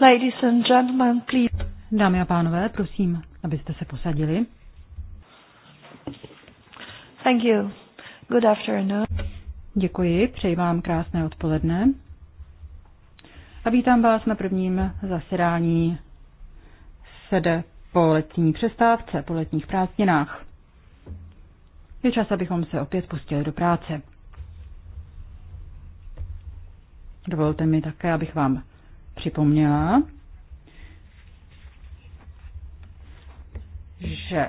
Ladies and gentlemen, please. Dámy a pánové, prosím, abyste se posadili. Thank you. Good afternoon. Děkuji, přeji vám krásné odpoledne. A vítám vás na prvním zasedání sede po letní přestávce, po letních prázdninách. Je čas, abychom se opět pustili do práce. Dovolte mi také, abych vám připomněla, že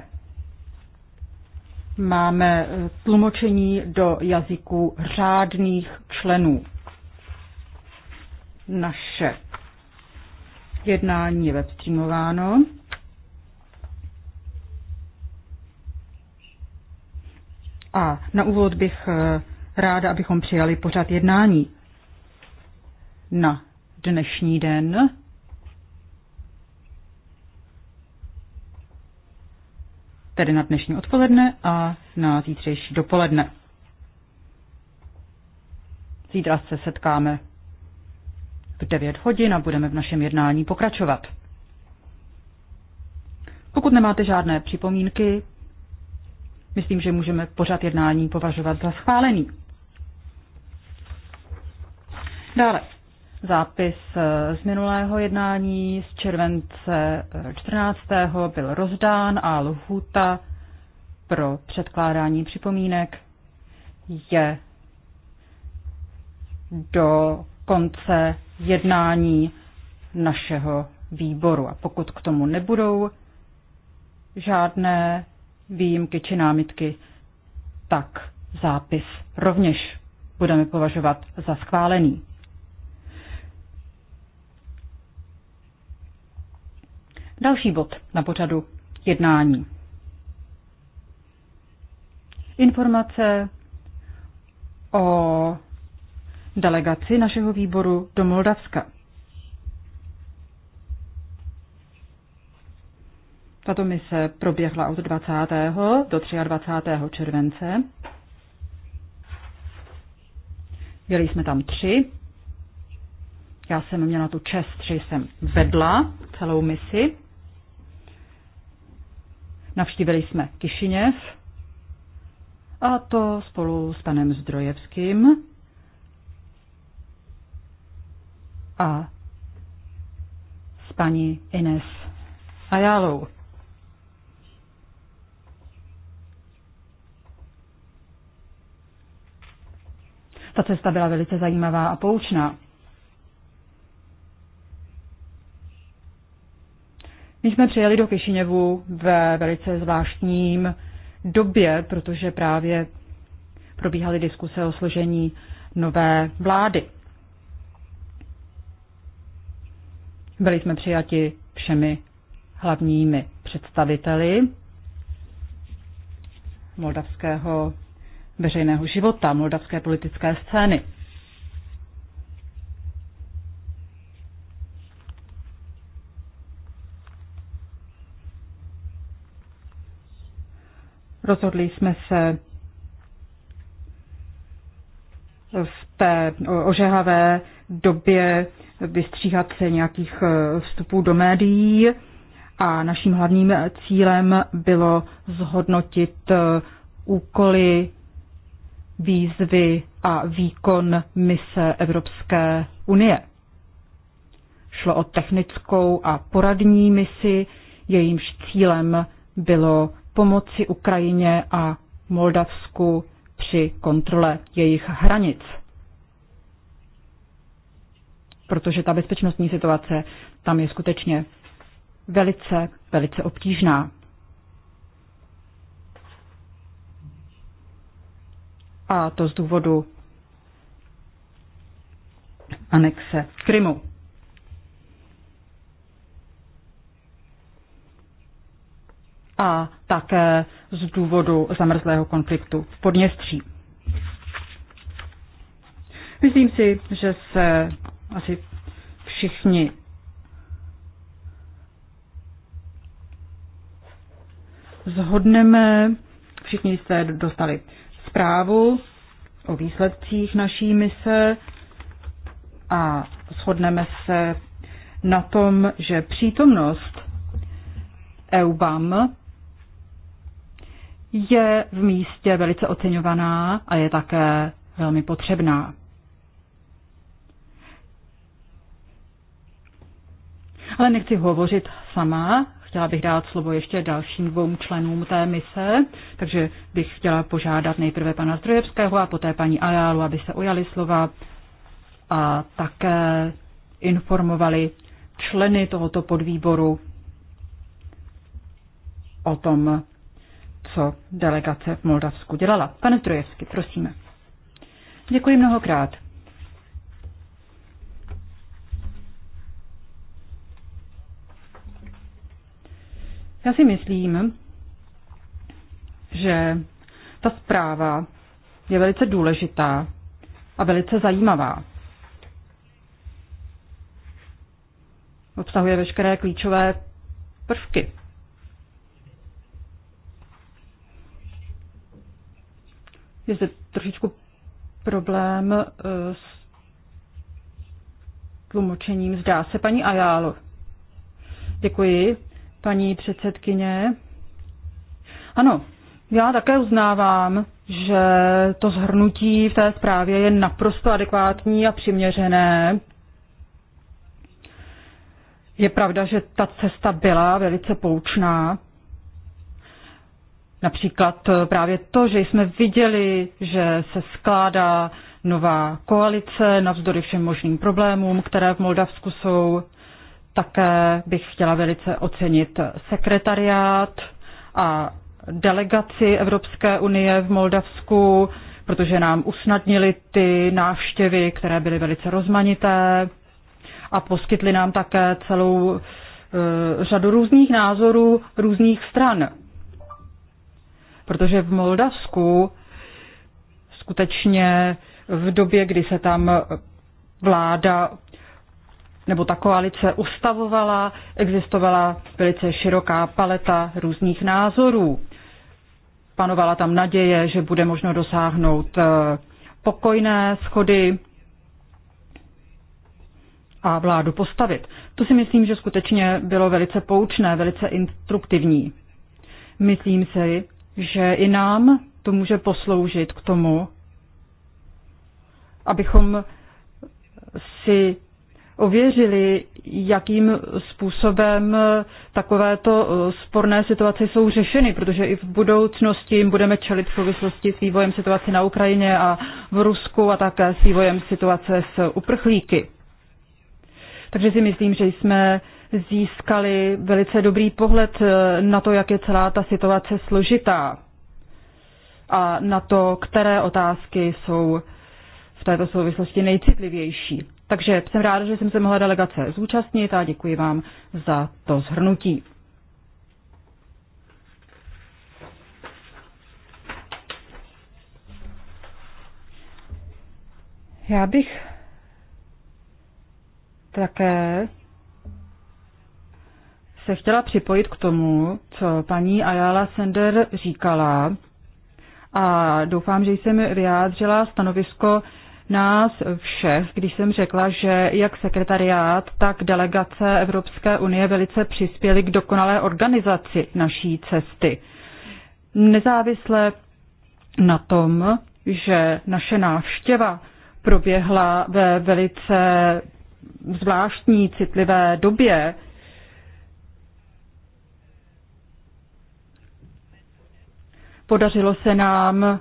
máme tlumočení do jazyku řádných členů. Naše jednání je webstreamováno. A na úvod bych ráda, abychom přijali pořad jednání. Na dnešní den. Tedy na dnešní odpoledne a na zítřejší dopoledne. Zítra se setkáme v 9 hodin a budeme v našem jednání pokračovat. Pokud nemáte žádné připomínky, myslím, že můžeme pořád jednání považovat za schválený. Dále. Zápis eh, z minulého jednání z července 14. Eh, byl rozdán a lhůta pro předkládání připomínek je do konce jednání našeho výboru. A pokud k tomu nebudou žádné výjimky či námitky, tak zápis rovněž budeme považovat za schválený. Další bod na pořadu jednání. Informace o delegaci našeho výboru do Moldavska. Tato mise proběhla od 20. do 23. července. Byli jsme tam tři. Já jsem měla tu čest, že jsem vedla celou misi. Navštívili jsme Kišiněv, a to spolu s panem Zdrojevským. A s paní Ines Ayalou. Ta cesta byla velice zajímavá a poučná. My jsme přijeli do Kišiněvu ve velice zvláštním době, protože právě probíhaly diskuse o složení nové vlády. Byli jsme přijati všemi hlavními představiteli moldavského veřejného života, moldavské politické scény. Rozhodli jsme se v té ožehavé době vystříhat se nějakých eh, vstupů do médií a naším hlavním cílem bylo zhodnotit eh, úkoly, výzvy a výkon mise Evropské unie. Šlo o technickou a poradní misi, jejímž cílem bylo pomoci Ukrajině a Moldavsku při kontrole jejich hranic. Protože ta bezpečnostní situace tam je skutečně velice, velice obtížná. A to z důvodu anexe Krymu. a také z důvodu zamrzlého konfliktu v Podněstří. Myslím si, že se asi všichni zhodneme. Všichni jste dostali zprávu o výsledcích naší mise a shodneme se na tom, že přítomnost EUBAM je v místě velice oceňovaná a je také velmi potřebná. Ale nechci hovořit sama, chtěla bych dát slovo ještě dalším dvou členům té mise, takže bych chtěla požádat nejprve pana Zdrojevského a poté paní Ajálu, aby se ujali slova a také informovali členy tohoto podvýboru o tom, co delegace v Moldavsku dělala. Pane Trojevsky, prosíme. Děkuji mnohokrát. Já si myslím, že ta zpráva je velice důležitá a velice zajímavá. Obsahuje veškeré klíčové prvky. je zde trošičku problém eh, s tlumočením. Zdá se paní Ajálo. Děkuji, paní předsedkyně. Ano, já také uznávám, že to zhrnutí v té zprávě je naprosto adekvátní a přiměřené. Je pravda, že ta cesta byla velice poučná, Například eh, právě to, že jsme viděli, že se skládá nová koalice navzdory všem možným problémům, které v Moldavsku jsou. Také bych chtěla velice ocenit sekretariát a delegaci Evropské unie v Moldavsku, protože nám usnadnili ty návštěvy, které byly velice rozmanité a poskytli nám také celou eh, řadu různých názorů různých stran protože v Moldavsku skutečně v době, kdy se tam vláda nebo ta koalice ustavovala, existovala velice široká paleta různých názorů. Panovala tam naděje, že bude možno dosáhnout eh, pokojné schody a vládu postavit. To si myslím, že skutečně bylo velice poučné, velice instruktivní. Myslím si, že i nám to může posloužit k tomu, abychom si ověřili, jakým způsobem takovéto eh, sporné situace jsou řešeny, protože i v budoucnosti jim budeme čelit v souvislosti s vývojem situace na Ukrajině a v Rusku a také s vývojem situace s uprchlíky. Takže si myslím, že jsme získali velice dobrý pohled eh, na to, jak je celá ta situace složitá a na to, které otázky jsou v této souvislosti nejcitlivější. Takže jsem ráda, že jsem se mohla delegace zúčastnit a děkuji vám za to zhrnutí. Já bych také se chtěla připojit k tomu, co paní Ayala Sender říkala a doufám, že jsem vyjádřila stanovisko nás všech, když jsem řekla, že jak sekretariát, tak delegace Evropské unie velice přispěly k dokonalé organizaci naší cesty. Nezávisle na tom, že naše návštěva proběhla ve velice zvláštní citlivé době, Podařilo se nám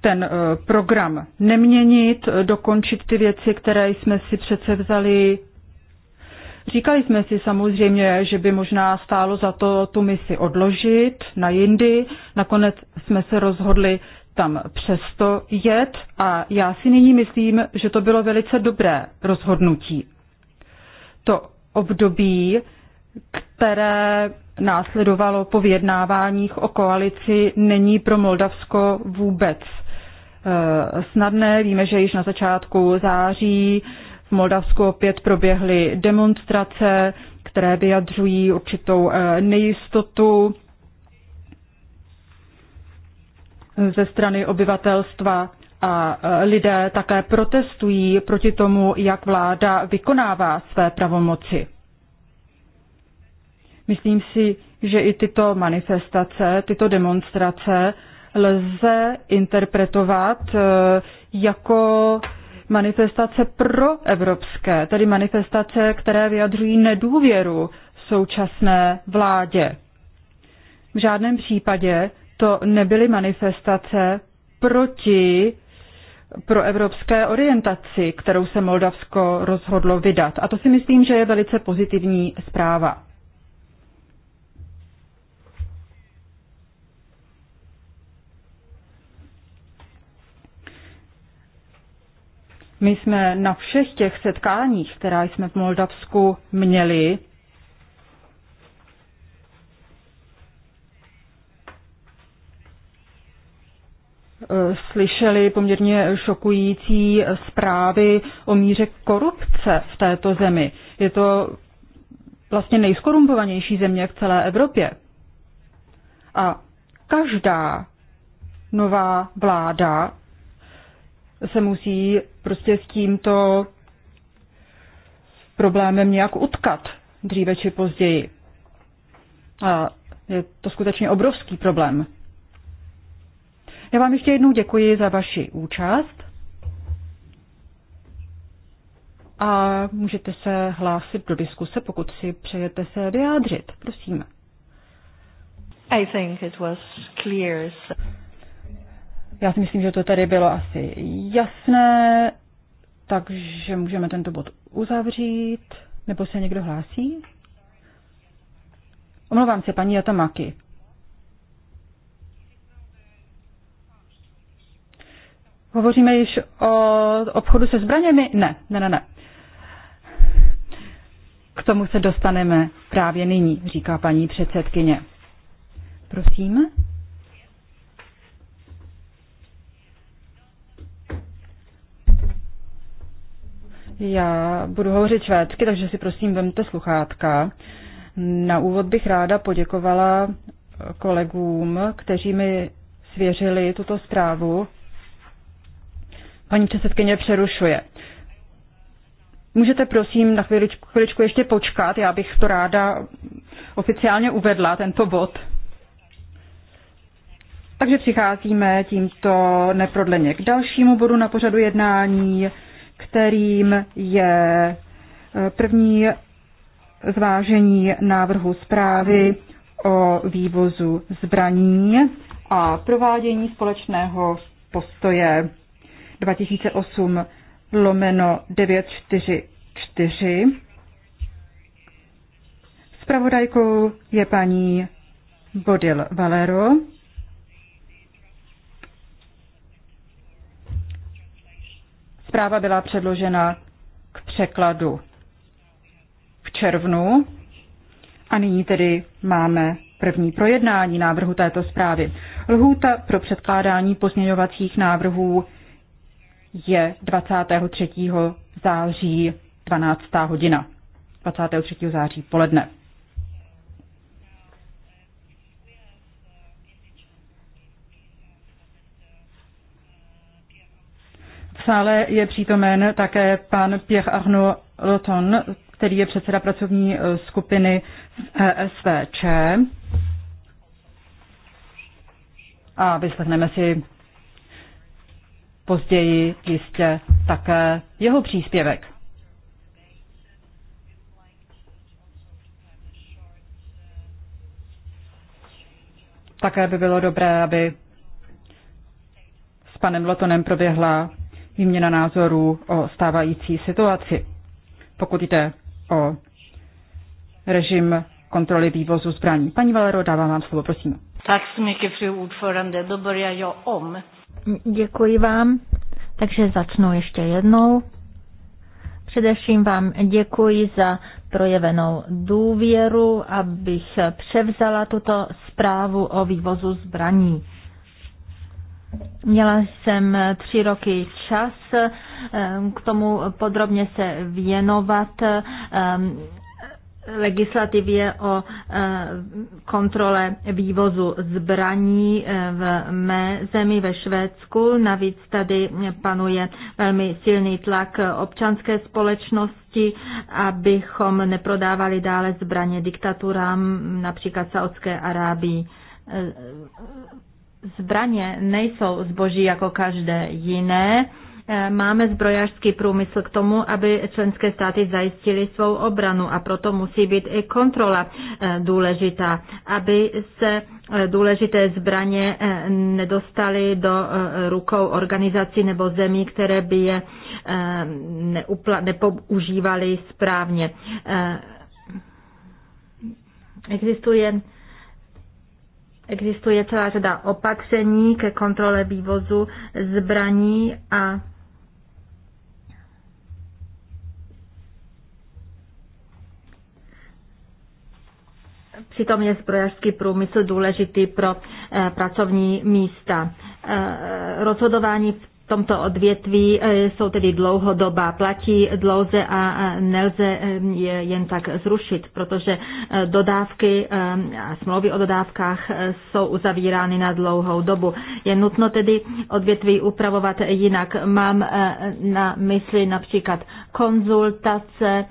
ten eh, program neměnit, dokončit ty věci, které jsme si přece vzali. Říkali jsme si samozřejmě, že by možná stálo za to tu misi odložit na jindy. Nakonec jsme se rozhodli tam přesto jet a já si nyní myslím, že to bylo velice dobré rozhodnutí. To období, které následovalo po vyjednáváních o koalici, není pro Moldavsko vůbec eh, snadné. Víme, že již na začátku září v Moldavsku opět proběhly demonstrace, které vyjadřují určitou eh, nejistotu ze strany obyvatelstva a eh, lidé také protestují proti tomu, jak vláda vykonává své pravomoci. Myslím si, že i tyto manifestace, tyto demonstrace lze interpretovat eh, jako manifestace proevropské, tedy manifestace, které vyjadřují nedůvěru současné vládě. V žádném případě to nebyly manifestace proti proevropské orientaci, kterou se Moldavsko rozhodlo vydat. A to si myslím, že je velice pozitivní zpráva. My jsme na všech těch setkáních, která jsme v Moldavsku měli, eh, slyšeli poměrně šokující zprávy o míře korupce v této zemi. Je to vlastně nejskorumpovanější země v celé Evropě. A každá nová vláda se musí prostě s tímto problémem nějak utkat dříve či později. A je to skutečně obrovský problém. Já vám ještě jednou děkuji za vaši účast a můžete se hlásit do diskuse, pokud si přejete se vyjádřit. Prosím. I think it was clear. Já si myslím, že to tady bylo asi jasné, takže můžeme tento bod uzavřít. Nebo se někdo hlásí? Omlouvám se, paní Jatamaki. Hovoříme již o obchodu se zbraněmi? Ne, ne, ne, ne. K tomu se dostaneme právě nyní, říká paní předsedkyně. Prosím. Já budu hovořit švédsky, takže si prosím vemte sluchátka. Na úvod bych ráda poděkovala kolegům, kteří mi svěřili tuto zprávu. Paní předsedkyně přerušuje. Můžete prosím na chviličku, chviličku ještě počkat, já bych to ráda oficiálně uvedla, tento bod. Takže přicházíme tímto neprodleně k dalšímu bodu na pořadu jednání kterým je eh, první zvážení návrhu zprávy o vývozu zbraní a provádění společného postoje 2008 lomeno 944. Spravodajkou je paní Bodil Valero. zpráva byla předložena k překladu v červnu a nyní tedy máme první projednání návrhu této zprávy. Lhůta pro předkládání pozměňovacích návrhů je 23. září 12. hodina. 23. září poledne. sále je přítomen také pan Pierre Arnaud Loton, který je předseda pracovní eh, skupiny eh, SVČ. A vyslechneme si později jistě také jeho příspěvek. Také by bylo dobré, aby s panem Lotonem proběhla výměna názorů o stávající situaci. Pokud jde o režim kontroly vývozu zbraní. Paní Valero, dávám vám slovo, prosím. Tak så mycket, fru om. Děkuji vám. Takže začnu ještě jednou. Především vám děkuji za projevenou důvěru, abych převzala tuto zprávu o vývozu zbraní. Měla jsem tři roky čas eh, k tomu podrobně se věnovat eh, legislativě o eh, kontrole vývozu zbraní v mé zemi ve Švédsku. Navíc tady panuje velmi silný tlak občanské společnosti, abychom neprodávali dále zbraně diktaturám, například Saudské Arábii Zbraně nejsou zboží jako každé jiné. E, máme zbrojařský průmysl k tomu, aby členské státy zajistili svou obranu a proto musí být i kontrola e, důležitá, aby se e, důležité zbraně nedostaly do rukou organizací nebo zemí, které by je nepoužívaly správně. Existuje Existuje celá řada opatření ke kontrole vývozu zbraní a Přitom je zbrojařský průmysl důležitý pro eh, pracovní místa. Eh, rozhodování v tomto odvětví eh, jsou tedy dlouhodobá, platí dlouze a nelze eh, je jen tak zrušit, protože eh, dodávky a smlouvy o dodávkách jsou uzavírány na dlouhou dobu. Je nutno tedy odvětví upravovat jinak. Mám na mysli například konzultace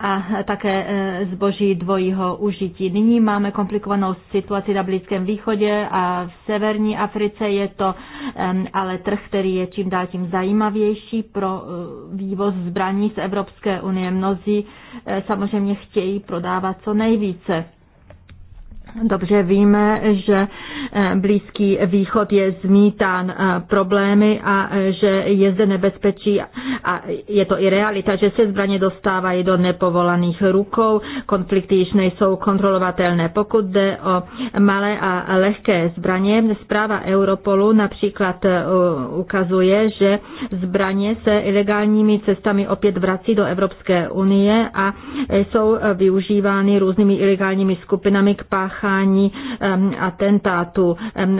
a také zboží dvojího užití. Nyní máme komplikovanou situaci na Blízkém východě a v severní Africe je to ale trh, který který je čím dál tím zajímavější pro eh, vývoz zbraní z Evropské unie. Mnozí eh, samozřejmě chtějí prodávat co nejvíce Dobře víme, že eh, Blízký východ je zmítán eh, problémy a eh, že je zde nebezpečí a je to i realita, že se zbraně dostávají do nepovolaných rukou, konflikty již nejsou kontrolovatelné. Pokud jde o malé a lehké zbraně, zpráva Europolu například ukazuje, že zbraně se ilegálními cestami opět vrací do Evropské unie a jsou využívány různými ilegálními skupinami k pách páchání atentátu.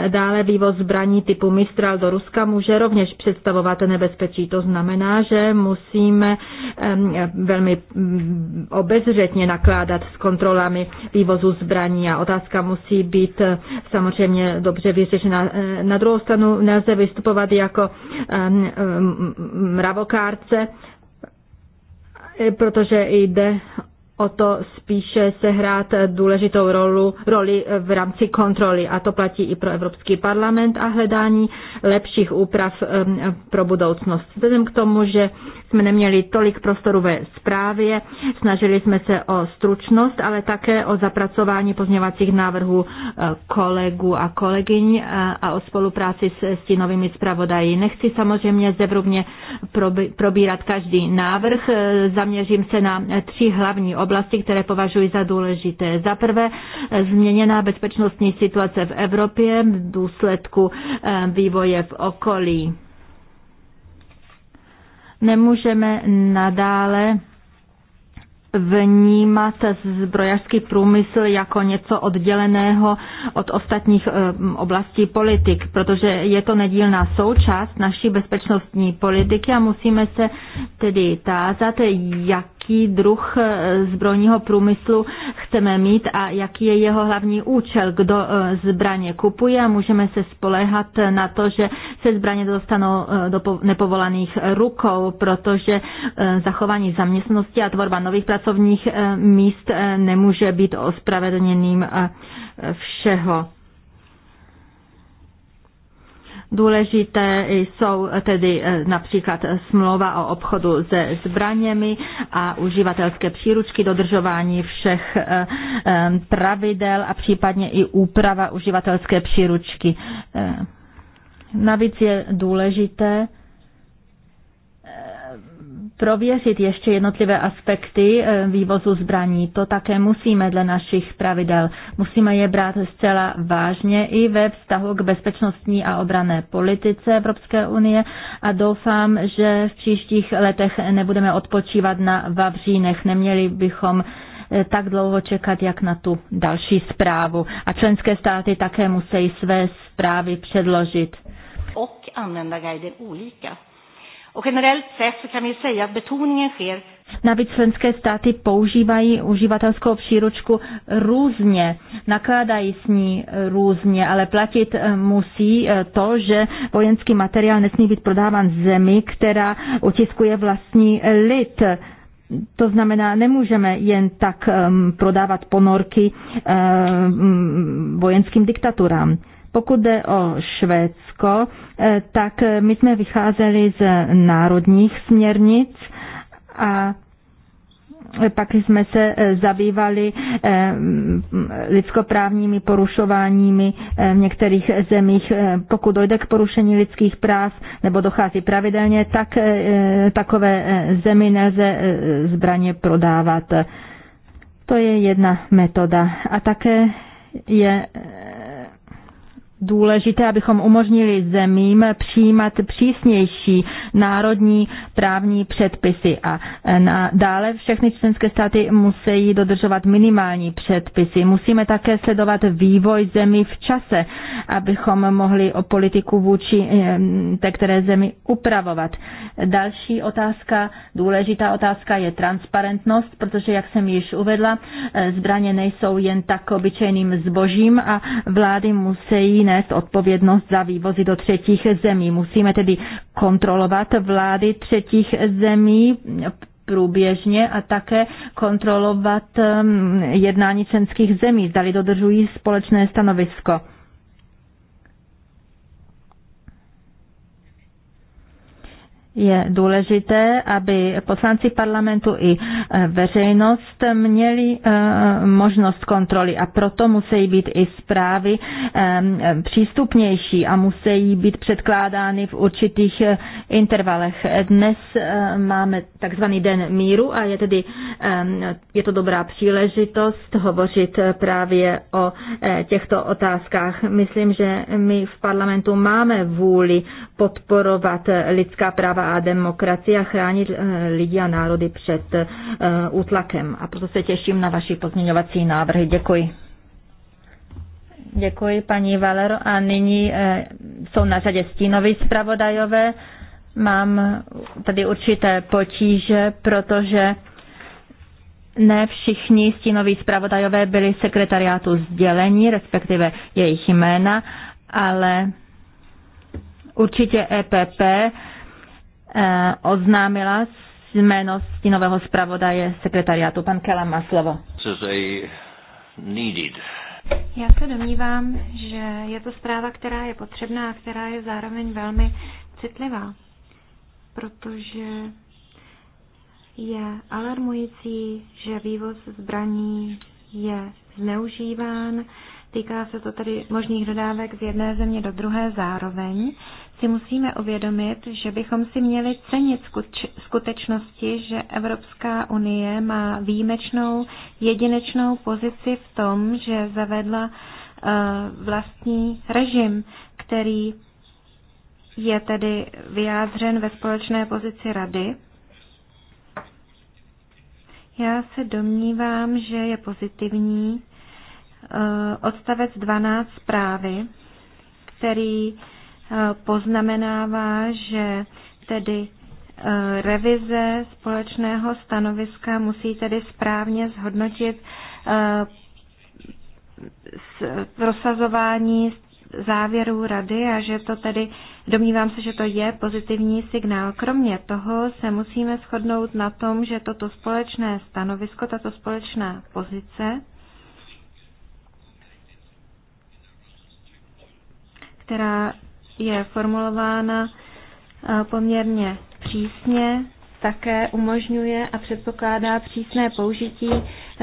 Dále vývoz zbraní typu Mistral do Ruska může rovněž představovat nebezpečí. To znamená, že musíme velmi obezřetně nakládat s kontrolami vývozu zbraní a otázka musí být eh, samozřejmě dobře vyřešena. Eh, na druhou stranu nelze vystupovat jako mravokárce, eh, protože jde o to spíše sehrát důležitou rolu, roli v rámci kontroly. A to platí i pro Evropský parlament a hledání lepších úprav pro budoucnost. Vzhledem k tomu, že jsme neměli tolik prostoru ve zprávě, snažili jsme se o stručnost, ale také o zapracování pozměvacích návrhů e, kolegů a kolegyň e, a o spolupráci s stínovými zpravodají. Nechci samozřejmě zevrubně probírat každý návrh, e, zaměřím se na tři hlavní oblasti oblasti, které považuji za důležité. Za prvé eh, změněná bezpečnostní situace v Evropě v důsledku eh, vývoje v okolí. Nemůžeme nadále vnímat zbrojařský průmysl jako něco odděleného od ostatních eh, oblastí politik, protože je to nedílná součást naší bezpečnostní politiky a musíme se tedy tázat, jaký druh eh, zbrojního průmyslu chceme mít a jaký je jeho hlavní účel, kdo eh, zbraně kupuje a můžeme se spoléhat na to, že se zbraně dostanou do nepovolaných rukou, protože zachování zaměstnosti a tvorba nových pracovních pracovních eh, míst eh, nemůže být ospravedlněným eh, všeho. Důležité jsou tedy například smlouva o obchodu se zbraněmi a uživatelské příručky, dodržování všech pravidel a případně i úprava uživatelské příručky. Navíc je důležité, prověřit ještě jednotlivé aspekty eh, vývozu zbraní. To také musíme dle našich pravidel. Musíme je brát zcela vážně i ve vztahu k bezpečnostní a obrané politice Evropské unie a doufám, že v příštích letech nebudeme odpočívat na Vavřínech. Neměli bychom eh, tak dlouho čekat, jak na tu další zprávu. A členské státy také musí své zprávy předložit. Och olika Navíc členské státy používají uživatelskou příručku různě, nakládají s ní různě, ale platit eh, musí eh, to, že vojenský materiál nesmí být prodáván zemi, která utiskuje vlastní eh, lid. To znamená, nemůžeme jen tak um, prodávat ponorky um, vojenským diktaturám. Pokud jde o Švédsko, eh, tak eh, my jsme vycházeli z národních směrnic a eh, pak jsme se zabývali mm, lidskoprávními porušováními v některých zemích. Pokud dojde k porušení lidských práv nebo dochází pravidelně, tak takové zemi nelze zbraně prodávat. To je jedna metoda. A také je důležité, abychom umožnili zemím přijímat přísnější národní právní předpisy a e, na, dále všechny členské státy musí dodržovat minimální předpisy. Musíme také sledovat vývoj zemí v čase, abychom mohli o politiku vůči e, té které zemi upravovat. Další otázka, důležitá otázka je transparentnost, protože jak jsem již uvedla, e, zbraně nejsou jen tak obyčejným zbožím a vlády musí nést odpovědnost za vývozy do třetích zemí. Musíme tedy kontrolovat vlády třetích zemí průběžně a také kontrolovat um, jednání členských zemí, zdali dodržují společné stanovisko. je důležité, aby poslanci parlamentu i e, veřejnost měli e, možnost kontroly a proto musí být i zprávy e, přístupnější a musí být předkládány v určitých intervalech. Dnes máme takzvaný den míru a je tedy je to dobrá příležitost hovořit právě o těchto otázkách. Myslím, že my v parlamentu máme vůli podporovat lidská práva práva a demokracie a chránit eh, lidi a národy před eh, útlakem. A proto se těším na vaši pozměňovací návrhy. Děkuji. Děkuji, paní Valero. A nyní eh, jsou na řadě stínové zpravodajové. Mám tady určité potíže, protože ne všichni stínoví zpravodajové byli sekretariátu sdělení, respektive jejich jména, ale určitě EPP Eh, oznámila jméno stínového zpravodaje sekretariátu. Pan Kela má slovo. Já se domnívám, že je to zpráva, která je potřebná a která je zároveň velmi citlivá, protože je alarmující, že vývoz zbraní je zneužíván. Týká se to tedy možných dodávek z jedné země do druhé zároveň si musíme uvědomit, že bychom si měli cenit skutečnosti, že Evropská unie má výjimečnou, jedinečnou pozici v tom, že zavedla eh, vlastní režim, který je tedy vyjádřen ve společné pozici rady. Já se domnívám, že je pozitivní eh, odstavec 12 zprávy, který Eh, poznamenává, že tedy eh, revize společného stanoviska musí tedy správně zhodnotit eh, prosazování závěrů rady a že to tedy, domnívám se, že to je pozitivní signál. Kromě toho se musíme shodnout na tom, že toto společné stanovisko, tato společná pozice, která je formulována eh, poměrně přísně, také umožňuje a předpokládá přísné použití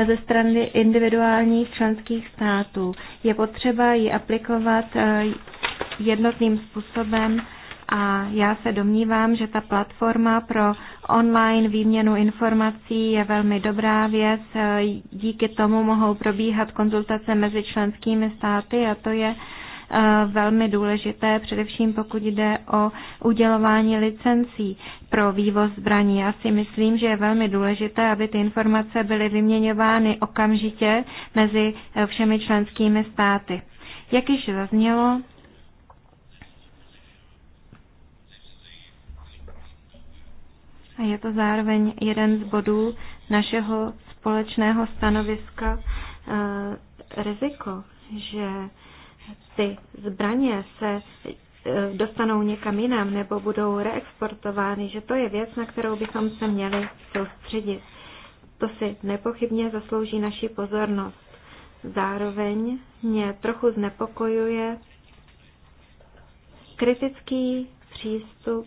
ze strany individuálních členských států. Je potřeba ji aplikovat eh, jednotným způsobem a já se domnívám, že ta platforma pro online výměnu informací je velmi dobrá věc. Eh, díky tomu mohou probíhat konzultace mezi členskými státy a to je Eh, velmi důležité, především pokud jde o udělování licencí pro vývoz zbraní. Já si myslím, že je velmi důležité, aby ty informace byly vyměňovány okamžitě mezi eh, všemi členskými státy. Jak již zaznělo, a je to zároveň jeden z bodů našeho společného stanoviska, eh, riziko, že ty zbraně se e, dostanou někam jinam nebo budou reexportovány, že to je věc, na kterou bychom se měli soustředit. To si nepochybně zaslouží naši pozornost. Zároveň mě trochu znepokojuje kritický přístup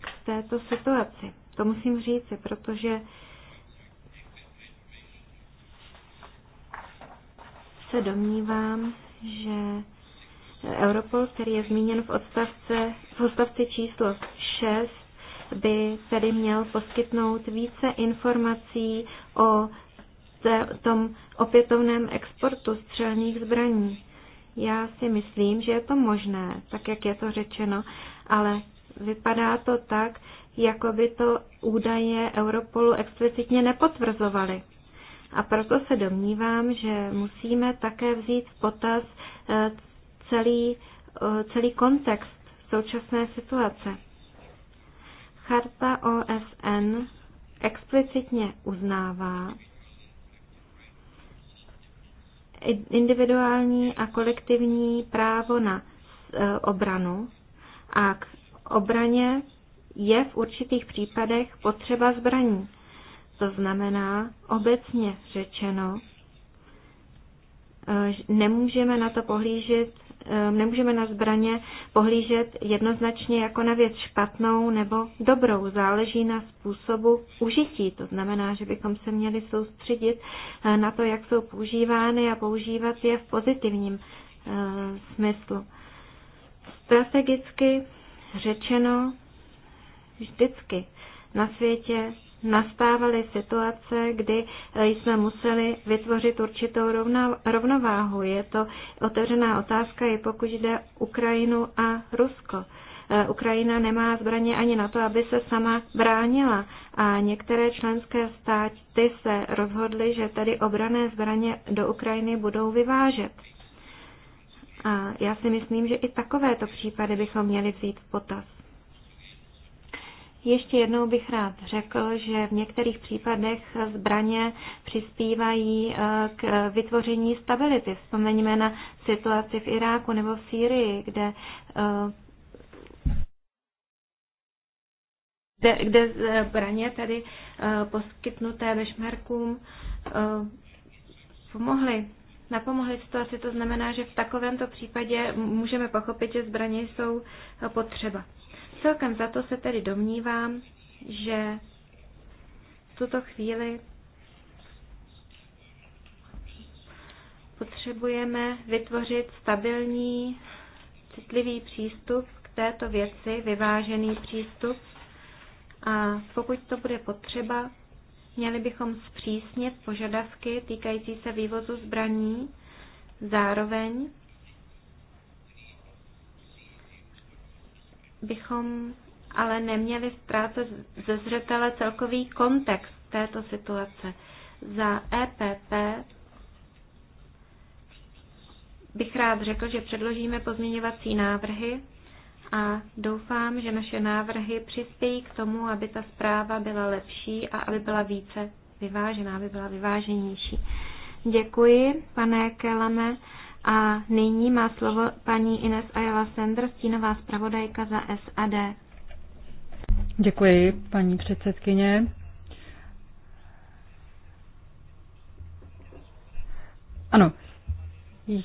k této situaci. To musím říci, protože se domnívám, že Europol, který je zmíněn v, odstavce, v odstavci číslo 6, by tedy měl poskytnout více informací o tom opětovném exportu střelných zbraní. Já si myslím, že je to možné, tak jak je to řečeno, ale vypadá to tak, jako by to údaje Europolu explicitně nepotvrzovaly. A proto se domnívám, že musíme také vzít v potaz eh, celý, eh, celý kontext současné situace. Charta OSN explicitně uznává individuální a kolektivní právo na eh, obranu a k obraně je v určitých případech potřeba zbraní. To znamená, obecně řečeno, eh, nemůžeme na to pohlížet, eh, nemůžeme na zbraně pohlížet jednoznačně jako na věc špatnou nebo dobrou. Záleží na způsobu užití. To znamená, že bychom se měli soustředit eh, na to, jak jsou používány a používat je v pozitivním smyslu. Strategicky řečeno vždycky na světě nastávaly situace, kdy eh, jsme museli vytvořit určitou rovnováhu. Je to otevřená otázka, i pokud jde Ukrajinu a Rusko. Eh, Ukrajina nemá zbraně ani na to, aby se sama bránila. A některé členské státy se rozhodly, že tady obrané zbraně do Ukrajiny budou vyvážet. A já si myslím, že i takovéto případy bychom měli vzít v potaz. Ještě jednou bych rád řekl, že v některých případech zbraně přispívají eh, k vytvoření stability. Vzpomeňme na situaci v Iráku nebo v Sýrii, kde eh, kde, kde zbraně tady eh, poskytnuté bešmerkům pomohly napomohly situaci. To znamená, že v takovémto případě můžeme pochopit, že zbraně jsou potřeba. Celkem za to se tedy domnívám, že v tuto chvíli potřebujeme vytvořit stabilní, citlivý přístup k této věci, vyvážený přístup. A pokud to bude potřeba, měli bychom zpřísnit požadavky týkající se vývozu zbraní, zároveň bychom ale neměli ztrácet ze zřetele celkový kontext této situace. Za EPP bych rád řekl, že předložíme pozměňovací návrhy a doufám, že naše návrhy přispějí k tomu, aby ta zpráva byla lepší a aby byla více vyvážená, aby byla vyváženější. Děkuji, pane Kelame. A nyní má slovo paní Ines Ayala Sender, stínová zpravodajka za SAD. Děkuji, paní předsedkyně. Ano,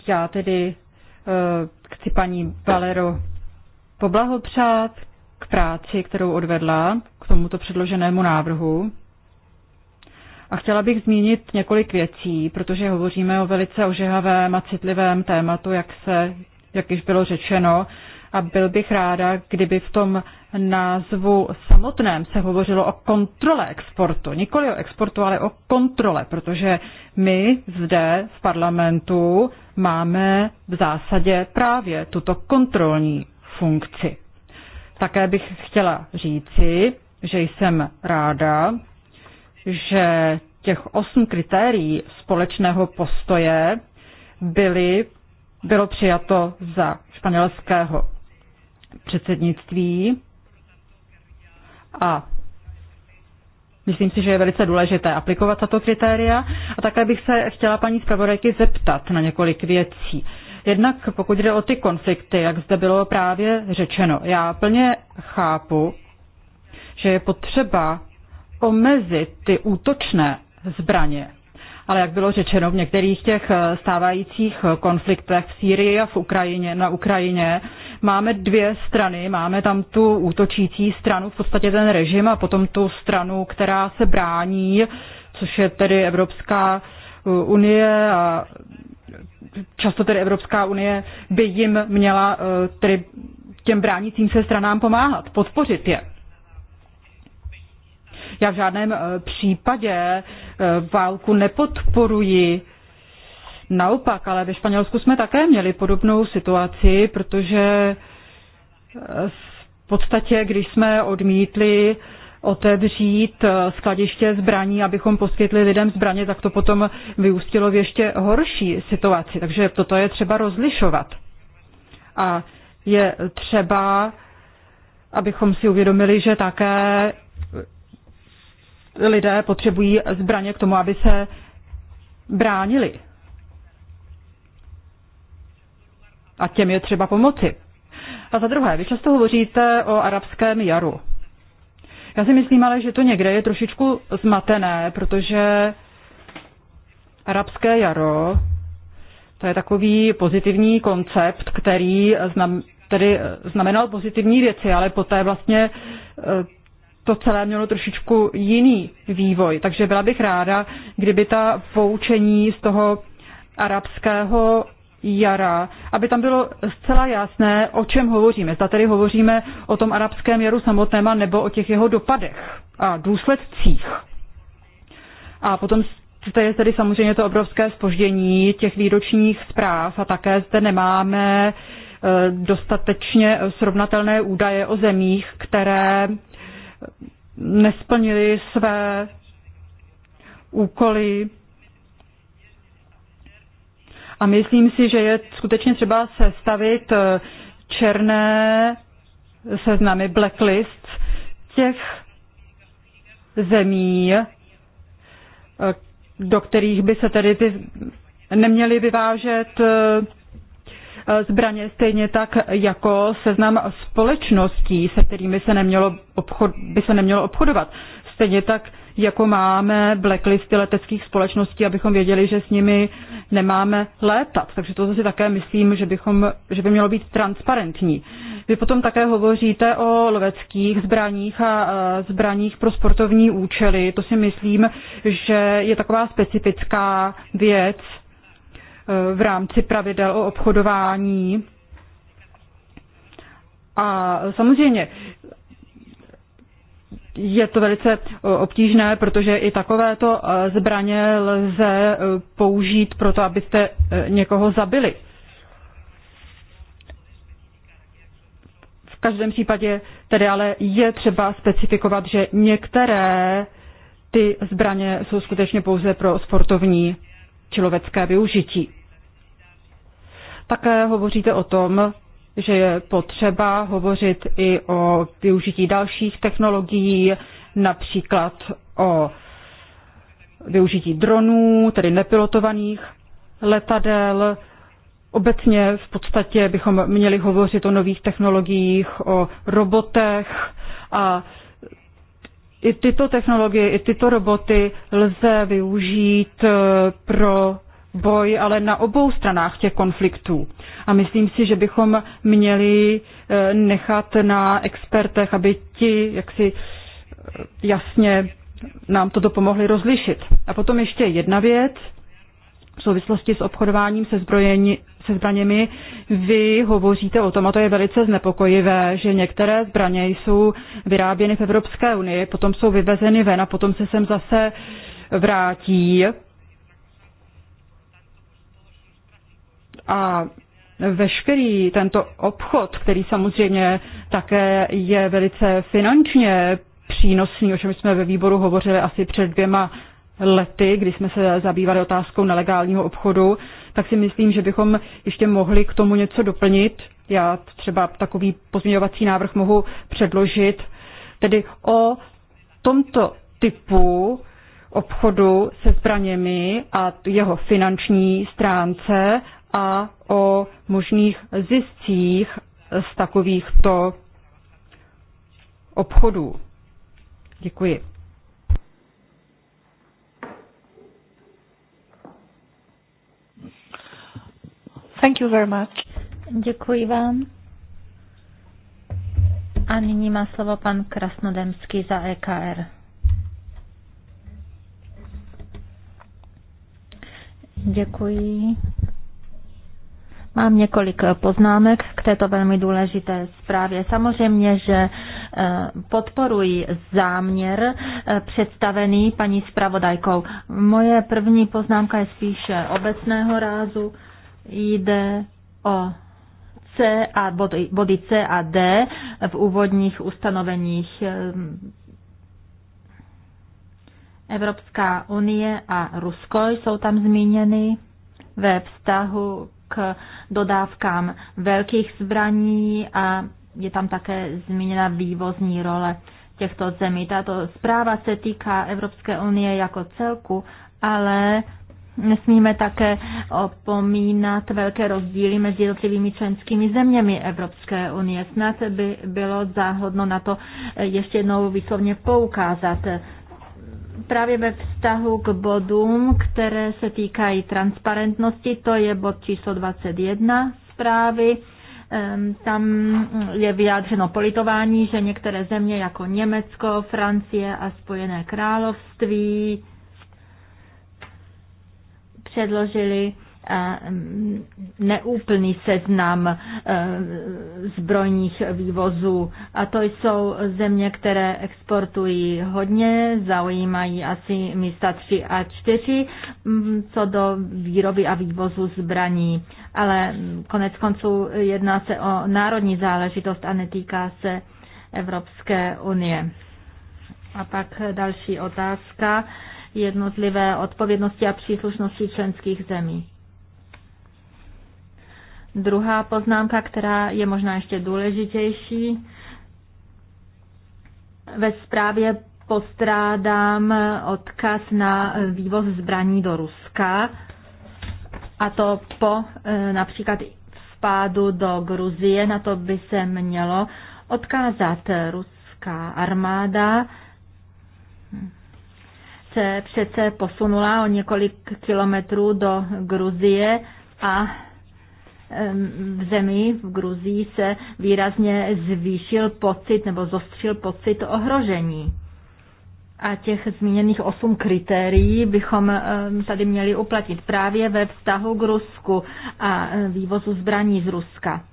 já tedy uh, chci paní Valero poblahopřát k práci, kterou odvedla k tomuto předloženému návrhu. A chtěla bych zmínit několik věcí, protože hovoříme o velice ožehavém a citlivém tématu, jak, se, jak již bylo řečeno. A byl bych ráda, kdyby v tom názvu samotném se hovořilo o kontrole exportu. Nikoli o exportu, ale o kontrole, protože my zde v parlamentu máme v zásadě právě tuto kontrolní funkci. Také bych chtěla říci, že jsem ráda, že těch osm kritérií společného postoje byly, bylo přijato za španělského předsednictví a Myslím si, že je velice důležité aplikovat tato kritéria a také bych se chtěla paní zpravodajky zeptat na několik věcí. Jednak pokud jde o ty konflikty, jak zde bylo právě řečeno, já plně chápu, že je potřeba omezit ty útočné zbraně. Ale jak bylo řečeno, v některých těch eh, stávajících eh, konfliktech v Sýrii a v Ukrajině, na Ukrajině máme dvě strany. Máme tam tu útočící stranu, v podstatě ten režim, a potom tu stranu, která se brání, což je tedy Evropská eh, unie a často tedy Evropská unie by jim měla tedy těm bránícím se stranám pomáhat, podpořit je. Já v žádném eh, případě eh, válku nepodporuji. Naopak, ale ve Španělsku jsme také měli podobnou situaci, protože eh, v podstatě, když jsme odmítli otevřít skladiště zbraní, abychom poskytli lidem zbraně, tak to potom vyústilo v ještě horší situaci. Takže toto je třeba rozlišovat. A je třeba, abychom si uvědomili, že také lidé potřebují zbraně k tomu, aby se bránili. A těm je třeba pomoci. A za druhé, vy často hovoříte o arabském jaru. Já si myslím ale, že to někde je trošičku zmatené, protože arabské jaro to je takový pozitivní koncept, který znam, tedy eh, znamenal pozitivní věci, ale poté vlastně eh, to celé mělo trošičku jiný vývoj. Takže byla bych ráda, kdyby ta poučení z toho arabského jara, aby tam bylo zcela jasné, o čem hovoříme. Zda tedy hovoříme o tom arabském jaru samotném, nebo o těch jeho dopadech a důsledcích. A potom to je tedy samozřejmě to obrovské spoždění těch výročních zpráv a také zde nemáme eh, dostatečně srovnatelné údaje o zemích, které nesplnili své úkoly. A myslím si, že je skutečně třeba sestavit eh, černé seznamy blacklist těch zemí, eh, do kterých by se tedy ty neměly vyvážet eh, zbraně, stejně tak jako seznam společností, se kterými se nemělo obchod, by se nemělo obchodovat. Stejně tak jako máme blacklisty leteckých společností, abychom věděli, že s nimi nemáme létat. Takže to zase také myslím, že, bychom, že by mělo být transparentní. Vy potom také hovoříte o loveckých zbraních a zbraních pro sportovní účely. To si myslím, že je taková specifická věc, v rámci pravidel o obchodování. A samozřejmě je to velice e, obtížné, protože i takovéto e, zbraně lze e, použít pro to, abyste někoho zabili. V každém případě tedy ale je třeba specifikovat, že některé ty zbraně jsou skutečně pouze pro sportovní či lovecké využití. Také hovoříte o tom, že je potřeba hovořit i o využití dalších technologií, například o využití dronů, tedy nepilotovaných letadel. Obecně v podstatě bychom měli hovořit o nových technologiích, o robotech a i tyto technologie, i tyto roboty lze využít eh, pro boj ale na obou stranách těch konfliktů. A myslím si, že bychom měli eh, nechat na expertech, aby ti jaksi eh, jasně nám toto pomohli rozlišit. A potom ještě jedna věc v souvislosti s obchodováním se, zbrojení, se zbraněmi. Vy hovoříte o tom, a to je velice znepokojivé, že některé zbraně jsou vyráběny v Evropské unii, potom jsou vyvezeny ven a potom se sem zase vrátí a veškerý tento obchod, který samozřejmě také je velice finančně přínosný, o čem jsme ve výboru hovořili asi před dvěma lety, kdy jsme se zabývali otázkou nelegálního obchodu, tak si myslím, že bychom ještě mohli k tomu něco doplnit. Já třeba takový pozměňovací návrh mohu předložit. Tedy o tomto typu obchodu se zbraněmi a jeho finanční stránce a o možných ziscích z takovýchto obchodů. Děkuji. Thank you very much. Děkuji vám. A nyní má slovo pan Krasnodemský za EKR. Děkuji. Mám několik eh, poznámek k této velmi důležité zprávě. Samozřejmě, že eh, podporuji záměr eh, představený paní zpravodajkou. Moje první poznámka je spíše obecného rázu. Jde o C a body, body C a D v úvodních ustanoveních ehm, Evropská unie a Rusko jsou tam zmíněny ve vztahu k dodávkám velkých zbraní a je tam také zmíněna vývozní role těchto zemí. Tato zpráva se týká Evropské unie jako celku, ale nesmíme také opomínat velké rozdíly mezi jednotlivými členskými zeměmi Evropské unie. Snad by bylo záhodno na to ještě jednou výslovně poukázat právě ve vztahu k bodům, které se týkají transparentnosti, to je bod číslo 21 zprávy. Tam je vyjádřeno politování, že některé země jako Německo, Francie a Spojené království předložili Mm, neúplný seznam e, zbrojních vývozů. A to jsou země, které exportují hodně, zaujímají asi místa 3 a 4 mm, co do výroby a vývozu zbraní. Ale mm, konec konců jedná se o národní záležitost a netýká se Evropské unie. A pak další otázka jednotlivé odpovědnosti a příslušnosti členských zemí. Druhá poznámka, která je možná ještě důležitější, ve zprávě postrádám odkaz na vývoz zbraní do Ruska, a to po e, například vpádu do Gruzie, na to by se mělo odkázat ruská armáda se přece posunula o několik kilometrů do Gruzie a v zemi, v Gruzii, se výrazně zvýšil pocit nebo zostřil pocit ohrožení. A těch zmíněných osm kritérií bychom tady měli uplatit právě ve vztahu k Rusku a vývozu zbraní z Ruska.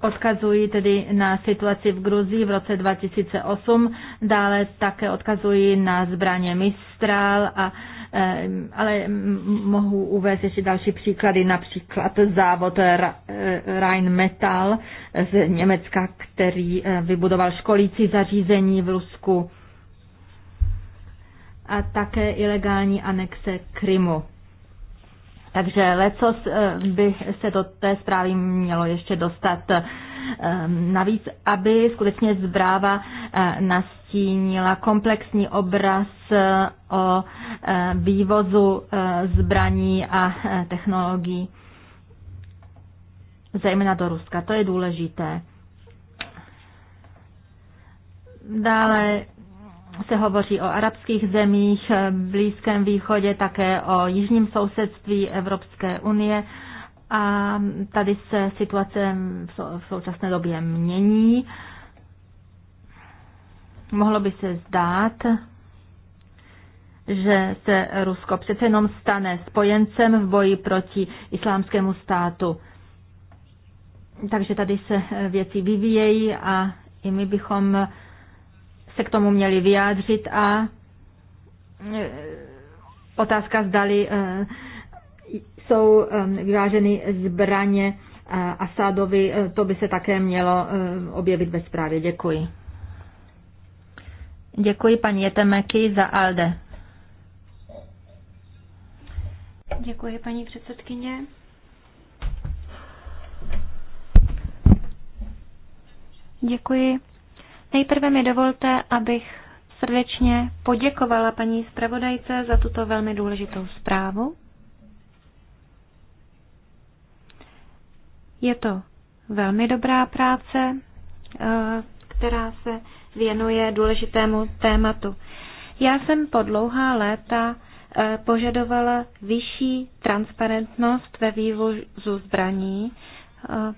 Odkazuji tedy na situaci v Gruzii v roce 2008, dále také odkazuji na zbraně Mistral a Eh, ale mohu uvést ještě další příklady, například závod eh, Rheinmetall z Německa, který eh, vybudoval školící zařízení v Rusku a také ilegální anexe Krymu. Takže lecos by se do té zprávy mělo ještě dostat navíc, aby skutečně zpráva na nastínila komplexní obraz eh, o eh, vývozu eh, zbraní a technologií, zejména do Ruska. To je důležité. Dále se hovoří o arabských zemích, Blízkém východě, také o jižním sousedství Evropské unie. A tady se situace v současné době mění Mohlo by se zdát, že se Rusko přece jenom stane spojencem v boji proti islámskému státu. Takže tady se věci vyvíjejí a i my bychom se k tomu měli vyjádřit a e, otázka zdali e, jsou e, vyváženy zbraně Asadovi, to by se také mělo objevit ve zprávě. Děkuji. Děkuji paní Jetemeky za ALDE. Děkuji paní předsedkyně. Děkuji. Nejprve mi dovolte, abych srdečně poděkovala paní zpravodajce za tuto velmi důležitou zprávu. Je to velmi dobrá práce, eh, která se věnuje důležitému tématu. Já jsem po dlouhá léta eh, požadovala vyšší transparentnost ve vývozu zbraní. Eh,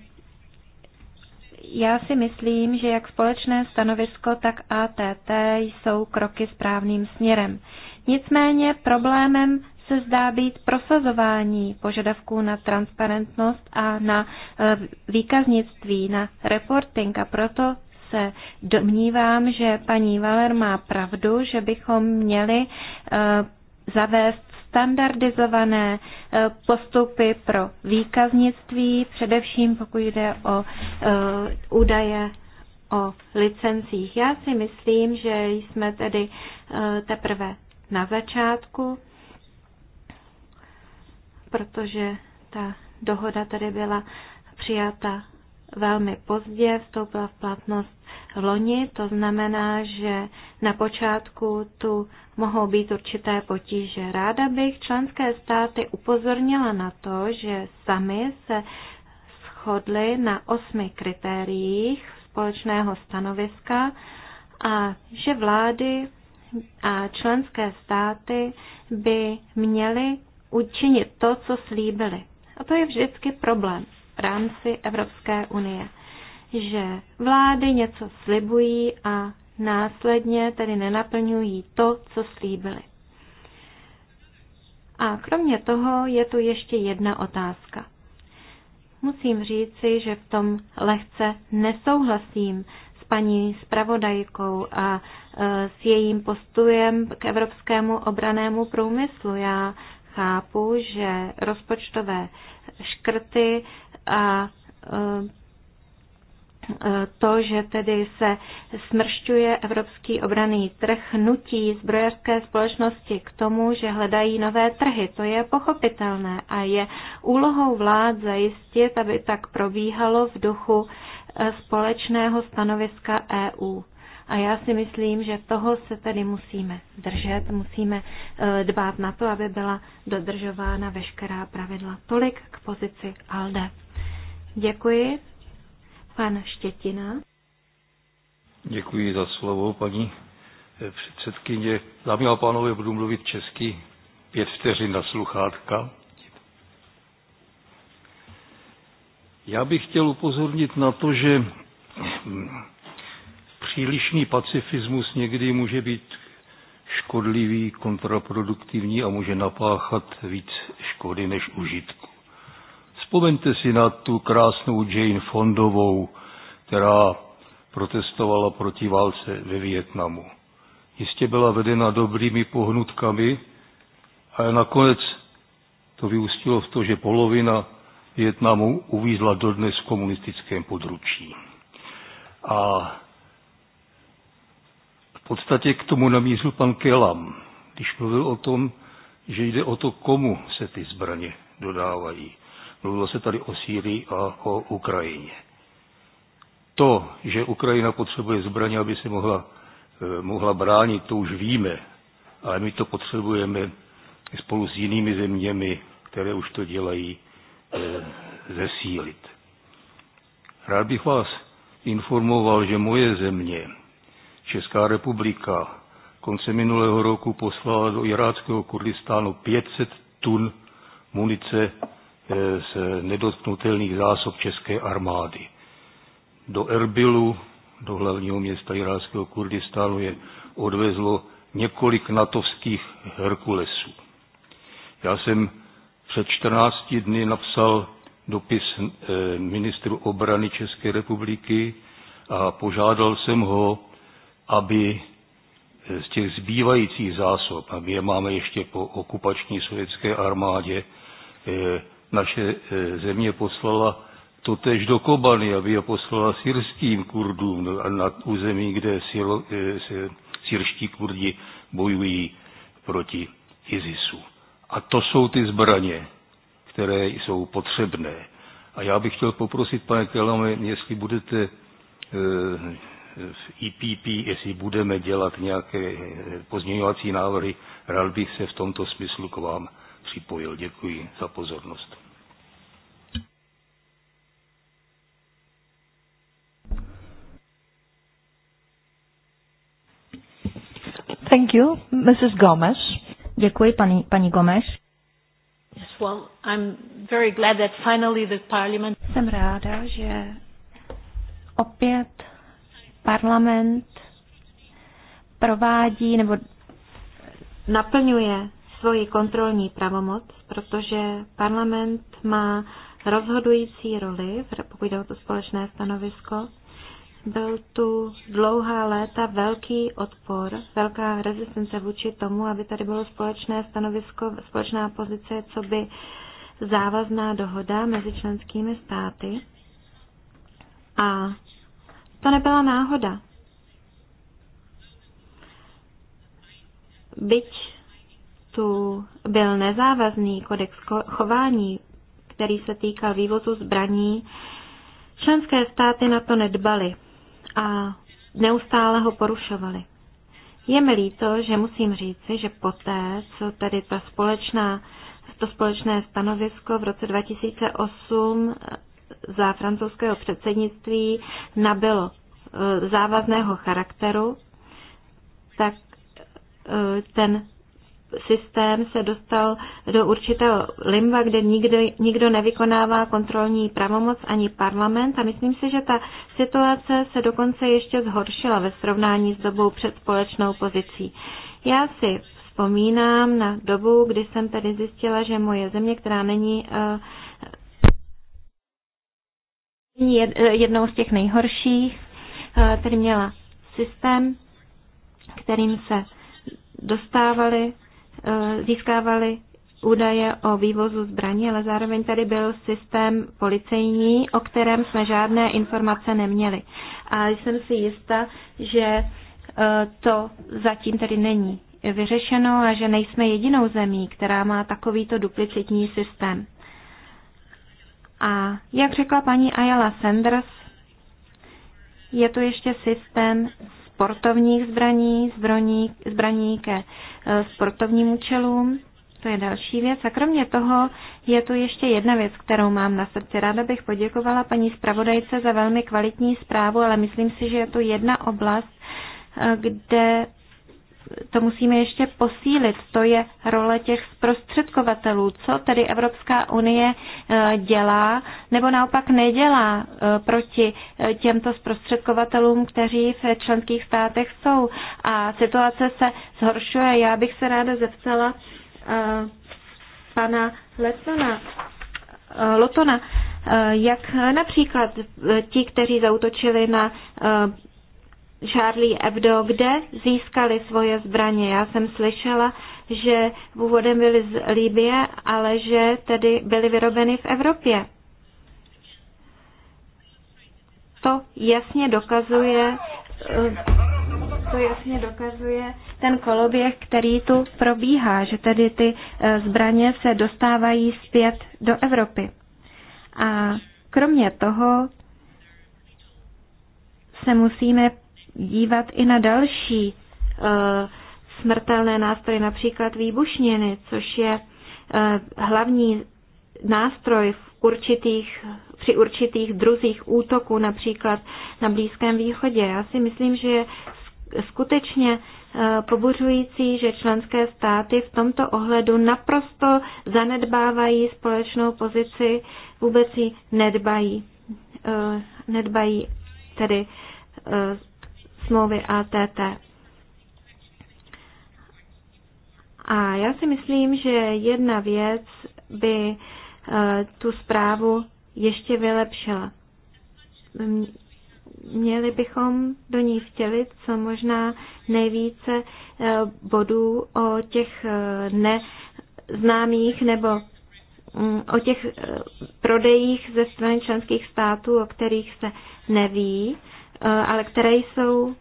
já si myslím, že jak společné stanovisko, tak ATT jsou kroky správným směrem. Nicméně problémem se zdá být prosazování požadavků na transparentnost a na eh, výkaznictví, na reporting a proto se domnívám, že paní Valer má pravdu, že bychom měli eh, zavést standardizované eh, postupy pro výkaznictví, především pokud jde o eh, údaje o licencích. Já si myslím, že jsme tedy teprve na začátku, protože ta dohoda tady byla přijata velmi pozdě, vstoupila v platnost v loni, to znamená, že na počátku tu mohou být určité potíže. Ráda bych členské státy upozornila na to, že sami se shodli na osmi kritériích společného stanoviska a že vlády a členské státy by měly učinit to, co slíbili. A to je vždycky problém rámci Evropské unie, že vlády něco slibují a následně tedy nenaplňují to, co slíbili. A kromě toho je tu ještě jedna otázka. Musím říci, že v tom lehce nesouhlasím s paní zpravodajkou a e, s jejím postujem k evropskému obranému průmyslu. Já chápu, že rozpočtové škrty a e, e, to, že tedy se smršťuje evropský obraný trh, nutí zbrojařské společnosti k tomu, že hledají nové trhy. To je pochopitelné a je úlohou vlád zajistit, aby tak probíhalo v duchu e, společného stanoviska EU. A já si myslím, že toho se tedy musíme držet, musíme dbát na to, aby byla dodržována veškerá pravidla. Tolik k pozici ALDE. Děkuji. Pan Štětina. Děkuji za slovo, paní předsedkyně. Dámy a pánové, budu mluvit česky pět vteřin na sluchátka. Já bych chtěl upozornit na to, že přílišný pacifismus někdy může být škodlivý, kontraproduktivní a může napáchat víc škody než užitku. Vzpomeňte si na tu krásnou Jane Fondovou, která protestovala proti válce ve Vietnamu. Jistě byla vedena dobrými pohnutkami, ale nakonec to vyústilo v to, že polovina Vietnamu uvízla dodnes v komunistickém područí. A v podstatě k tomu namířil pan Kelam, když mluvil o tom, že jde o to, komu se ty zbraně dodávají. Mluvilo se tady o Sýrii a o Ukrajině. To, že Ukrajina potřebuje zbraně, aby se mohla, eh, mohla bránit, to už víme, ale my to potřebujeme spolu s jinými zeměmi, které už to dělají, eh, zesílit. Rád bych vás informoval, že moje země, Česká republika, konce minulého roku poslala do iráckého Kurdistánu 500 tun munice Eh, z nedotknutelných zásob české armády. Do Erbilu, do hlavního města iráckého Kurdistánu, je odvezlo několik natovských Herkulesů. Já jsem před 14 dny napsal dopis eh, ministru obrany České republiky a požádal jsem ho, aby z těch zbývajících zásob, a my je máme ještě po okupační sovětské armádě, eh, naše eh, země poslala totež do Kobany, aby je poslala syrským Kurdům na území, kde eh, syrští Kurdi bojují proti ISISu. A to jsou ty zbraně, které jsou potřebné. A já bych chtěl poprosit, pane Kelame, jestli budete eh, v IPP, jestli budeme dělat nějaké pozměňovací návrhy, rád bych se v tomto smyslu k vám připojil. Děkuji za pozornost. Thank you, Mrs. Gomez. Děkuji, paní, paní Gomez. Yes, well, I'm very glad that finally the parliament... Jsem ráda, že opět parlament provádí nebo naplňuje svoji kontrolní pravomoc, protože parlament má rozhodující roli, pokud jde o to společné stanovisko byl tu dlouhá léta velký odpor, velká rezistence vůči tomu, aby tady bylo společné stanovisko, společná pozice, co by závazná dohoda mezi členskými státy. A to nebyla náhoda. Byť tu byl nezávazný kodex chování, který se týkal vývozu zbraní, členské státy na to nedbaly a neustále ho porušovali. Je mi líto, že musím říci, že poté, co tedy ta společná, to společné stanovisko v roce 2008 eh, za francouzského předsednictví nabylo eh, závazného charakteru, tak eh, ten systém se dostal do určitého limba, kde nikdo, nikdo nevykonává kontrolní pravomoc ani parlament a myslím si, že ta situace se dokonce ještě zhoršila ve srovnání s dobou před společnou pozicí. Já si vzpomínám na dobu, kdy jsem tedy zjistila, že moje země, která není eh, eh, jednou z těch nejhorších, eh, tedy měla systém, kterým se dostávali Eh, získávali údaje o vývozu zbraní, ale zároveň tady byl systém policejní, o kterém jsme žádné informace neměli. A jsem si jista, že eh, to zatím tady není vyřešeno a že nejsme jedinou zemí, která má takovýto duplicitní systém. A jak řekla paní Ayala Sanders, je to ještě systém sportovních zbraní, zbraní, zbraní ke e, sportovním účelům. To je další věc. A kromě toho je tu ještě jedna věc, kterou mám na srdci. Ráda bych poděkovala paní zpravodajce za velmi kvalitní zprávu, ale myslím si, že je tu jedna oblast, e, kde to musíme ještě posílit. To je role těch zprostředkovatelů. Co tedy Evropská unie eh, dělá nebo naopak nedělá eh, proti eh, těmto zprostředkovatelům, kteří v členských státech jsou. A situace se zhoršuje. Já bych se ráda zeptala pana Letona, Lotona, jak například ti, kteří zautočili na Charlie Hebdo, kde získali svoje zbraně. Já jsem slyšela, že původem byly z Líbie, ale že tedy byly vyrobeny v Evropě. To jasně dokazuje, eh, to jasně dokazuje ten koloběh, který tu probíhá, že tedy ty eh, zbraně se dostávají zpět do Evropy. A kromě toho se musíme dívat i na další eh, smrtelné nástroje, například výbušniny, což je eh, hlavní nástroj v určitých, při určitých druzích útoků, například na Blízkém východě. Já si myslím, že je skutečně eh, pobuřující, že členské státy v tomto ohledu naprosto zanedbávají společnou pozici, vůbec ji nedbají. Nedbají tedy smlouvy ATT. A já si myslím, že jedna věc by eh, tu zprávu ještě vylepšila. Měli bychom do ní vtělit co možná nejvíce eh, bodů o těch eh, neznámých nebo mm, o těch prodejích ze strany členských států, o kterých se neví. Eh, ale které jsou,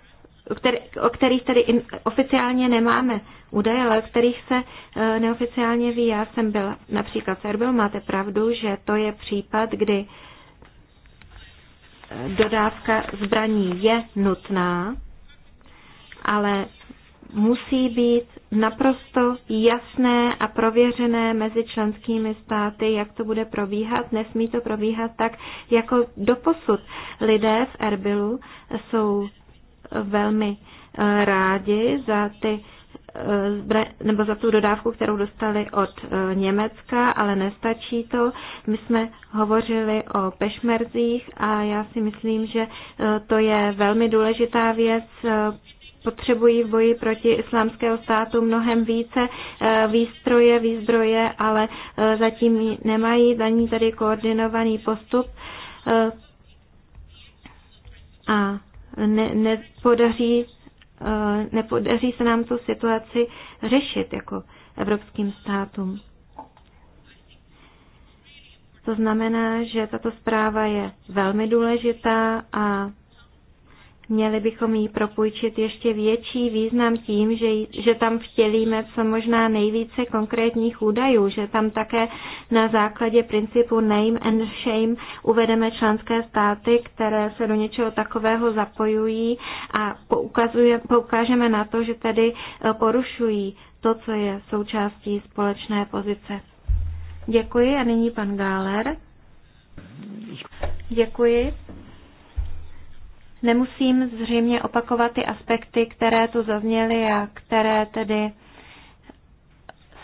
který, o kterých tedy in, oficiálně nemáme údaje, ale o kterých se eh, neoficiálně ví. Já jsem byla například Serbil, máte pravdu, že to je případ, kdy eh, dodávka zbraní je nutná, ale musí být naprosto jasné a prověřené mezi členskými státy, jak to bude probíhat. Nesmí to probíhat tak, jako doposud. Lidé v Erbilu jsou velmi eh, rádi za ty eh, nebo za tu dodávku, kterou dostali od eh, Německa, ale nestačí to. My jsme hovořili o pešmerzích a já si myslím, že to je velmi důležitá věc potřebují v boji proti islámského státu mnohem více eh, výstroje, výzbroje, ale eh, zatím nemají, ní tady koordinovaný postup eh, a ne, nepodaří, nepodaří se nám tu situaci řešit jako evropským státům. To znamená, že tato zpráva je velmi důležitá a Měli bychom jí propůjčit ještě větší význam tím, že, že tam vtělíme co možná nejvíce konkrétních údajů, že tam také na základě principu name and shame uvedeme členské státy, které se do něčeho takového zapojují a poukážeme na to, že tedy eh, porušují to, co je součástí společné pozice. Děkuji a nyní pan Gáler. Děkuji. Nemusím zřejmě opakovat ty aspekty, které tu zazněly a které tedy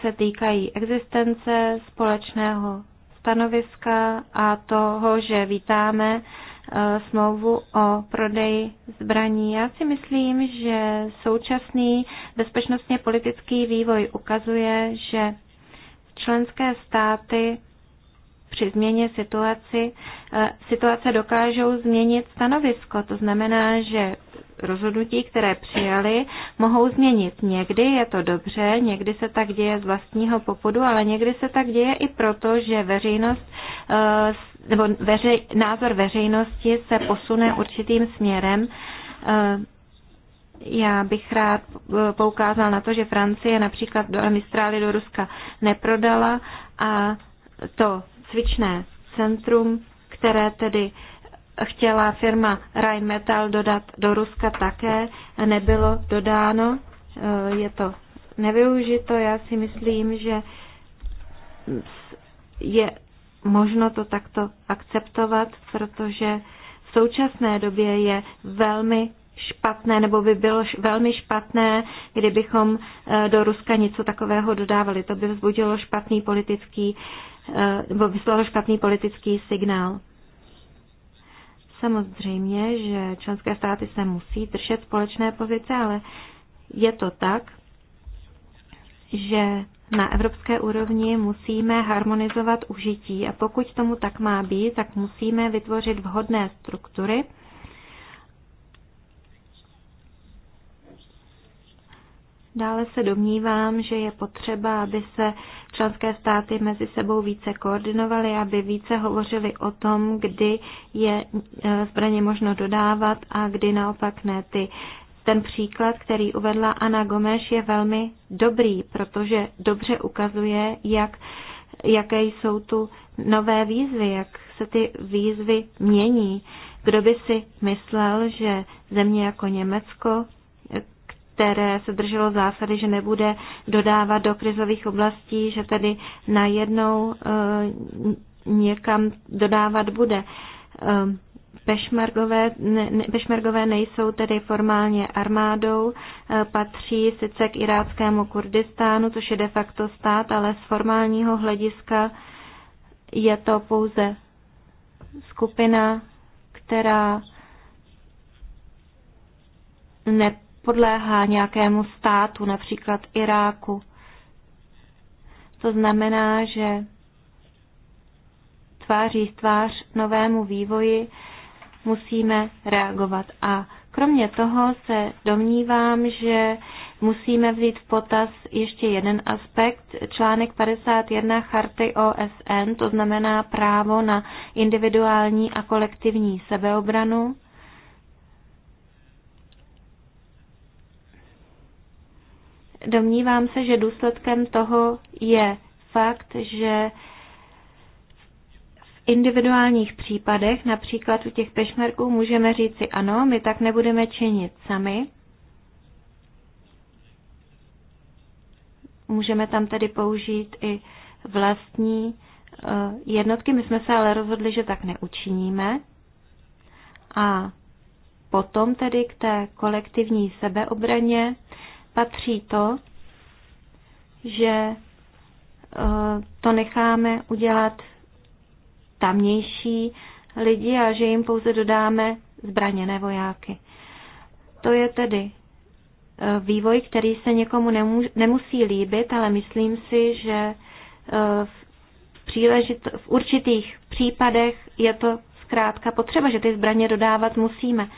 se týkají existence společného stanoviska a toho, že vítáme eh, smlouvu o prodeji zbraní. Já si myslím, že současný bezpečnostně politický vývoj ukazuje, že členské státy při změně situaci, eh, situace dokážou změnit stanovisko. To znamená, že rozhodnutí, které přijali, mohou změnit. Někdy je to dobře, někdy se tak děje z vlastního popudu, ale někdy se tak děje i proto, že veřejnost eh, nebo veřej, názor veřejnosti se posune určitým směrem. Eh, já bych rád poukázal na to, že Francie například do Mistrály do Ruska neprodala a to cvičné centrum, které tedy chtěla firma Rheinmetall dodat do Ruska také, nebylo dodáno, eh, je to nevyužito. Já si myslím, že je možno to takto akceptovat, protože v současné době je velmi špatné, nebo by bylo velmi špatné, kdybychom eh, do Ruska něco takového dodávali. To by vzbudilo špatný politický uh, nebo eh, vyslalo špatný politický signál. Samozřejmě, že členské státy se musí držet společné pozice, ale je to tak, že na evropské úrovni musíme harmonizovat užití a pokud tomu tak má být, tak musíme vytvořit vhodné struktury, Dále se domnívám, že je potřeba, aby se členské státy mezi sebou více koordinovaly, aby více hovořili o tom, kdy je e, zbraně možno dodávat a kdy naopak ne. Ty ten příklad, který uvedla Ana Gomeš, je velmi dobrý, protože dobře ukazuje, jak, jaké jsou tu nové výzvy, jak se ty výzvy mění. Kdo by si myslel, že země jako Německo které se drželo zásady, že nebude dodávat do krizových oblastí, že tedy najednou eh, někam dodávat bude. Eh, pešmergové, ne, pešmergové nejsou tedy formálně armádou, eh, patří sice k iráckému Kurdistánu, což je de facto stát, ale z formálního hlediska je to pouze skupina, která ne, podléhá nějakému státu, například Iráku. To znamená, že tváří tvář novému vývoji musíme reagovat. A kromě toho se domnívám, že musíme vzít v potaz ještě jeden aspekt, článek 51 Charty OSN, to znamená právo na individuální a kolektivní sebeobranu. Domnívám se, že důsledkem toho je fakt, že v individuálních případech, například u těch pešmerků, můžeme říci ano, my tak nebudeme činit sami. Můžeme tam tedy použít i vlastní eh, jednotky. My jsme se ale rozhodli, že tak neučiníme. A potom tedy k té kolektivní sebeobraně patří to, že eh, to necháme udělat tamnější lidi a že jim pouze dodáme zbraněné vojáky. To je tedy eh, vývoj, který se někomu nemusí líbit, ale myslím si, že eh, v, příležit, v určitých případech je to zkrátka potřeba, že ty zbraně dodávat musíme.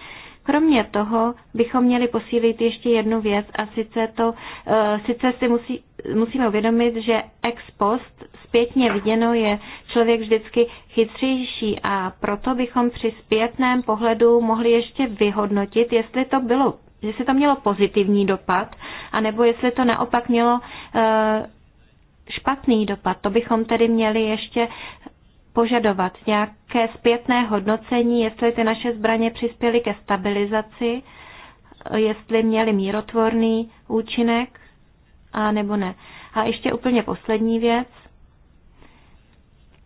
Kromě toho bychom měli posílit ještě jednu věc a sice, to, eh, sice si musí, musíme uvědomit, že ex post zpětně viděno je člověk vždycky chytřejší a proto bychom při zpětném pohledu mohli ještě vyhodnotit, jestli to bylo, jestli to mělo pozitivní dopad, anebo jestli to naopak mělo eh, špatný dopad. To bychom tedy měli ještě požadovat nějaké zpětné hodnocení, jestli ty naše zbraně přispěly ke stabilizaci, jestli měly mírotvorný účinek a nebo ne. A ještě úplně poslední věc,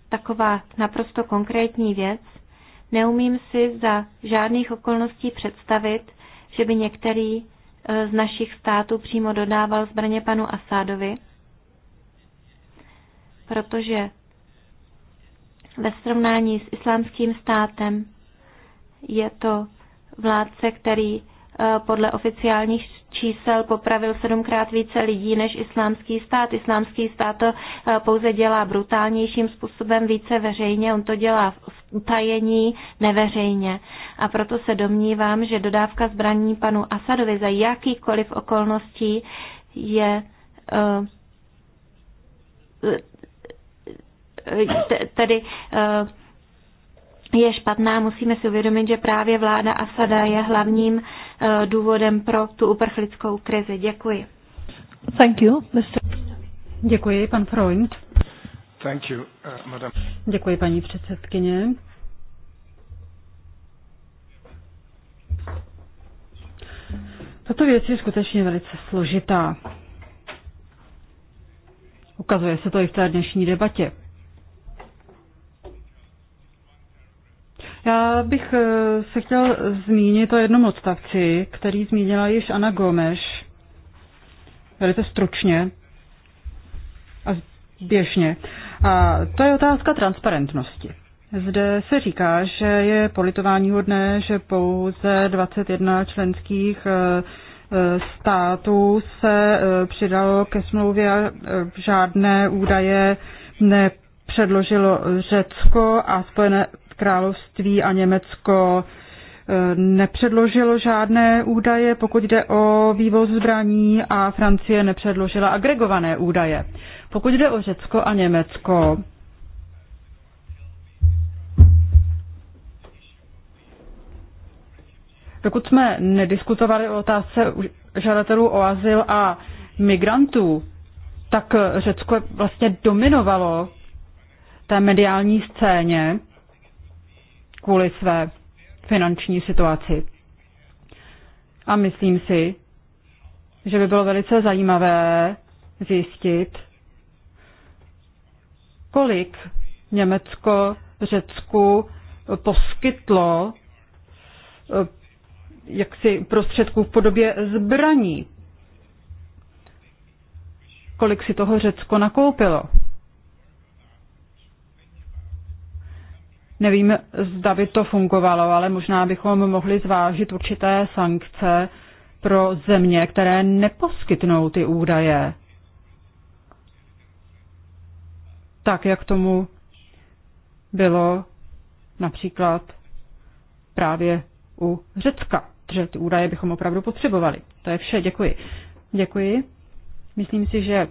taková naprosto konkrétní věc. Neumím si za žádných okolností představit, že by některý e, z našich států přímo dodával zbraně panu Asádovi, protože ve srovnání s islámským státem je to vládce, který eh, podle oficiálních čísel popravil sedmkrát více lidí než islámský stát. Islámský stát to eh, pouze dělá brutálnějším způsobem, více veřejně, on to dělá v utajení, neveřejně. A proto se domnívám, že dodávka zbraní panu Asadovi za jakýkoliv okolností je eh, tedy eh, je špatná, musíme si uvědomit, že právě vláda Asada je hlavním eh, důvodem pro tu uprchlickou krizi. Děkuji. Thank you, Mr. Děkuji, pan Freund. Thank you, uh, madam. Děkuji, paní předsedkyně. Tato věc je skutečně velice složitá. Ukazuje se to i v té dnešní debatě. Já bych eh, se chtěl zmínit o jednom odstavci, který zmínila již Ana Gomeš, velice stručně a běžně. A to je otázka transparentnosti. Zde se říká, že je politováníhodné, že pouze 21 členských eh, eh, států se přidalo ke smlouvě a žádné údaje nepředložilo Řecko a Spojené království a Německo eh, nepředložilo žádné údaje, pokud jde o vývoz zbraní a Francie nepředložila agregované údaje. Pokud jde o Řecko a Německo, dokud jsme nediskutovali o otázce žadatelů o azyl a migrantů, tak Řecko vlastně dominovalo té mediální scéně kvůli své finanční situaci. A myslím si, že by bylo velice zajímavé zjistit, kolik Německo Řecku poskytlo eh, jaksi prostředků v podobě zbraní. Kolik si toho Řecko nakoupilo? Nevím, zda by to fungovalo, ale možná bychom mohli zvážit určité sankce pro země, které neposkytnou ty údaje. Tak, jak tomu bylo například právě u Řecka, že ty údaje bychom opravdu potřebovali. To je vše, děkuji. Děkuji. Myslím si, že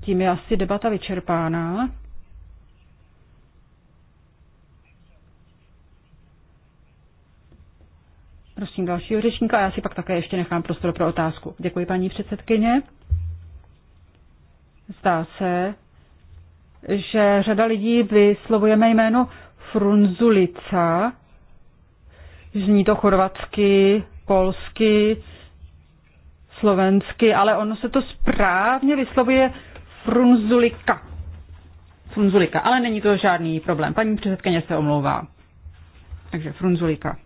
tím je asi debata vyčerpána. prosím dalšího řečníka a já si pak také ještě nechám prostor pro otázku. Děkuji paní předsedkyně. Zdá se, že řada lidí vyslovujeme jméno Frunzulica. Zní to chorvatsky, polsky, slovensky, ale ono se to správně vyslovuje Frunzulika. Frunzulika, ale není to žádný problém. Paní předsedkyně se omlouvá. Takže Frunzulika.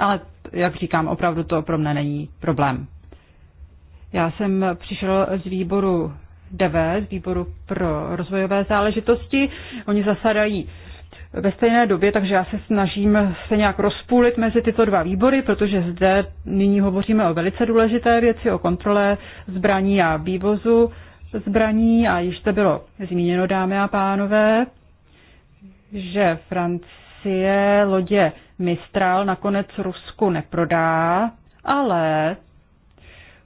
ale jak říkám, opravdu to pro mne není problém. Já jsem přišel z výboru DV, z výboru pro rozvojové záležitosti. Oni zasadají ve stejné době, takže já se snažím se nějak rozpůlit mezi tyto dva výbory, protože zde nyní hovoříme o velice důležité věci, o kontrole zbraní a vývozu zbraní a již to bylo zmíněno, dámy a pánové, že Francie lodě Mistral nakonec Rusku neprodá, ale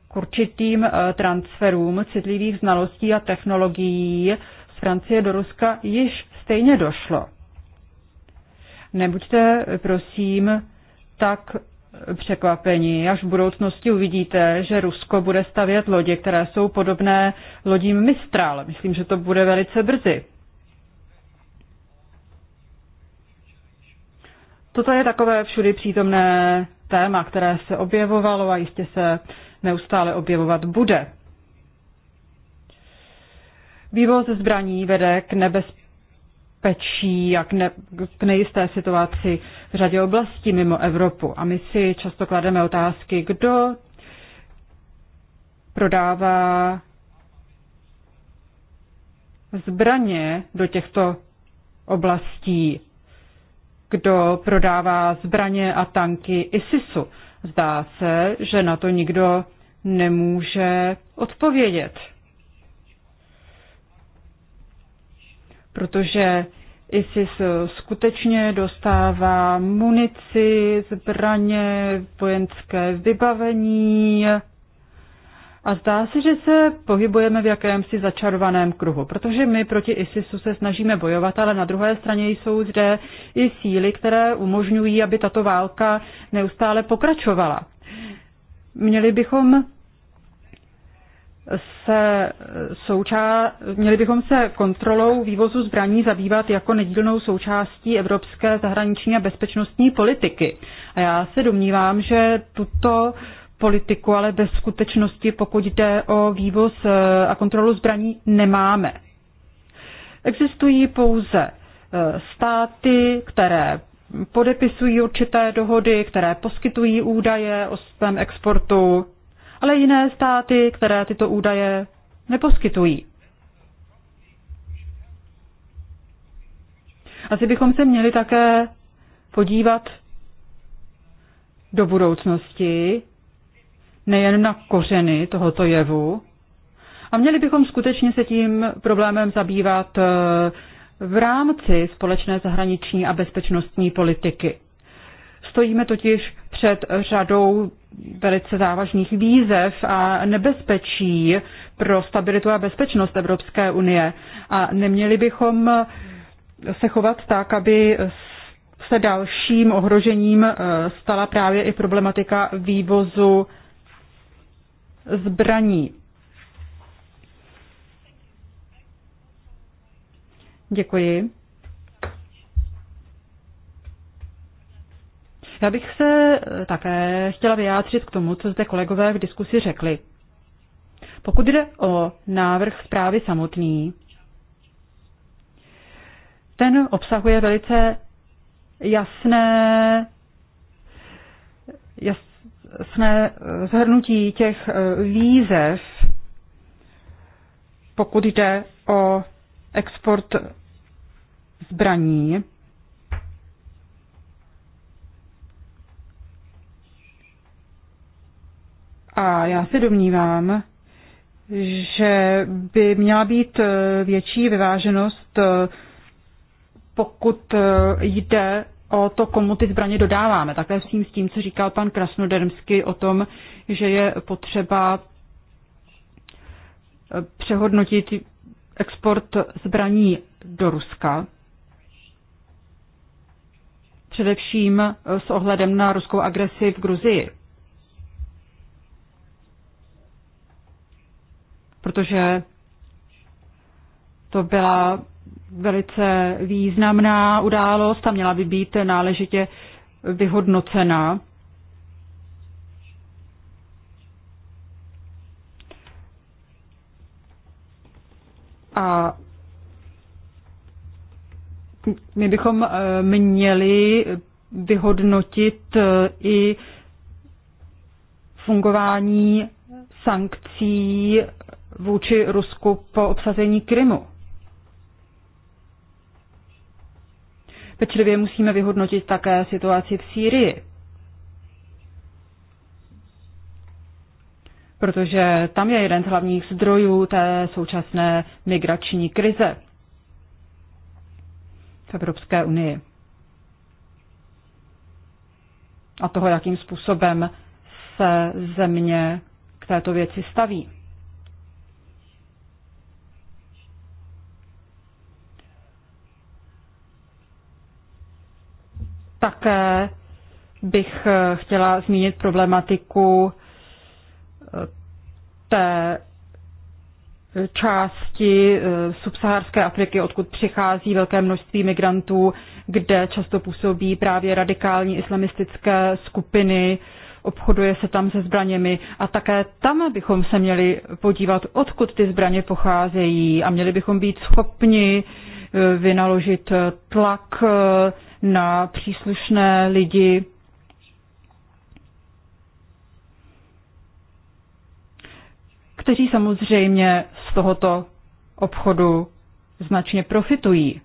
k určitým eh, transferům citlivých znalostí a technologií z Francie do Ruska již stejně došlo. Nebuďte, prosím, tak překvapení, až v budoucnosti uvidíte, že Rusko bude stavět lodě, které jsou podobné lodím Mistral. Myslím, že to bude velice brzy. Toto je takové všudy přítomné téma, které se objevovalo a jistě se neustále objevovat bude. Vývoz zbraní vede k nebezpečí a k, ne, k nejisté situaci v řadě oblastí mimo Evropu. A my si často klademe otázky, kdo prodává zbraně do těchto oblastí kdo prodává zbraně a tanky ISISu. Zdá se, že na to nikdo nemůže odpovědět. Protože ISIS skutečně dostává munici, zbraně, vojenské vybavení, a zdá se, že se pohybujeme v jakémsi začarovaném kruhu, protože my proti ISISu se snažíme bojovat, ale na druhé straně jsou zde i síly, které umožňují, aby tato válka neustále pokračovala. Měli bychom se součá... měli bychom se kontrolou vývozu zbraní zabývat jako nedílnou součástí evropské zahraniční a bezpečnostní politiky. A já se domnívám, že tuto politiku, ale ve skutečnosti, pokud jde o vývoz eh, a kontrolu zbraní, nemáme. Existují pouze eh, státy, které podepisují určité dohody, které poskytují údaje o svém exportu, ale jiné státy, které tyto údaje neposkytují. Asi bychom se měli také podívat do budoucnosti, nejen na kořeny tohoto jevu. A měli bychom skutečně se tím problémem zabývat eh, v rámci společné zahraniční a bezpečnostní politiky. Stojíme totiž před řadou velice závažných výzev a nebezpečí pro stabilitu a bezpečnost Evropské unie a neměli bychom se chovat tak, aby se dalším ohrožením eh, stala právě i problematika vývozu zbraní. Děkuji. Já bych se také chtěla vyjádřit k tomu, co zde kolegové v diskusi řekli. Pokud jde o návrh zprávy samotný, ten obsahuje velice jasné, jas, jsme zhrnutí těch eh, výzev, pokud jde o export zbraní. A já se domnívám, že by měla být eh, větší vyváženost, eh, pokud jde o to, komu ty zbraně dodáváme. Také s tím, s tím, co říkal pan Krasnodermsky o tom, že je potřeba eh, přehodnotit export zbraní do Ruska, především eh, s ohledem na ruskou agresi v Gruzii. Protože to byla velice významná událost a měla by být náležitě vyhodnocena. A my bychom eh, měli vyhodnotit eh, i fungování sankcí vůči Rusku po obsazení Krymu. Pečlivě musíme vyhodnotit také situaci v Sýrii. protože tam je jeden z hlavních zdrojů té současné migrační krize v Evropské unii. A toho, jakým způsobem se země k této věci staví. Také bych eh, chtěla zmínit problematiku eh, té části eh, subsaharské Afriky, odkud přichází velké množství migrantů, kde často působí právě radikální islamistické skupiny, obchoduje se tam se zbraněmi a také tam bychom se měli podívat, odkud ty zbraně pocházejí a měli bychom být schopni vynaložit tlak na příslušné lidi. kteří samozřejmě z tohoto obchodu značně profitují.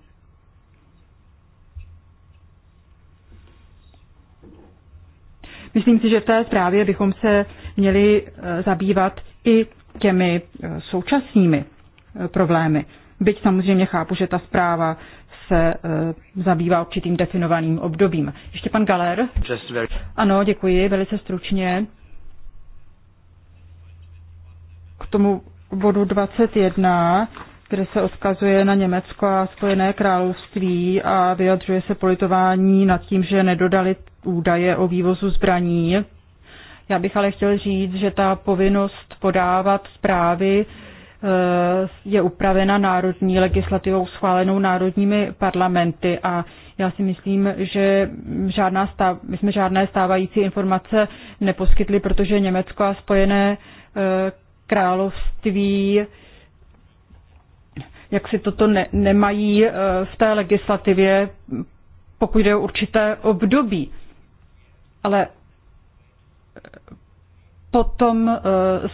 Myslím si, že v té zprávě bychom se měli eh, zabývat i těmi eh, současnými eh, problémy. Byť samozřejmě chápu, že ta zpráva se eh, zabývá určitým definovaným obdobím. Ještě pan Galer. Ano, děkuji, velice stručně. K tomu bodu 21, kde se odkazuje na Německo a Spojené království a vyjadřuje se politování nad tím, že nedodali údaje o vývozu zbraní. Já bych ale chtěl říct, že ta povinnost podávat zprávy Eh, je upravena národní legislativou schválenou národními parlamenty a já si myslím, že žádná stáv, my jsme žádné stávající informace neposkytli, protože Německo a Spojené eh, království jak si toto ne, nemají eh, v té legislativě, pokud jde o určité období. Ale potom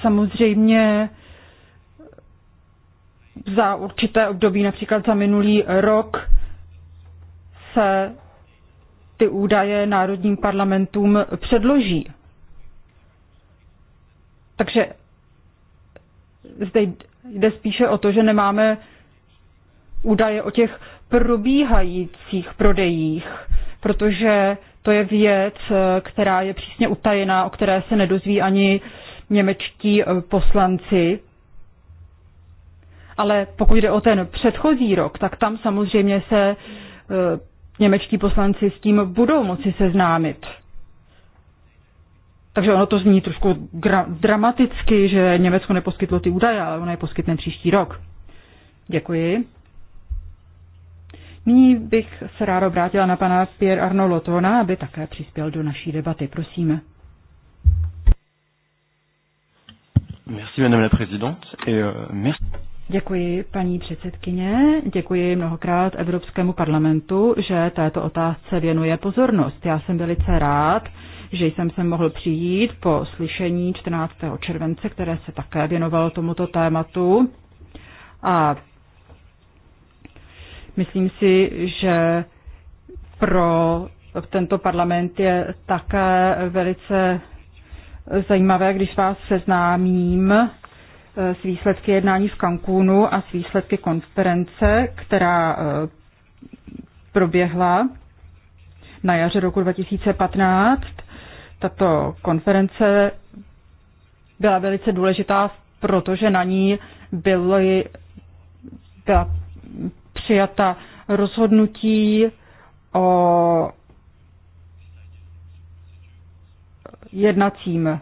samozřejmě za určité období, například za minulý rok, se ty údaje národním parlamentům předloží. Takže zde jde spíše o to, že nemáme údaje o těch probíhajících prodejích, protože to je věc, která je přísně utajená, o které se nedozví ani němečtí eh, poslanci. Ale pokud jde o ten předchozí rok, tak tam samozřejmě se e, němečtí poslanci s tím budou moci seznámit. Takže ono to zní trošku dramaticky, že Německo neposkytlo ty údaje, ale ono je poskytne příští rok. Děkuji. Nyní bych se ráda obrátila na pana Pierre Arno Lotona, aby také přispěl do naší debaty. Prosím. Merci, madame la présidente. Et, euh, merci. Děkuji, paní předsedkyně. Děkuji mnohokrát Evropskému parlamentu, že této otázce věnuje pozornost. Já jsem velice rád, že jsem se mohl přijít po slyšení 14. července, které se také věnovalo tomuto tématu. A myslím si, že pro tento parlament je také velice zajímavé, když vás seznámím Eh, s výsledky jednání v Cancúnu a s výsledky konference, která eh, proběhla na jaře roku 2015. Tato konference byla velice důležitá, protože na ní byly, byla přijata rozhodnutí o jednacím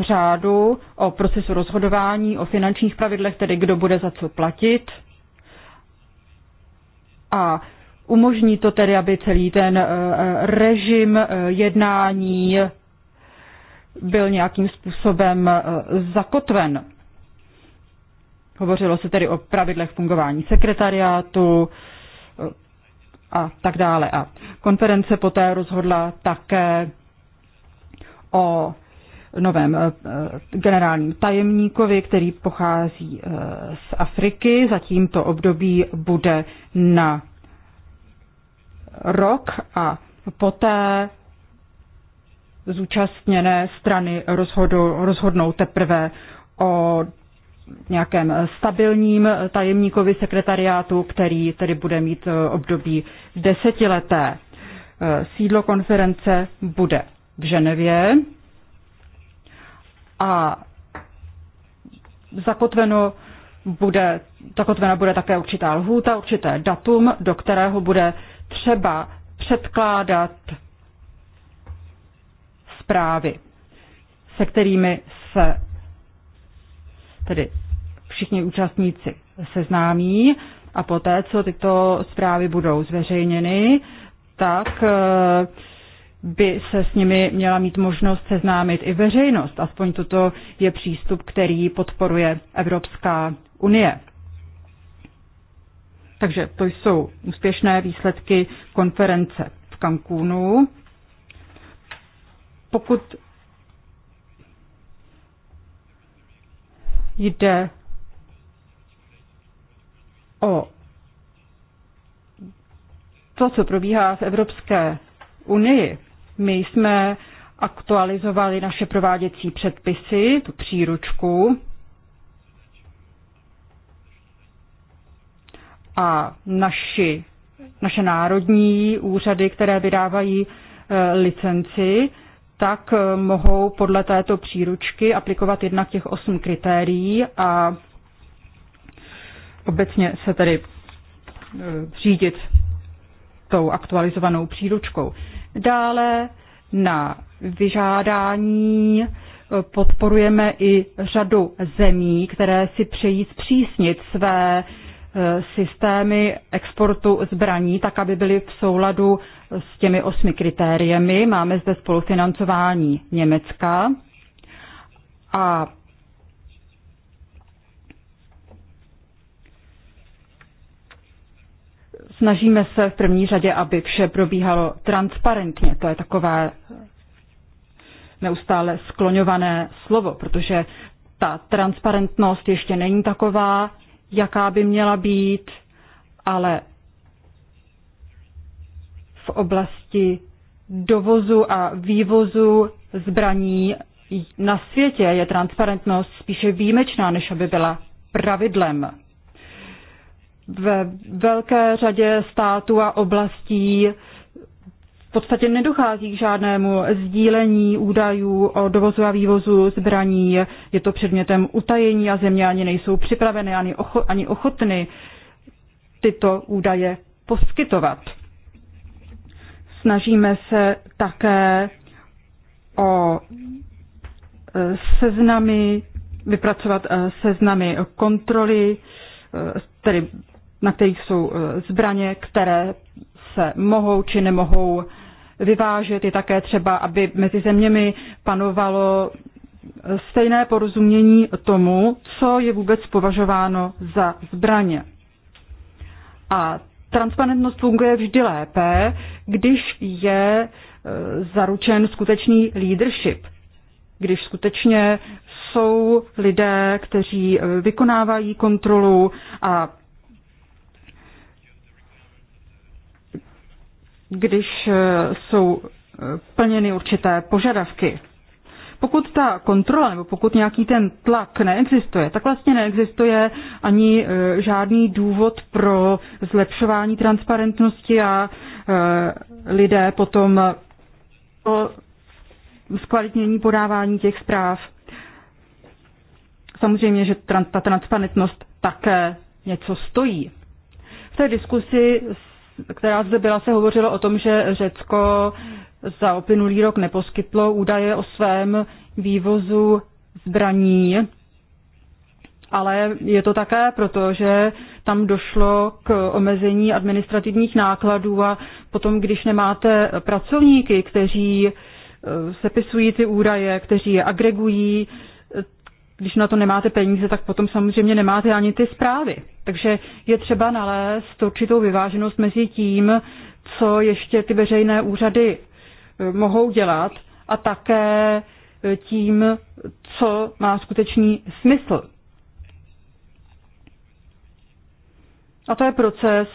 řádu o procesu rozhodování, o finančních pravidlech, tedy kdo bude za co platit. A umožní to tedy, aby celý ten eh, eh, režim eh, jednání byl nějakým způsobem zakotven. Hovořilo se tedy o pravidlech fungování sekretariátu a tak dále. A konference poté rozhodla také o novém eh, generálním tajemníkovi, který pochází eh, z Afriky. Zatím to období bude na rok a poté zúčastněné strany rozhodou, rozhodnou teprve o nějakém stabilním tajemníkovi sekretariátu, který tedy bude mít eh, období desetileté. Sídlo konference bude v Ženevě a zakotveno bude, zakotvena bude také určitá lhůta, určité datum, do kterého bude třeba předkládat zprávy, se kterými se tedy všichni účastníci seznámí a poté, co tyto zprávy budou zveřejněny, tak eh, by se s nimi měla mít možnost seznámit i veřejnost. Aspoň toto je přístup, který podporuje Evropská unie. Takže to jsou úspěšné výsledky konference v Cancúnu. Pokud jde o to, co probíhá v Evropské unii, my jsme aktualizovali naše prováděcí předpisy, tu příručku. A naši, naše národní úřady, které vydávají eh, licenci, tak eh, mohou podle této příručky aplikovat jednak těch osm kritérií a obecně se tedy eh, řídit tou aktualizovanou příručkou. Dále na vyžádání eh, podporujeme i řadu zemí, které si přejí zpřísnit své eh, systémy exportu zbraní, tak aby byly v souladu s těmi osmi kritériemi. Máme zde spolufinancování Německa a snažíme se v první řadě, aby vše probíhalo transparentně. To je takové neustále skloňované slovo, protože ta transparentnost ještě není taková, jaká by měla být, ale v oblasti dovozu a vývozu zbraní na světě je transparentnost spíše výjimečná, než aby byla pravidlem ve velké řadě států a oblastí v podstatě nedochází k žádnému sdílení údajů o dovozu a vývozu zbraní. Je to předmětem utajení a země ani nejsou připraveny, ani, ocho, ani ochotny tyto údaje poskytovat. Snažíme se také o eh, seznamy, vypracovat eh, seznamy kontroly, eh, tedy na kterých jsou e, zbraně, které se mohou či nemohou vyvážet. Je také třeba, aby mezi zeměmi panovalo e, stejné porozumění tomu, co je vůbec považováno za zbraně. A transparentnost funguje vždy lépe, když je e, zaručen skutečný leadership, když skutečně jsou lidé, kteří vykonávají kontrolu a když eh, jsou eh, plněny určité požadavky. Pokud ta kontrola nebo pokud nějaký ten tlak neexistuje, tak vlastně neexistuje ani eh, žádný důvod pro zlepšování transparentnosti a lidé potom o zkvalitnění podávání těch zpráv. Samozřejmě, že ta transparentnost také něco stojí. V té diskusi která zde byla, se hovořilo o tom, že Řecko za opinulý rok neposkytlo údaje o svém vývozu zbraní, ale je to také proto, že tam došlo k omezení administrativních nákladů a potom, když nemáte pracovníky, kteří eh, sepisují ty údaje, kteří je agregují, eh, když na to nemáte peníze, tak potom samozřejmě nemáte ani ty zprávy. Takže je třeba nalézt určitou vyváženost mezi tím, co ještě ty veřejné úřady eh, mohou dělat a také eh, tím, co má skutečný smysl. A to je proces,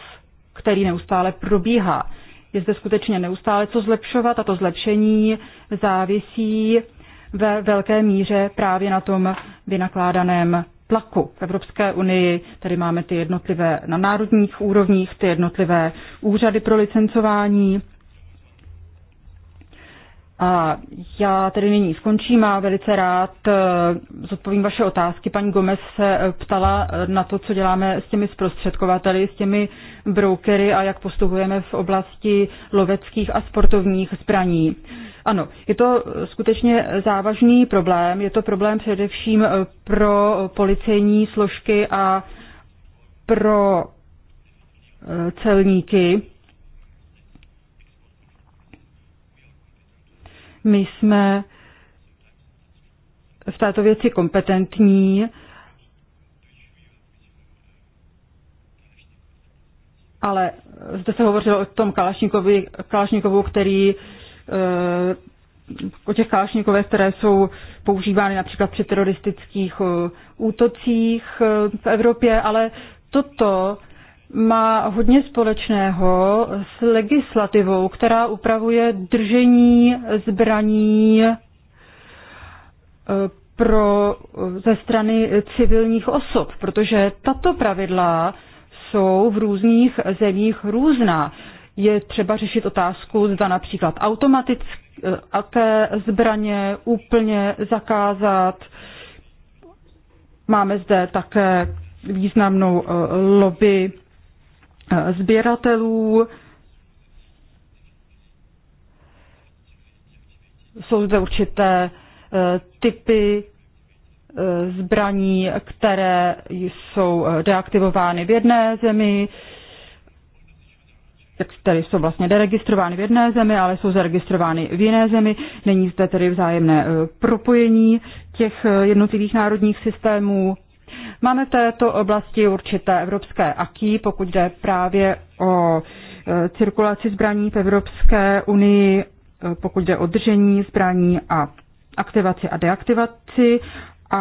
který neustále probíhá. Je zde skutečně neustále co zlepšovat a to zlepšení závisí ve velké míře právě na tom vynakládaném tlaku. V Evropské unii tady máme ty jednotlivé na národních úrovních, ty jednotlivé úřady pro licencování. A já tedy nyní skončím a velice rád eh, zodpovím vaše otázky. Paní Gomez se eh, ptala eh, na to, co děláme s těmi zprostředkovateli, s těmi brokery a jak postupujeme v oblasti loveckých a sportovních zbraní. Ano, je to skutečně závažný problém. Je to problém především eh, pro policejní složky a pro eh, celníky. My jsme v této věci kompetentní. ale zde se hovořilo o tom Kalašníkovi, Kalašníkovu, který eh, o těch Kalašníkové, které jsou používány například při teroristických eh, útocích eh, v Evropě, ale toto má hodně společného s legislativou, která upravuje držení zbraní pro, ze strany civilních osob, protože tato pravidla jsou v různých zemích různá. Je třeba řešit otázku, zda například automatické eh, zbraně úplně zakázat. Máme zde také významnou eh, lobby eh, sběratelů. Jsou zde určité typy Eh, zbraní, které jsou eh, deaktivovány v jedné zemi, které jsou vlastně deregistrovány v jedné zemi, ale jsou zaregistrovány v jiné zemi. Není zde tedy vzájemné eh, propojení těch jednotlivých národních systémů. Máme v této oblasti určité evropské aký, pokud jde právě o cirkulaci zbraní v Evropské unii, pokud jde o držení zbraní a aktivaci a deaktivaci a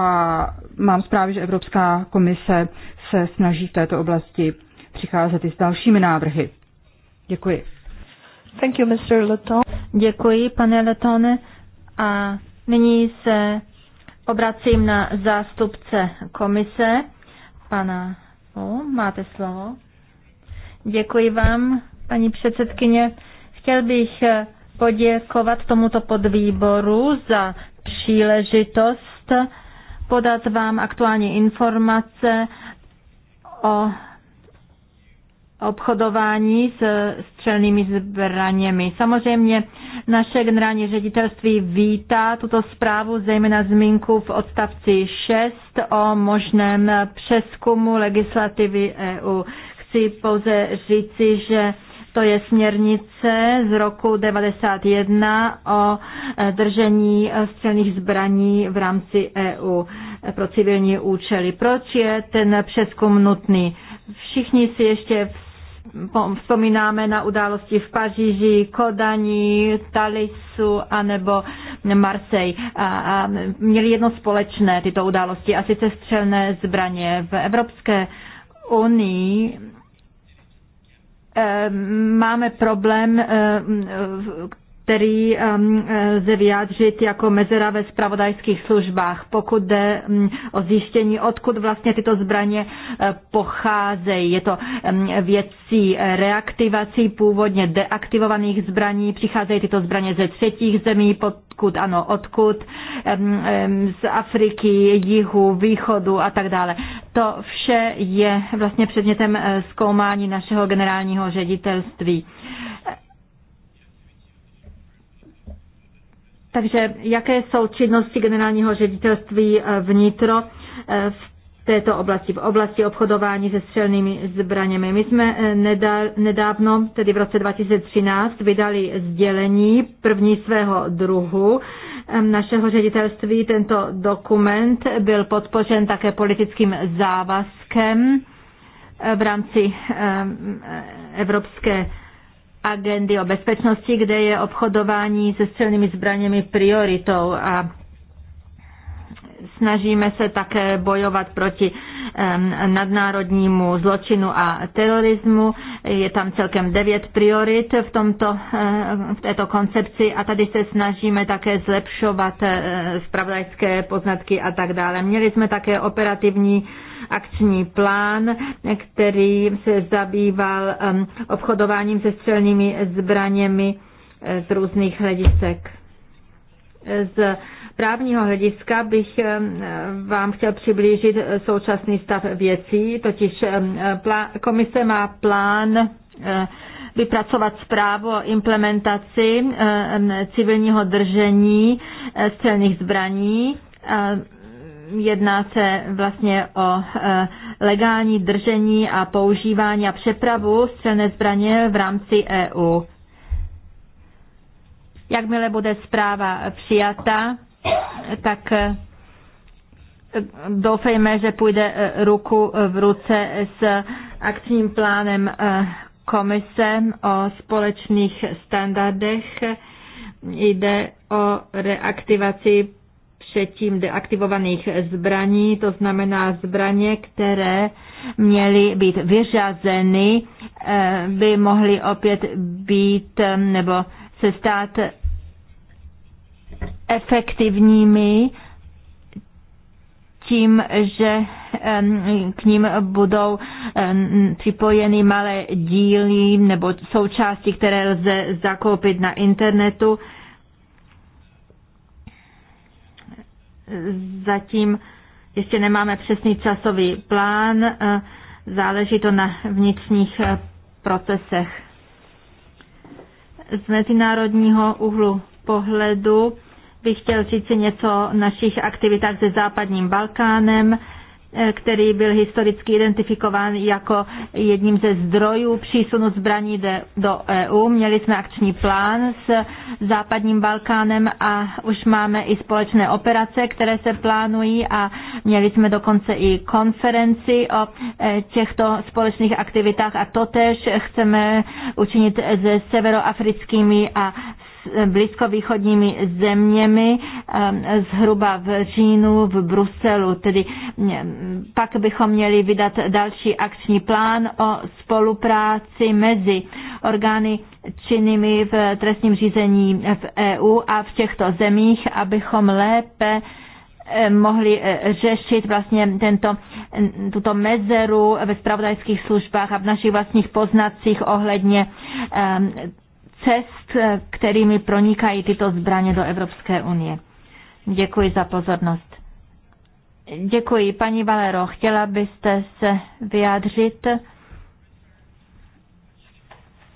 mám zprávy, že Evropská komise se snaží v této oblasti přicházet i s dalšími návrhy. Děkuji. Thank you, Mr. Leton. Děkuji, pane Letone. A nyní se obracím na zástupce komise, pana O. Máte slovo. Děkuji vám, paní předsedkyně. Chtěl bych poděkovat tomuto podvýboru za příležitost podat vám aktuální informace o obchodování s střelnými zbraněmi. Samozřejmě naše generální ředitelství vítá tuto zprávu, zejména zmínku v odstavci 6 o možném přeskumu legislativy EU. Chci pouze říci, že to je směrnice z roku 91 o e, držení e, střelných zbraní v rámci EU e, pro civilní účely. Proč je ten přeskum nutný? Všichni si ještě vzpomínáme na události v Paříži, Kodani, Talisu anebo Marseille. A, a měli jedno společné tyto události, a sice střelné zbraně. V Evropské unii Ehm, máme problém, ehm, který um, lze vyjádřit jako mezera ve spravodajských službách, pokud jde um, o zjištění, odkud vlastně tyto zbraně uh, pocházejí. Je to um, věcí reaktivací původně deaktivovaných zbraní, přicházejí tyto zbraně ze třetích zemí, pokud ano, odkud, z Afriky, jihu, východu a tak dále. To vše je vlastně předmětem uh, zkoumání našeho generálního ředitelství. Takže jaké jsou činnosti generálního ředitelství eh, vnitro eh, v této oblasti, v oblasti obchodování se střelnými zbraněmi. My jsme eh, nedávno, tedy v roce 2013, vydali sdělení první svého druhu našeho ředitelství. Tento dokument byl podpořen také politickým závazkem v rámci Evropské agendy o bezpečnosti, kde je obchodování se střelnými zbraněmi prioritou a snažíme se také bojovat proti nadnárodnímu zločinu a terorismu. Je tam celkem devět priorit v, tomto, v této koncepci a tady se snažíme také zlepšovat eh, spravodajské poznatky a tak dále. Měli jsme také operativní akční plán, který se zabýval um, obchodováním se střelnými zbraněmi eh, z různých hledisek. Z právního hlediska bych eh, vám chtěl přiblížit eh, současný stav věcí, totiž komise má plán vypracovat zprávu o implementaci civilního držení střelných zbraní Jedná se vlastně o e, legální držení a používání a přepravu střelné zbraně v rámci EU. Jakmile bude zpráva přijata, tak e, doufejme, že půjde e, ruku v ruce s akčním plánem komise o společných standardech. Jde o reaktivaci předtím deaktivovaných zbraní, to znamená zbraně, které měly být vyřazeny, eh, by mohly opět být eh, nebo se stát efektivními tím, že k ním budou připojeny malé díly nebo součásti, které lze zakoupit na internetu zatím ještě nemáme přesný časový plán, eh, záleží to na vnitřních eh, procesech. Z mezinárodního úhlu pohledu bych chtěl říct si něco o našich aktivitách se západním Balkánem který byl historicky identifikován jako jedním ze zdrojů přísunu zbraní do EU. Měli jsme akční plán s západním Balkánem a už máme i společné operace, které se plánují a měli jsme dokonce i konferenci o e, těchto společných aktivitách a totež chceme učinit se severoafrickými a e, blízkovýchodními zeměmi Um, zhruba v říjnu v Bruselu. Tedy mm, pak bychom měli vydat další akční plán o spolupráci mezi orgány činnými v trestním řízení v EU a v těchto zemích, abychom lépe eh, mohli eh, řešit vlastně tento, mm, tuto mezeru ve spravodajských službách a v našich vlastních poznacích ohledně eh, cest, kterými pronikají tyto zbraně do Evropské unie. Děkuji za pozornost. Děkuji. Paní Valero, chtěla byste se vyjádřit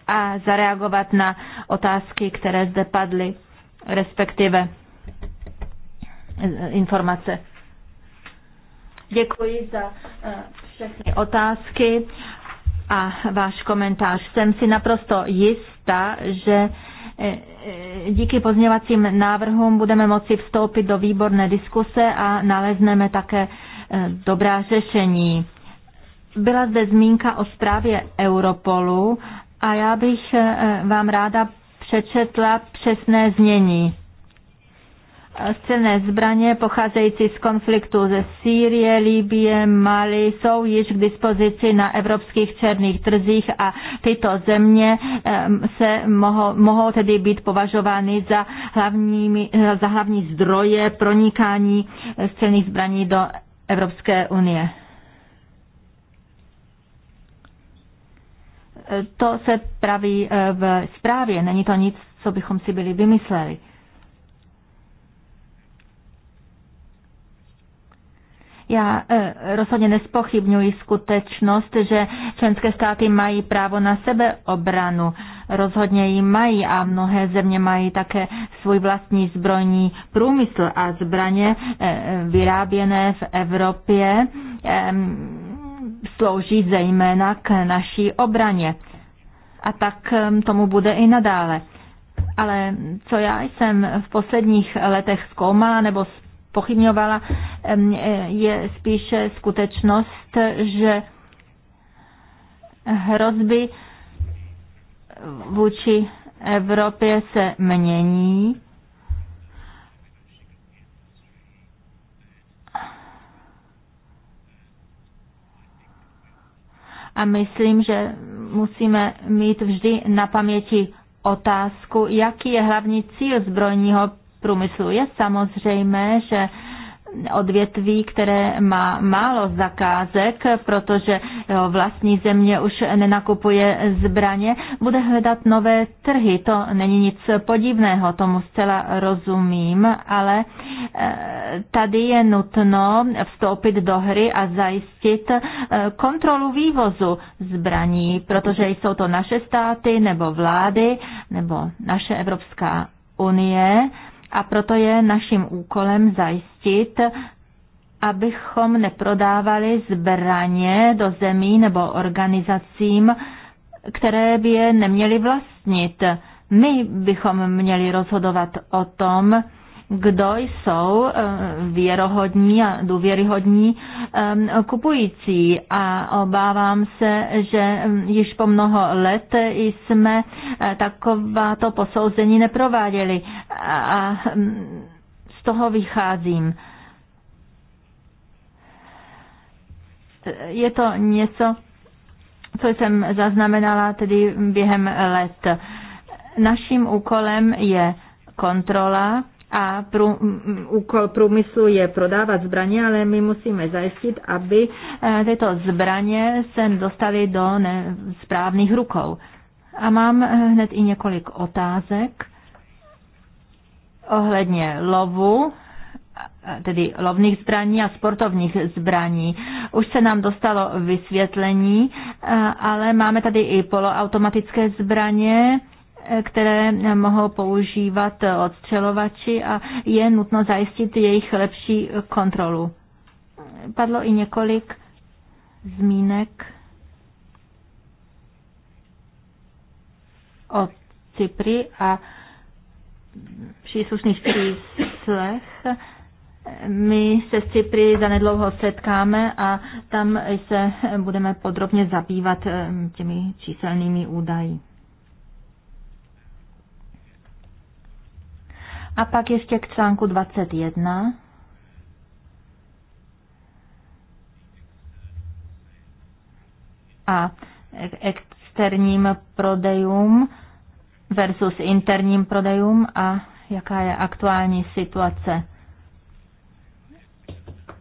a zareagovat na otázky, které zde padly, respektive eh, informace. Děkuji za eh, všechny otázky a váš komentář. Jsem si naprosto jistá, že E, e, díky pozměvacím návrhům budeme moci vstoupit do výborné diskuse a nalezneme také e, dobrá řešení. Byla zde zmínka o zprávě Europolu a já bych vám ráda přečetla přesné znění. Střelné zbraně pocházející z konfliktu ze Sýrie, Líbie, Mali jsou již k dispozici na evropských černých trzích a tyto země se mohou, mohou tedy být považovány za, hlavními, za hlavní zdroje pronikání střelných zbraní do Evropské unie. To se praví e, v zprávě, není to nic, co bychom si byli vymysleli. Já e, rozhodně nespochybňuji skutečnost, že členské státy mají právo na sebeobranu. Rozhodně ji mají a mnohé země mají také svůj vlastní zbrojní průmysl a zbraně e, e, vyráběné v Evropě slouží zejména k naší obraně. A tak tomu bude i nadále. Ale co já jsem v posledních letech zkoumala nebo pochybňovala, je spíše skutečnost, že hrozby vůči Evropě se mění. A myslím, že musíme mít vždy na paměti otázku, jaký je hlavní cíl zbrojního průmyslu. Je samozřejmé, že odvětví, které má málo zakázek, protože vlastní země už nenakupuje zbraně, bude hledat nové trhy. To není nic podivného, tomu zcela rozumím, ale eh, tady je nutno vstoupit do hry a zajistit eh, kontrolu vývozu zbraní, protože jsou to naše státy nebo vlády nebo naše Evropská unie, a proto je naším úkolem zajistit, abychom neprodávali zbraně do zemí nebo organizacím, které by je neměly vlastnit. My bychom měli rozhodovat o tom, kdo jsou eh, věrohodní a důvěryhodní eh, kupující a obávám se, že eh, již po mnoho let jsme takováto posouzení neprováděli a hm, z toho vycházím. Je to něco, co jsem zaznamenala tedy během let. Naším úkolem je kontrola a prů, úkol průmyslu je prodávat zbraně, ale my musíme zajistit, aby e, tyto zbraně se dostaly do ne, správných rukou. A mám e, hned i několik otázek ohledně lovu, tedy lovných zbraní a sportovních zbraní. Už se nám dostalo vysvětlení, e, ale máme tady i poloautomatické zbraně které mohou používat odstřelovači a je nutno zajistit jejich lepší kontrolu. Padlo i několik zmínek o Cypry a příslušných číslech. My se s Cypry zanedlouho setkáme a tam se budeme podrobně zabývat eh, těmi číselnými údaji. A pak ještě k článku 21. A k externím prodejům versus interním prodejům a jaká je aktuální situace.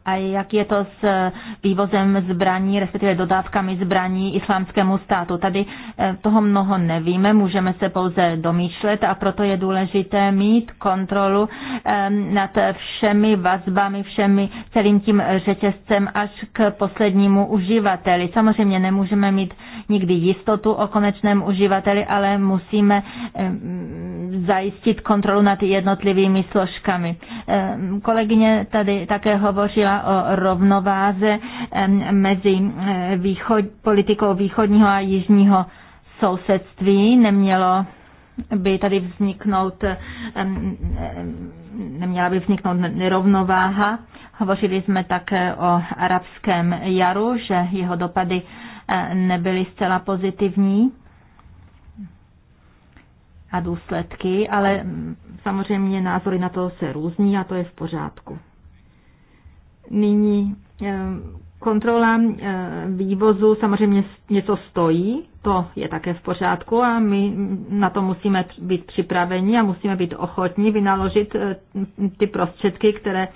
A jak je to s eh, vývozem zbraní, respektive dodávkami zbraní islámskému státu? Tady eh, toho mnoho nevíme, můžeme se pouze domýšlet a proto je důležité mít kontrolu ehm, nad všemi vazbami, všemi celým tím řetězcem až k poslednímu uživateli. Samozřejmě nemůžeme mít nikdy jistotu o konečném uživateli, ale musíme ehm, zajistit kontrolu nad jednotlivými složkami. Ehm, kolegyně tady také hovořila hovořila o rovnováze mezi východ, politikou východního a jižního sousedství. Nemělo by tady vzniknout, neměla by vzniknout nerovnováha. Hovořili jsme také o arabském jaru, že jeho dopady nebyly zcela pozitivní a důsledky, ale samozřejmě názory na to se různí a to je v pořádku. Nyní eh, kontrola eh, vývozu samozřejmě něco stojí, to je také v pořádku a my na to musíme být připraveni a musíme být ochotní vynaložit eh, ty prostředky, které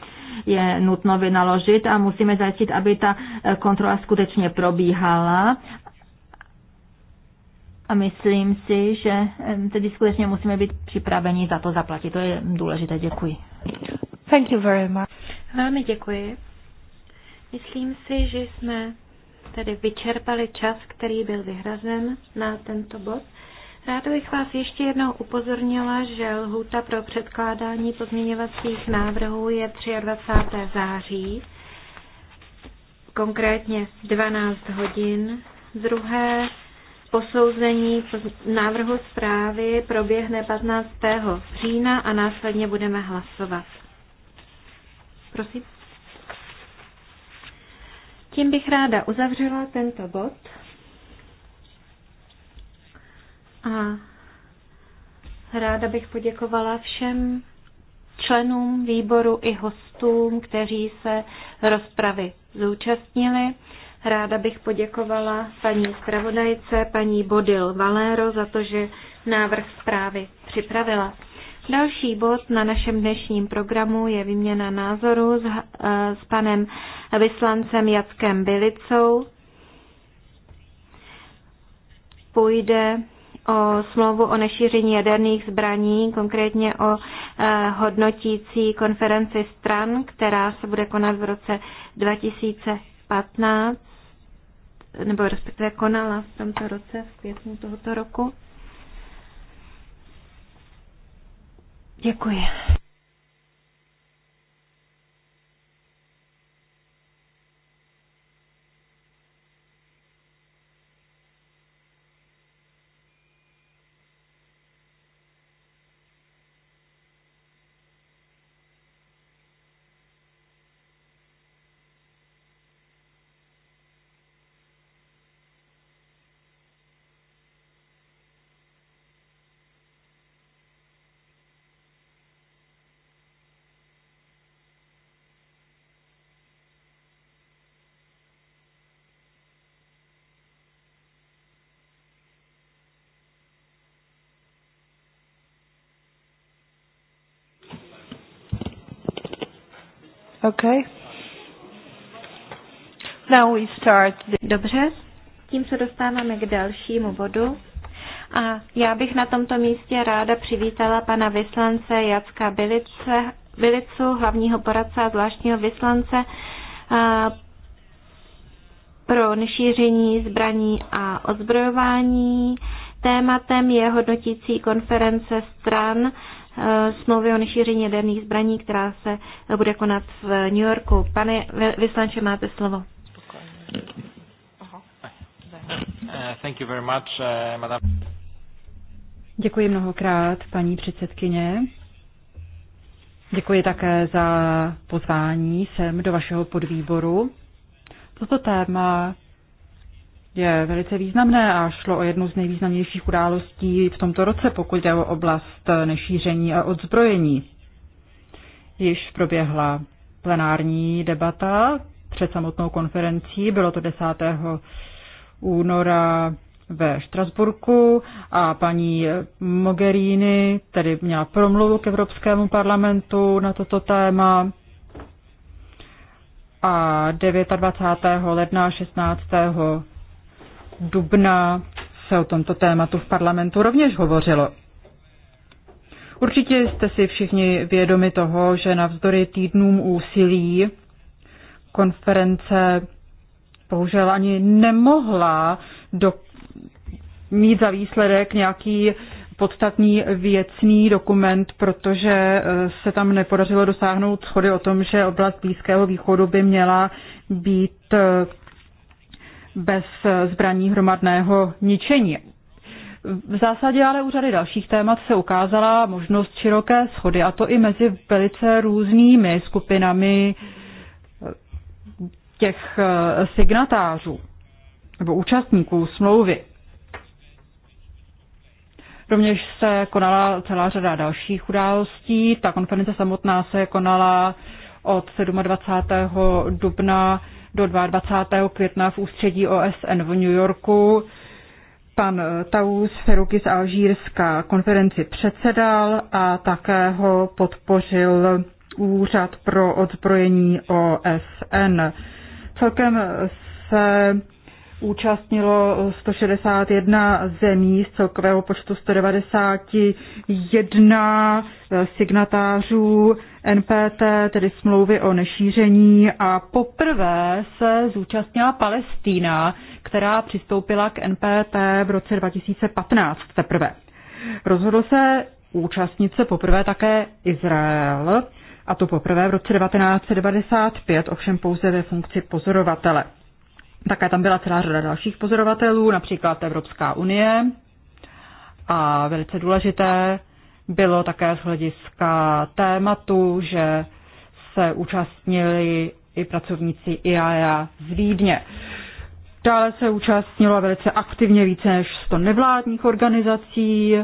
je nutno vynaložit a musíme zajistit, aby ta kontrola skutečně probíhala. A myslím si, že tedy skutečně musíme být připraveni za to zaplatit. To je důležité. Děkuji. Thank you very much. Velmi děkuji. Myslím si, že jsme tedy vyčerpali čas, který byl vyhrazen na tento bod. Ráda bych vás ještě jednou upozornila, že lhůta pro předkládání pozměňovacích návrhů je 23. září, konkrétně 12 hodin. Druhé posouzení návrhu zprávy proběhne 15. října a následně budeme hlasovat. Prosím. Tím bych ráda uzavřela tento bod. A ráda bych poděkovala všem členům výboru i hostům, kteří se rozpravy zúčastnili. Ráda bych poděkovala paní zpravodajce, paní Bodil Valero, za to, že návrh zprávy připravila. Další bod na našem dnešním programu je výměna názoru s, eh, s panem vyslancem Jackem Bilicou. Půjde o smlouvu o nešíření jaderných zbraní, konkrétně o eh, hodnotící konferenci stran, která se bude konat v roce 2015 nebo respektive konala v tomto roce, v květnu tohoto roku. Děkuji. Okay. Now we start the... Dobře, tím se dostáváme k dalšímu bodu. A já bych na tomto místě ráda přivítala pana vyslance Jacka Bilice, Bilicu, hlavního poradce a zvláštního vyslance pro nešíření zbraní a ozbrojování. Tématem je hodnotící konference stran Eh, smlouvy o nešíření jaderných zbraní, která se eh, bude konat v New Yorku. Pane vyslanče, máte slovo. Eh, Děkuji mnohokrát, paní předsedkyně. Děkuji také za pozvání sem do vašeho podvýboru. Toto téma je velice významné a šlo o jednu z nejvýznamnějších událostí v tomto roce, pokud jde o oblast nešíření a odzbrojení. Již proběhla plenární debata před samotnou konferencí, bylo to 10. února ve Štrasburku a paní Mogherini tedy měla promluvu k Evropskému parlamentu na toto téma a 29. ledna 16 dubna se o tomto tématu v parlamentu rovněž hovořilo. Určitě jste si všichni vědomi toho, že navzdory týdnům úsilí konference bohužel ani nemohla do, mít za výsledek nějaký podstatný věcný dokument, protože eh, se tam nepodařilo dosáhnout schody o tom, že oblast Blízkého východu by měla být eh, bez zbraní hromadného ničení. V zásadě ale u řady dalších témat se ukázala možnost široké schody, a to i mezi velice různými skupinami eh, těch eh, signatářů nebo účastníků smlouvy. Rovněž se konala celá řada dalších událostí. Ta konference samotná se konala od 27. dubna do 22. května v ústředí OSN v New Yorku. Pan Taus Ferukis z Alžírska konferenci předsedal a také ho podpořil Úřad pro odzbrojení OSN. Celkem se účastnilo 161 zemí z celkového počtu 191 signatářů NPT, tedy smlouvy o nešíření a poprvé se zúčastnila Palestína, která přistoupila k NPT v roce 2015 teprve. Rozhodl se účastnit se poprvé také Izrael, a to poprvé v roce 1995, ovšem pouze ve funkci pozorovatele. Také tam byla celá řada dalších pozorovatelů, například Evropská unie. A velice důležité bylo také z hlediska tématu, že se účastnili i pracovníci IAEA e z Vídně. Dále se účastnilo velice aktivně více než 100 nevládních organizací,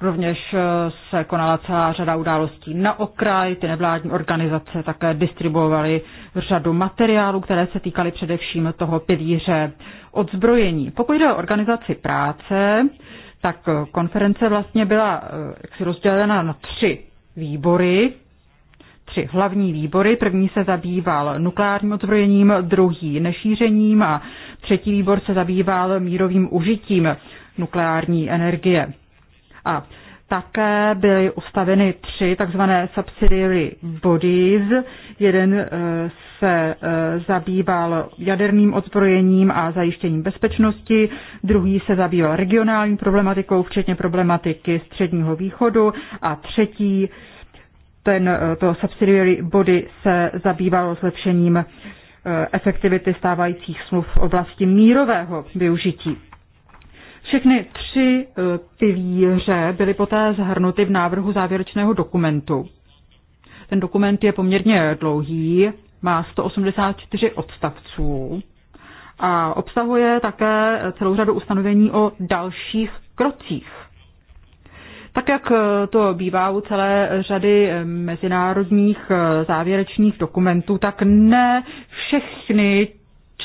Rovněž eh, se konala celá řada událostí na okraj, ty nevládní organizace také distribuovaly řadu materiálů, které se týkaly především toho pilíře odzbrojení. Pokud jde o organizaci práce, tak eh, konference vlastně byla eh, jaksi rozdělena na tři výbory, tři hlavní výbory. První se zabýval nukleárním odzbrojením, druhý nešířením a třetí výbor se zabýval mírovým užitím nukleární energie. A také byly ustaveny tři takzvané subsidiary bodies. Jeden eh, se eh, zabýval jaderným odzbrojením a zajištěním bezpečnosti, druhý se zabýval regionální problematikou, včetně problematiky Středního východu a třetí ten, eh, to subsidiary body se zabývalo zlepšením efektivity stávajících smluv v oblasti mírového využití. Všechny tři pilíře eh, byly poté zahrnuty v návrhu závěrečného dokumentu. Ten dokument je poměrně dlouhý, má 184 odstavců a obsahuje také celou řadu ustanovení o dalších krocích. Tak jak eh, to bývá u celé řady eh, mezinárodních závěrečných dokumentů, tak ne všechny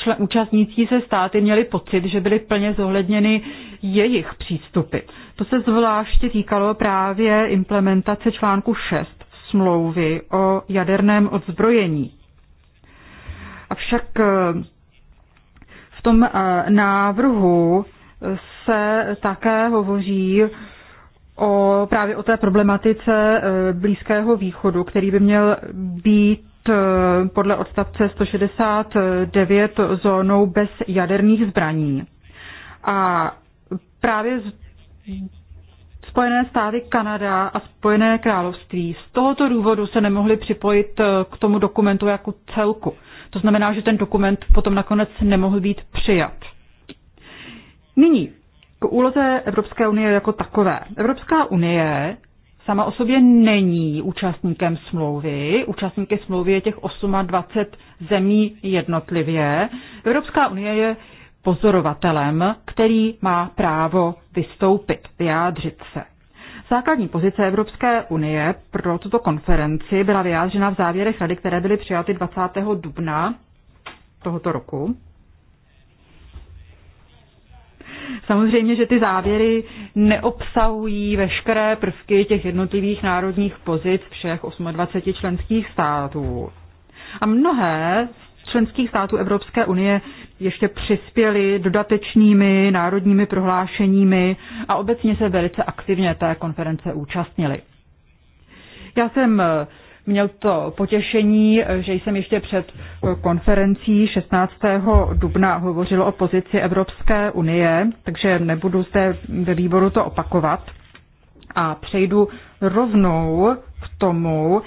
člen, účastnící se státy měli pocit, že byly plně zohledněny jejich přístupy. To se zvláště týkalo právě implementace článku 6 smlouvy o jaderném odzbrojení. Avšak eh, v tom eh, návrhu se také hovoří o, právě o té problematice eh, Blízkého východu, který by měl být Eh, podle odstavce 169 zónou bez jaderných zbraní. A právě Spojené státy, Kanada a Spojené království z tohoto důvodu se nemohly připojit eh, k tomu dokumentu jako celku. To znamená, že ten dokument potom nakonec nemohl být přijat. Nyní k úloze Evropské unie jako takové. Evropská unie sama o sobě není účastníkem smlouvy. Účastníky smlouvy je těch 28 zemí jednotlivě. Evropská unie je pozorovatelem, který má právo vystoupit, vyjádřit se. Základní pozice Evropské unie pro tuto konferenci byla vyjádřena v závěrech rady, které byly přijaty 20. dubna tohoto roku. Samozřejmě, že ty závěry neobsahují veškeré prvky těch jednotlivých národních pozic všech 28 členských států. A mnohé z členských států Evropské unie ještě přispěly dodatečnými národními prohlášeními a obecně se velice aktivně té konference účastnili. Já jsem měl to potěšení, že jsem ještě před eh, konferencí 16. dubna hovořil o pozici Evropské unie, takže nebudu zde ve výboru to opakovat. A přejdu rovnou k tomu,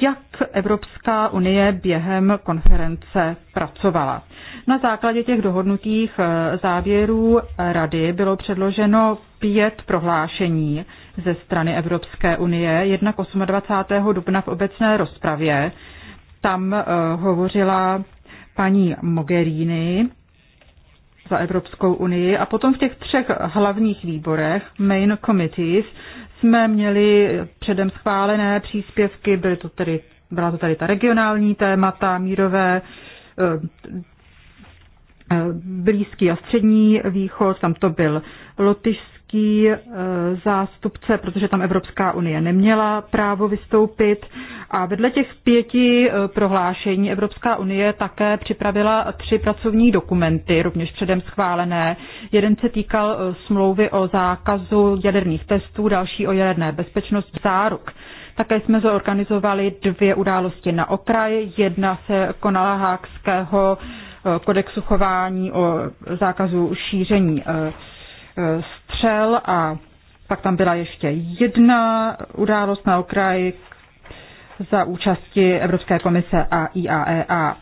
jak Evropská unie během konference pracovala. Na základě těch dohodnutých eh, závěrů rady bylo předloženo pět prohlášení, ze strany Evropské unie, jednak 28. dubna v obecné rozpravě. Tam eh, hovořila paní Mogherini za Evropskou unii a potom v těch třech hlavních výborech, main committees, jsme měli předem schválené příspěvky, byly to tedy, byla to tady ta regionální témata, mírové, eh, eh, Blízký a střední východ, tam to byl Lotyšský evropský eh, zástupce, protože tam Evropská unie neměla právo vystoupit. A vedle těch pěti eh, prohlášení Evropská unie také připravila tři pracovní dokumenty, rovněž předem schválené. Jeden se týkal eh, smlouvy o zákazu jaderných testů, další o jaderné bezpečnost záruk. Také jsme zorganizovali dvě události na okraj. Jedna se konala Hákského kodexu chování o zákazu šíření střel a pak tam byla ještě jedna událost na okraji za účasti Evropské komise a IAEA.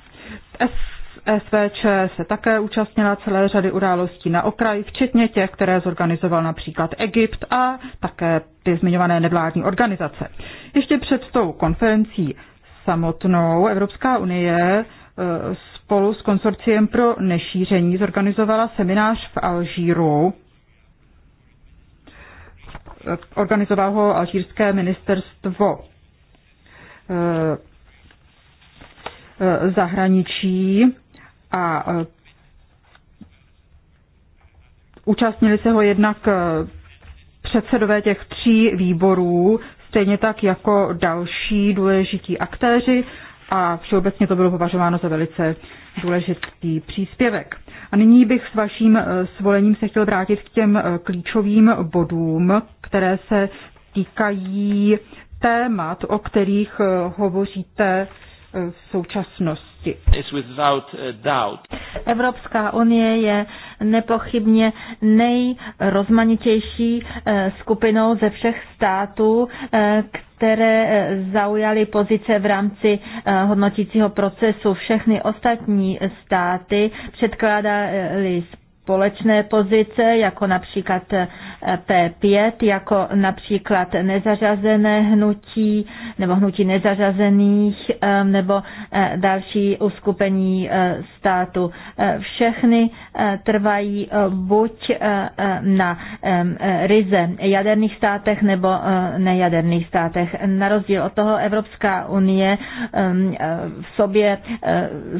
SVČ se také účastnila celé řady událostí na okraji, včetně těch, které zorganizoval například Egypt a také ty zmiňované nevládní organizace. Ještě před tou konferencí samotnou Evropská unie eh, spolu s konsorciem pro nešíření zorganizovala seminář v Alžíru organizoval ho alžírské ministerstvo eh, eh, zahraničí a eh, účastnili se ho jednak předsedové těch tří výborů, stejně tak jako další důležití aktéři a všeobecně to bylo považováno za velice důležitý příspěvek. A nyní bych s vaším eh, svolením se chtěl vrátit k těm eh, klíčovým bodům, které se týkají témat, o kterých eh, hovoříte v současnosti oblasti. Uh, Evropská unie je nepochybně nejrozmanitější uh, skupinou ze všech států, uh, které zaujaly pozice v rámci hodnotícího procesu. Všechny ostatní státy předkládaly společné pozice, jako například eh, P5, jako například nezařazené hnutí nebo hnutí nezařazených eh, nebo eh, další uskupení státu. Všechny trvají buď na ryze jaderných státech nebo nejaderných státech. Na rozdíl od toho Evropská unie v sobě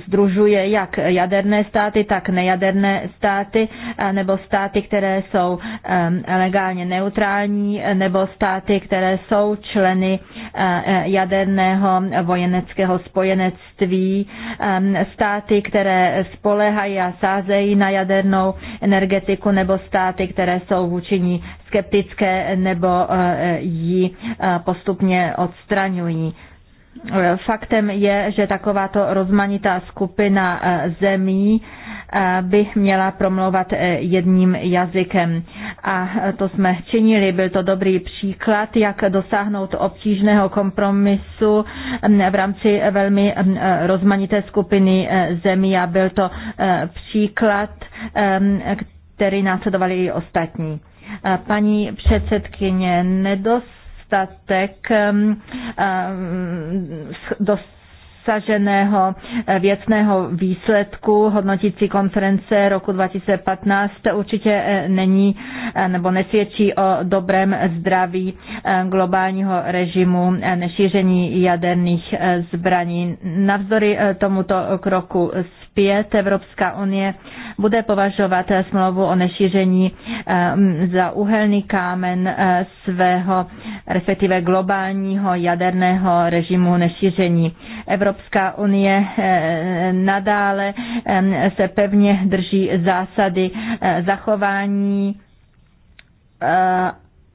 združuje jak jaderné státy, tak nejaderné státy státy eh, nebo státy, které jsou ehm, legálně neutrální eh, nebo státy, které jsou členy eh, jaderného vojeneckého spojenectví, ehm, státy, které spolehají a sázejí na jadernou energetiku nebo státy, které jsou vůči ní skeptické nebo ji postupně odstraňují. Faktem je, že takováto rozmanitá skupina zemí by měla promlouvat e, jedním jazykem. A to jsme činili, byl to dobrý příklad, jak dosáhnout obtížného kompromisu v rámci velmi e, rozmanité skupiny e, zemí a byl to příklad, který následovali i ostatní. Paní předsedkyně, nedostatek dost dosaženého eh, věcného výsledku hodnotící konference roku 2015 určitě eh, není eh, nebo nesvědčí o dobrém zdraví globálního režimu nešíření jaderných zbraní. Navzdory tomuto kroku 5 Evropská unie bude považovat smlouvu o nešíření ehm, za uhelný kámen eh, svého, respektive globálního jaderného režimu nešíření. Evropská unie eh, nadále ehm, se pevně drží zásady eh, zachování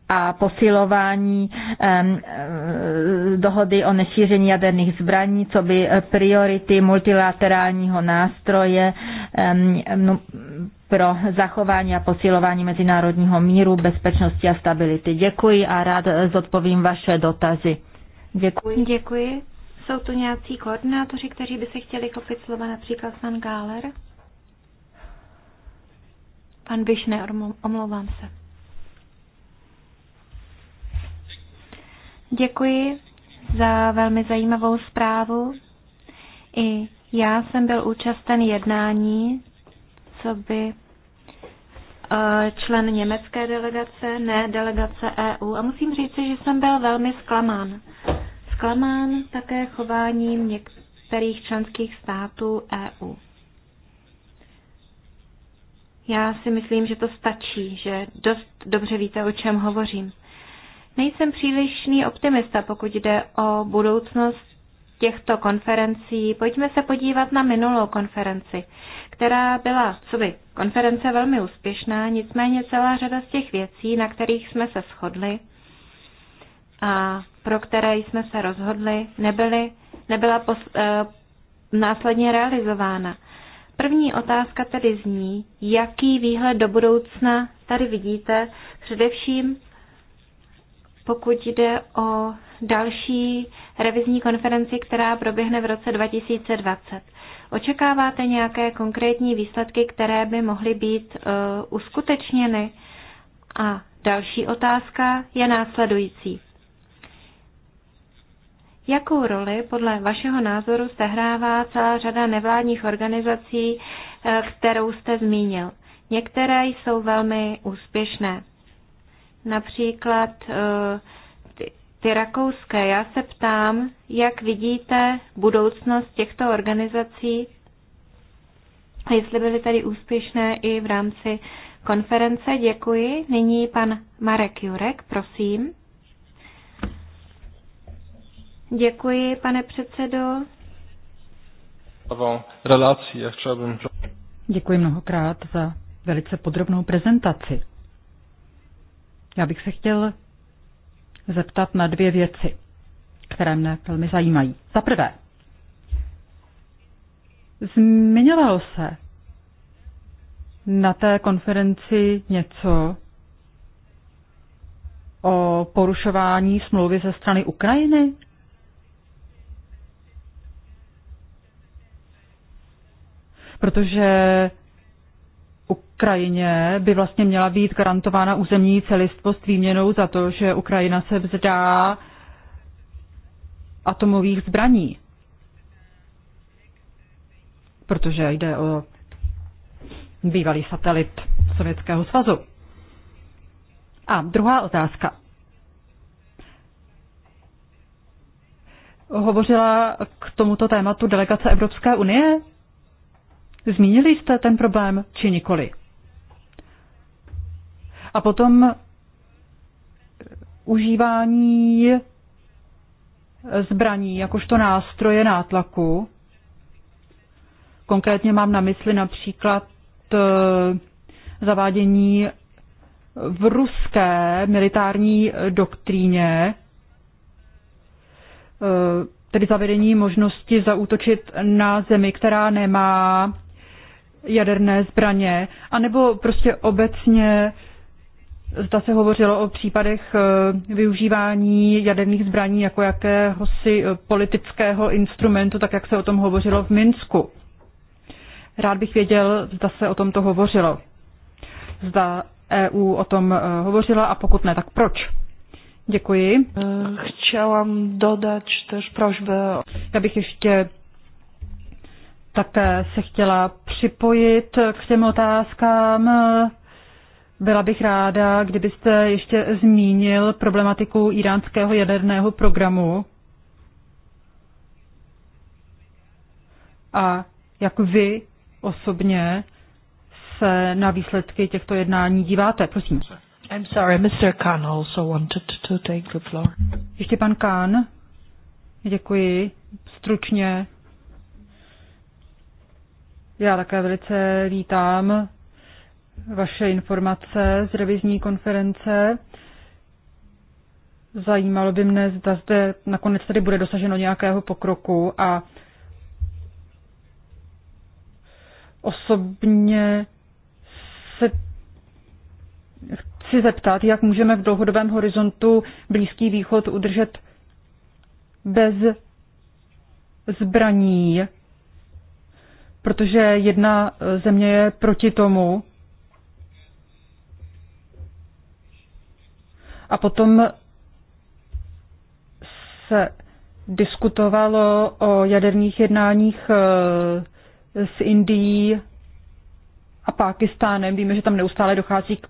a posilování eh, dohody o nešíření jaderných zbraní, co by priority multilaterálního nástroje no, pro zachování a posilování mezinárodního míru, bezpečnosti a stability. Děkuji a rád zodpovím vaše dotazy. Děkuji. Děkuji. Jsou tu nějací koordinátoři, kteří by se chtěli chopit slova, například pan Gáler? Pan Višne, omlouvám se. Děkuji za velmi zajímavou zprávu. I já jsem byl účasten jednání, co by eh, člen německé delegace, ne delegace EU. A musím říci, že jsem byl velmi zklamán. Zklamán také chováním některých členských států EU. Já si myslím, že to stačí, že dost dobře víte, o čem hovořím. Nejsem přílišný optimista, pokud jde o budoucnost těchto konferencí. Pojďme se podívat na minulou konferenci, která byla, co by, konference velmi úspěšná, nicméně celá řada z těch věcí, na kterých jsme se shodli a pro které jsme se rozhodli, nebyly, nebyla pos, e, následně realizována. První otázka tedy zní, jaký výhled do budoucna tady vidíte, především pokud jde o další revizní konferenci, která proběhne v roce 2020. Očekáváte nějaké konkrétní výsledky, které by mohly být uh, uskutečněny? A další otázka je následující. Jakou roli podle vašeho názoru sehrává celá řada nevládních organizací, eh, kterou jste zmínil? Některé jsou velmi úspěšné například eh, ty, ty rakouské. Já se ptám, jak vidíte budoucnost těchto organizací a jestli byly tady úspěšné i v rámci konference. Děkuji. Nyní pan Marek Jurek, prosím. Děkuji, pane předsedo. Děkuji mnohokrát za velice podrobnou prezentaci. Já bych se chtěl zeptat na dvě věci, které mě velmi zajímají. Za prvé, zmiňovalo se na té konferenci něco o porušování smlouvy ze strany Ukrajiny? Protože Ukrajině by vlastně měla být garantována územní celistvost výměnou za to, že Ukrajina se vzdá atomových zbraní. Protože jde o bývalý satelit Sovětského svazu. A druhá otázka. Hovořila k tomuto tématu delegace Evropské unie? Zmínili jste ten problém či nikoli? A potom eh, užívání zbraní jakožto nástroje nátlaku. Konkrétně mám na mysli například eh, zavádění v ruské militární doktríně, eh, tedy zavedení možnosti zaútočit na zemi, která nemá jaderné zbraně, anebo prostě obecně Zda se hovořilo o případech eh, využívání jaderných zbraní jako jakéhosi eh, politického instrumentu, tak jak se o tom hovořilo v Minsku. Rád bych věděl, zda se o tom to hovořilo. Zda EU o tom eh, hovořila a pokud ne, tak proč? Děkuji. Chtěla dodat tež prožbu. Já bych ještě také se chtěla připojit k těm otázkám. Byla bych ráda, kdybyste ještě zmínil problematiku iránského jaderného programu. A jak vy osobně se na výsledky těchto jednání díváte, prosím. I'm sorry, Mr. Khan also wanted to take the floor. Ještě pan Khan. Děkuji. Stručně. Já také velice vítám vaše informace z revizní konference. Zajímalo by mne, zda zde nakonec tady bude dosaženo nějakého pokroku a osobně se chci zeptat, jak můžeme v dlouhodobém horizontu Blízký východ udržet bez zbraní protože jedna eh, země je proti tomu. A potom se diskutovalo o jaderných jednáních eh, s Indií a Pákistánem. Víme, že tam neustále dochází k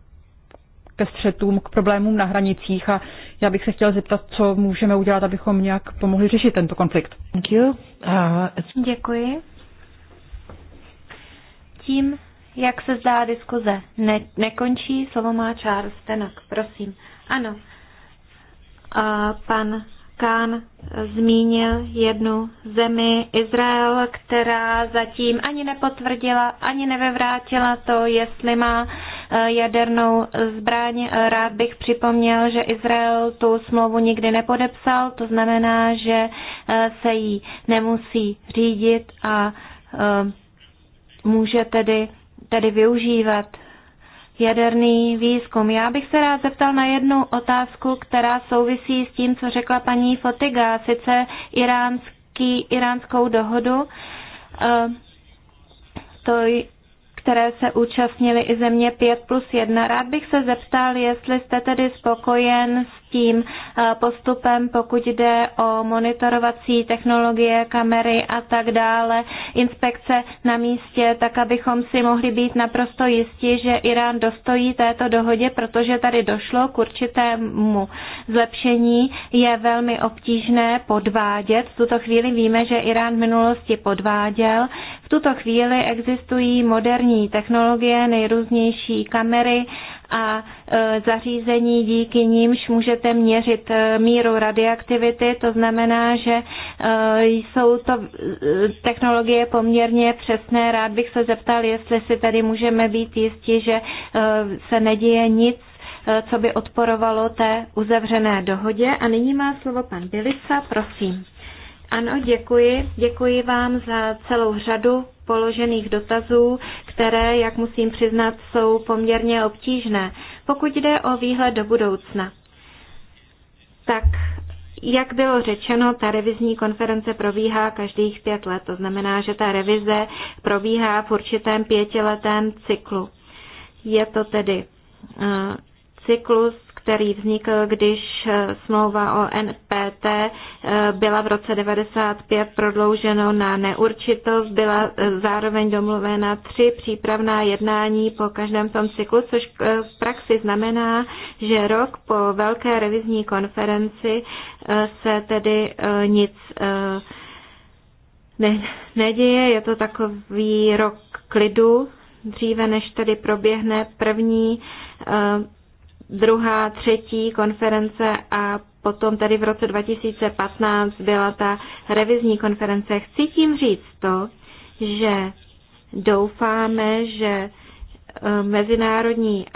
ke střetům, k problémům na hranicích a já bych se chtěla zeptat, co můžeme udělat, abychom nějak pomohli řešit tento konflikt. Uh, Děkuji. Děkuji. Tím, jak se zdá, diskuze ne- nekončí. Slovo má Charles Tenok. Prosím. Ano. A pan Kán zmínil jednu zemi, Izrael, která zatím ani nepotvrdila, ani nevyvrátila to, jestli má eh, jadernou zbraň. Rád bych připomněl, že Izrael tu smlouvu nikdy nepodepsal, to znamená, že eh, se jí nemusí řídit a eh, může tedy, tedy využívat jaderný výzkum. Já bych se rád zeptal na jednu otázku, která souvisí s tím, co řekla paní Fotiga, sice iránský, iránskou dohodu, eh, to, které se účastnili i země 5 plus 1. Rád bych se zeptal, jestli jste tedy spokojen tím eh, postupem, pokud jde o monitorovací technologie, kamery a tak dále, inspekce na místě, tak abychom si mohli být naprosto jistí, že Irán dostojí této dohodě, protože tady došlo k určitému zlepšení. Je velmi obtížné podvádět. V tuto chvíli víme, že Irán v minulosti podváděl tuto chvíli existují moderní technologie, nejrůznější kamery a e, zařízení, díky nímž můžete měřit e, míru radioaktivity. To znamená, že e, jsou to technologie poměrně přesné. Rád bych se zeptal, jestli si tady můžeme být jistí, že se neděje nic, co by odporovalo té uzavřené dohodě. A nyní má slovo pan Bilica, prosím. Ano, děkuji. Děkuji vám za celou řadu položených dotazů, které, jak musím přiznat, jsou poměrně obtížné. Pokud jde o výhled do budoucna, tak jak bylo řečeno, ta revizní konference probíhá každých pět let, to znamená, že ta revize probíhá v určitém pětiletém cyklu. Je to tedy uh, cyklus který vznikl, když eh, smlouva o NPT eh, byla v roce 95 prodlouženo na neurčitost, byla eh, zároveň domluvena tři přípravná jednání po každém tom cyklu, což v praxi znamená, že rok po velké revizní konferenci se tedy nic ne, neděje, je to takový rok klidu, dříve než tedy proběhne první druhá, třetí konference a potom tady v roce 2015 byla ta revizní konference. Chci tím říct to, že doufáme, že e, mezinárodní e,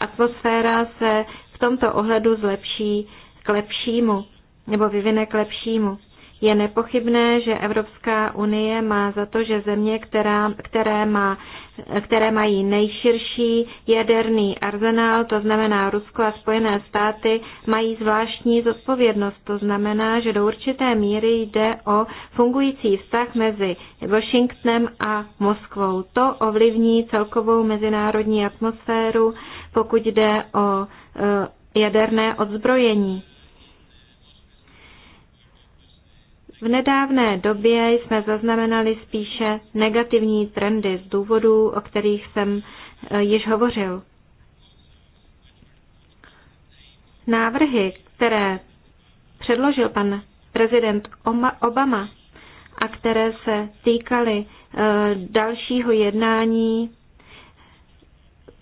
atmosféra se v tomto ohledu zlepší k lepšímu nebo vyvine k lepšímu. Je nepochybné, že Evropská unie má za to, že země, která, které, má, které mají nejširší jaderný arzenál, to znamená Rusko a Spojené státy, mají zvláštní zodpovědnost. To znamená, že do určité míry jde o fungující vztah mezi Washingtonem a Moskvou. To ovlivní celkovou mezinárodní atmosféru, pokud jde o eh, jaderné odzbrojení. V nedávné době jsme zaznamenali spíše negativní trendy z důvodů, o kterých jsem eh, již hovořil. Návrhy, které předložil pan prezident Obama a které se týkaly eh, dalšího jednání,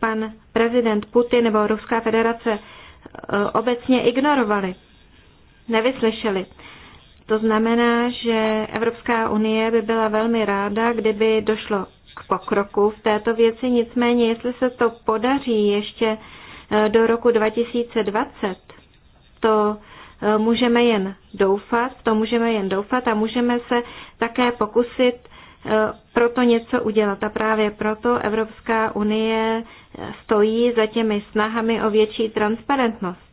pan prezident Putin nebo Ruská federace eh, obecně ignorovali, nevyslyšeli. To znamená, že Evropská unie by byla velmi ráda, kdyby došlo k pokroku v této věci, nicméně jestli se to podaří ještě eh, do roku 2020, to eh, můžeme jen doufat, to můžeme jen doufat a můžeme se také pokusit eh, proto něco udělat. A právě proto Evropská unie stojí za těmi snahami o větší transparentnost.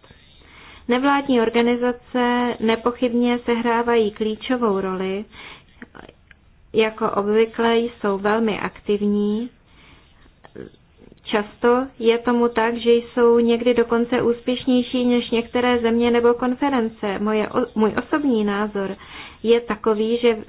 Nevládní organizace nepochybně sehrávají klíčovou roli, jako obvykle jsou velmi aktivní. Často je tomu tak, že jsou někdy dokonce úspěšnější než některé země nebo konference. Moje, můj osobní názor je takový, že e,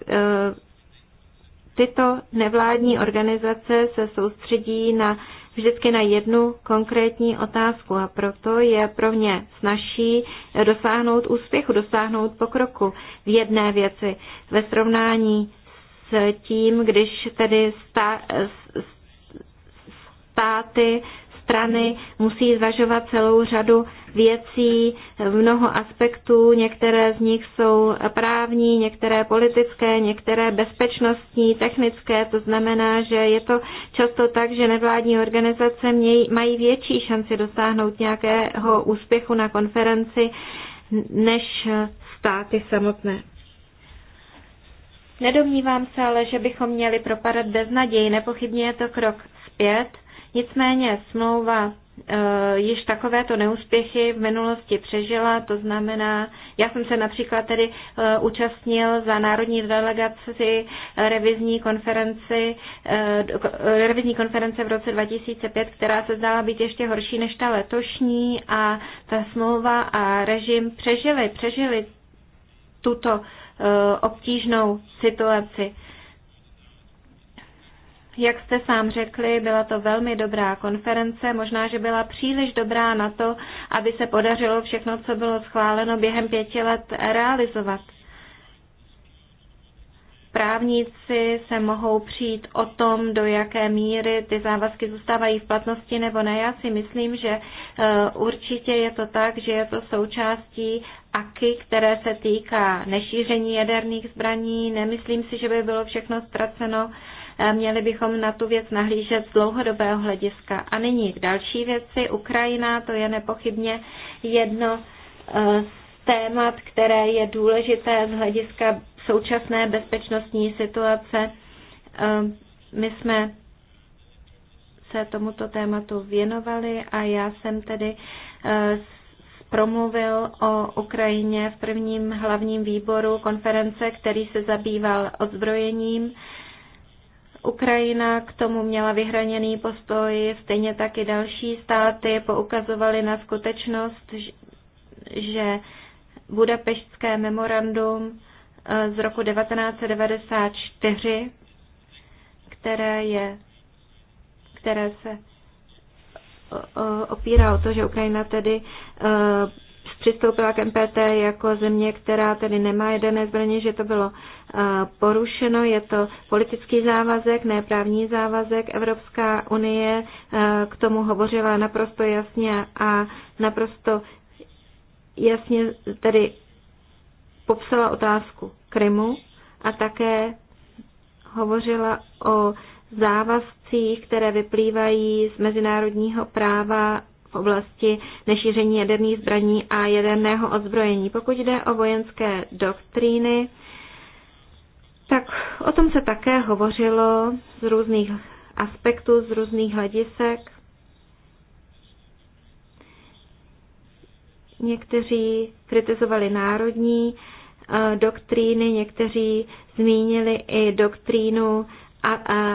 tyto nevládní organizace se soustředí na vždycky na jednu konkrétní otázku a proto je pro mě snažší dosáhnout úspěchu, dosáhnout pokroku v jedné věci ve srovnání s tím, když tedy stá, státy strany musí zvažovat celou řadu věcí, mnoho aspektů, některé z nich jsou právní, některé politické, některé bezpečnostní, technické, to znamená, že je to často tak, že nevládní organizace měj, mají větší šanci dosáhnout nějakého úspěchu na konferenci než státy samotné. Nedomnívám se ale, že bychom měli propadat beznaději, nepochybně je to krok zpět, Nicméně smlouva e, již takovéto neúspěchy v minulosti přežila, to znamená, já jsem se například tedy e, účastnil za národní delegaci revizní konferenci, e, revizní konference v roce 2005, která se zdála být ještě horší než ta letošní a ta smlouva a režim přežili, přežili tuto obtížnou situaci. Jak jste sám řekli, byla to velmi dobrá konference, možná, že byla příliš dobrá na to, aby se podařilo všechno, co bylo schváleno během pěti let, realizovat. Právníci se mohou přijít o tom, do jaké míry ty závazky zůstávají v platnosti nebo ne. Já si myslím, že e, určitě je to tak, že je to součástí AKY, které se týká nešíření jaderných zbraní. Nemyslím si, že by bylo všechno ztraceno Eh, měli bychom na tu věc nahlížet z dlouhodobého hlediska. A nyní k další věci. Ukrajina, to je nepochybně jedno eh, z témat, které je důležité z hlediska současné bezpečnostní situace. Eh, my jsme se tomuto tématu věnovali a já jsem tedy promluvil o Ukrajině v prvním hlavním výboru konference, který se zabýval odzbrojením Ukrajina k tomu měla vyhraněný postoj, stejně tak i další státy poukazovaly na skutečnost, že Budapeštské memorandum eh, z roku 1994, které, je, které se opírá o to, že Ukrajina tedy eh, přistoupila k MPT jako země, která tedy nemá jaderné zbraně, že to bylo eh, porušeno. Je to politický závazek, ne právní závazek. Evropská unie eh, k tomu hovořila naprosto jasně a naprosto jasně tedy popsala otázku Krymu a také hovořila o závazcích, které vyplývají z mezinárodního práva v oblasti nešíření jaderných zbraní a jaderného ozbrojení, Pokud jde o vojenské doktríny, tak o tom se také hovořilo z různých aspektů, z různých hledisek. Někteří kritizovali národní eh, doktríny, někteří zmínili i doktrínu eh,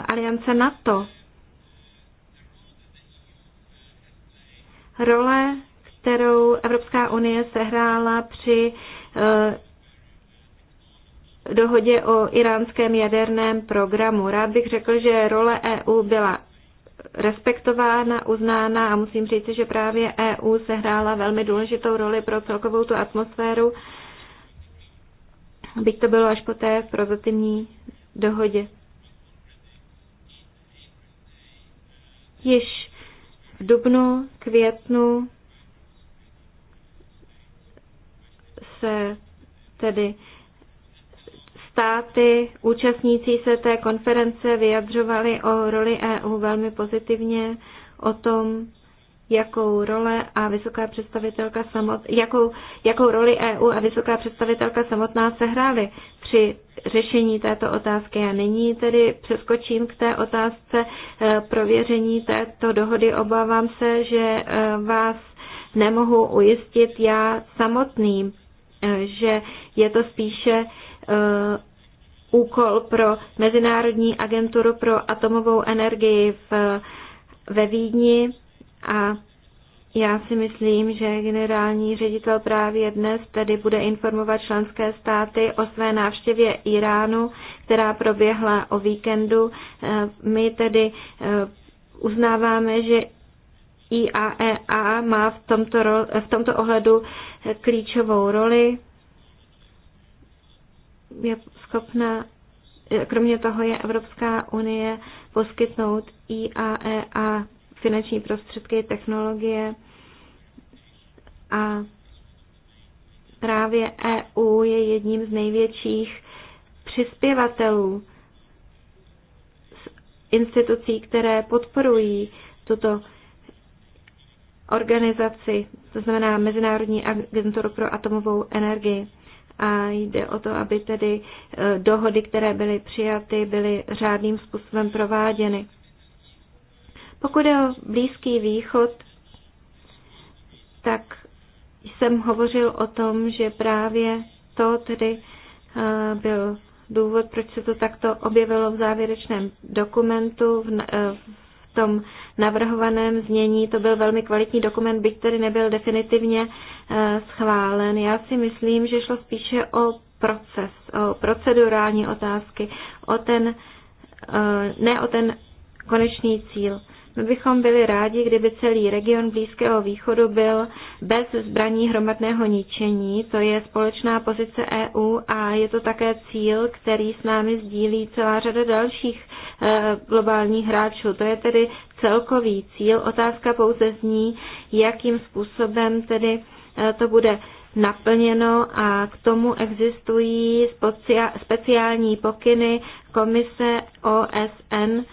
Aliance NATO, Role, kterou Evropská unie sehrála při eh, dohodě o iránském jaderném programu. Rád bych řekl, že role EU byla respektována, uznána a musím říct, že právě EU sehrála velmi důležitou roli pro celkovou tu atmosféru, byť to bylo až po té prozatímní dohodě. Již v dubnu, květnu se tedy státy účastníci se té konference vyjadřovali o roli EU velmi pozitivně, o tom, jakou role a vysoká představitelka samot, jakou, jakou roli EU a vysoká představitelka samotná sehrály při řešení této otázky. A nyní tedy přeskočím k té otázce eh, prověření této dohody. Obávám se, že eh, vás nemohu ujistit já samotný, eh, že je to spíše úkol pro Mezinárodní agenturu pro atomovou energii v, ve Vídni a já si myslím, že generální ředitel právě dnes tedy bude informovat členské státy o své návštěvě Iránu, která proběhla o víkendu. Eh, my tedy eh, uznáváme, že IAEA e má v tomto, ro- v tomto ohledu eh, klíčovou roli. Je schopna, kromě toho je Evropská unie poskytnout IAEA e finanční prostředky, technologie a právě EU je jedním z největších přispěvatelů institucí, které podporují tuto organizaci, to znamená Mezinárodní agenturu pro atomovou energii. A jde o to, aby tedy eh, dohody, které byly přijaty, byly řádným způsobem prováděny. Pokud je o Blízký východ, tak jsem hovořil o tom, že právě to tedy eh, byl důvod, proč se to takto objevilo v závěrečném dokumentu, v, eh, v tom navrhovaném znění. To byl velmi kvalitní dokument, byť tedy nebyl definitivně eh, schválen. Já si myslím, že šlo spíše o proces, o procedurální otázky, o ten, ne o ten konečný cíl. My bychom byli rádi, kdyby celý region Blízkého východu byl bez zbraní hromadného ničení. To je společná pozice EU a je to také cíl, který s námi sdílí celá řada dalších eh, globálních hráčů. To je tedy celkový cíl. Otázka pouze zní, jakým způsobem tedy eh, to bude naplněno a k tomu existují speciální pokyny Komise OSN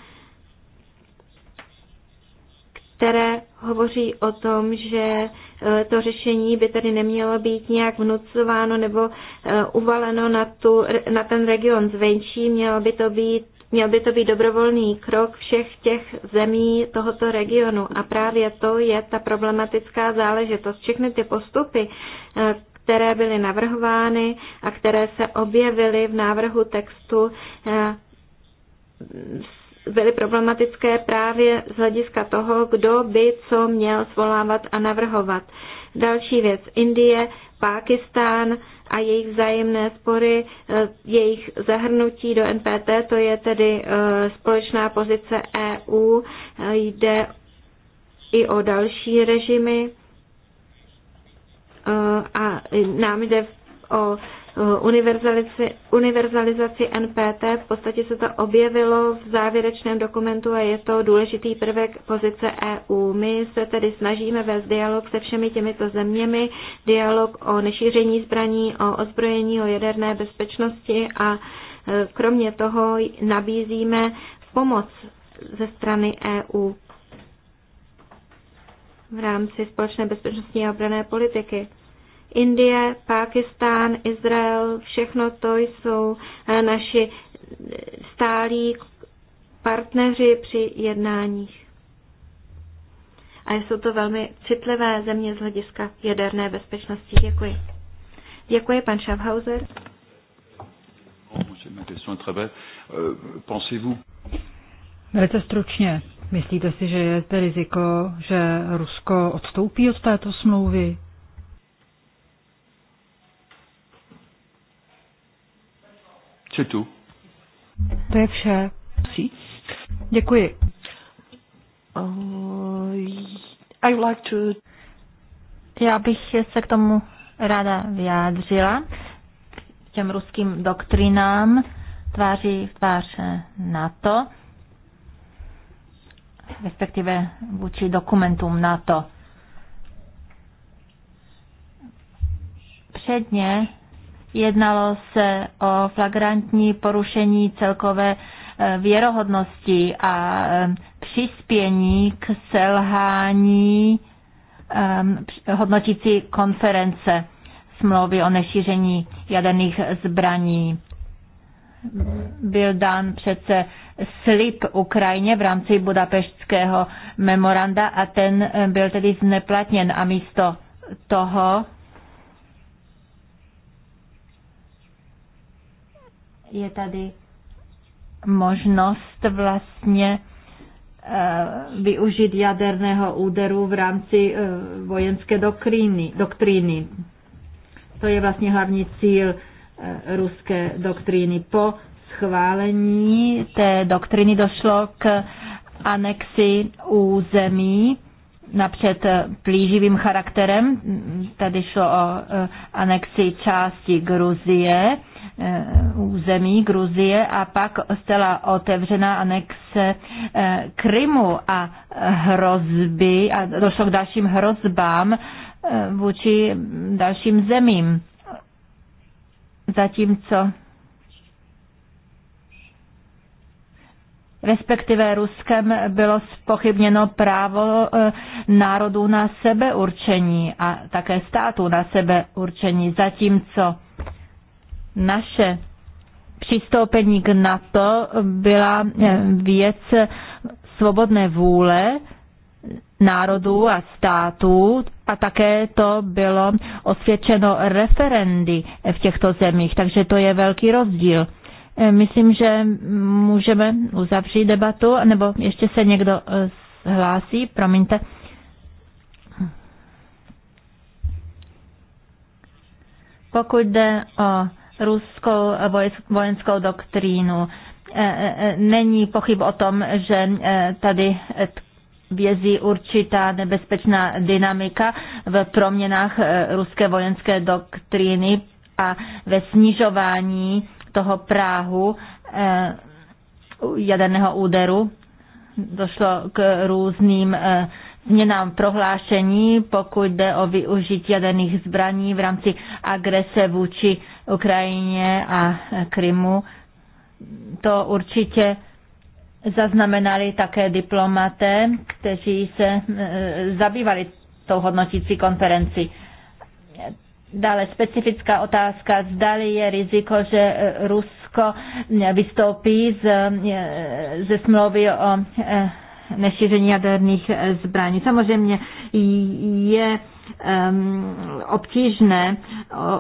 které hovoří o tom, že e, to řešení by tady nemělo být nějak vnucováno nebo e, uvaleno na, tu, na ten region zvenčí, mělo by to být Měl by to být dobrovolný krok všech těch zemí tohoto regionu. A právě to je ta problematická záležitost. Všechny ty postupy, e, které byly navrhovány a které se objevily v návrhu textu, byly problematické právě z hlediska toho, kdo by co měl svolávat a navrhovat. Další věc, Indie, Pákistán a jejich vzájemné spory, eh, jejich zahrnutí do NPT, to je tedy eh, společná pozice EU, eh, jde i o další režimy a nám jde o univerzalizaci, univerzalizaci NPT. V podstatě se to objevilo v závěrečném dokumentu a je to důležitý prvek pozice EU. My se tedy snažíme vést dialog se všemi těmito zeměmi, dialog o nešíření zbraní, o ozbrojení, o jaderné bezpečnosti a e, kromě toho nabízíme pomoc ze strany EU v rámci společné bezpečnostní a obrané politiky. Indie, Pákistán, Izrael, všechno to jsou eh, naši stálí partneři při jednáních. A jsou to velmi citlivé země z hlediska jaderné bezpečnosti. Děkuji. Děkuji, pan Schaffhauser. Euh, Velice stručně. Myslíte si, že je zde riziko, že Rusko odstoupí od této smlouvy? C'est To je vše. Děkuji. Uh, I like to... Já bych se k tomu ráda vyjádřila, k těm ruským doktrinám tváří v tvář NATO, respektive vůči dokumentům NATO. Předně Jednalo se o flagrantní porušení celkové eh, věrohodnosti a eh, přispění k selhání ehm, hodnotící konference smlouvy o nešíření jaderných zbraní. Byl dán přece slib Ukrajině v rámci budapeštského memoranda a ten eh, byl tedy zneplatněn a místo toho je tady možnost vlastně eh, využít jaderného úderu v rámci eh, vojenské doktríny. doktríny. To je vlastně hlavní cíl eh, ruské doktríny. Po schválení té doktríny došlo k anexi území napřed plíživým charakterem. Tady šlo o anexi části Gruzie Eh, území Gruzie a pak zcela otevřená anexe eh, Krymu a hrozby a došlo k dalším hrozbám eh, vůči dalším zemím. Zatímco respektive Ruskem bylo spochybněno právo národů na sebeurčení a také států na sebeurčení, zatímco naše přistoupení k NATO byla eh, věc svobodné vůle národů a států a také to bylo osvědčeno referendy v těchto zemích, takže to je velký rozdíl. Eh, myslím, že můžeme uzavřít debatu, nebo ještě se někdo eh, hlásí, promiňte. Pokud jde o ruskou vojenskou doktrínu. E, e, e, není pochyb o tom, že tady vězí určitá nebezpečná dynamika v proměnách ruské vojenské doktríny a ve snižování toho práhu jaderného úderu. Došlo k různým změnám prohlášení, pokud jde o využití jaderných zbraní v rámci agrese vůči Ukrajině a Krymu, to určitě zaznamenali také diplomaté, kteří se eh, zabývali tou hodnotící konferenci. Dále specifická otázka, zdali je riziko, že eh, Rusko eh, vystoupí z, ze smlouvy o nešíření jaderných zbraní. Samozřejmě je Ehm, obtížné,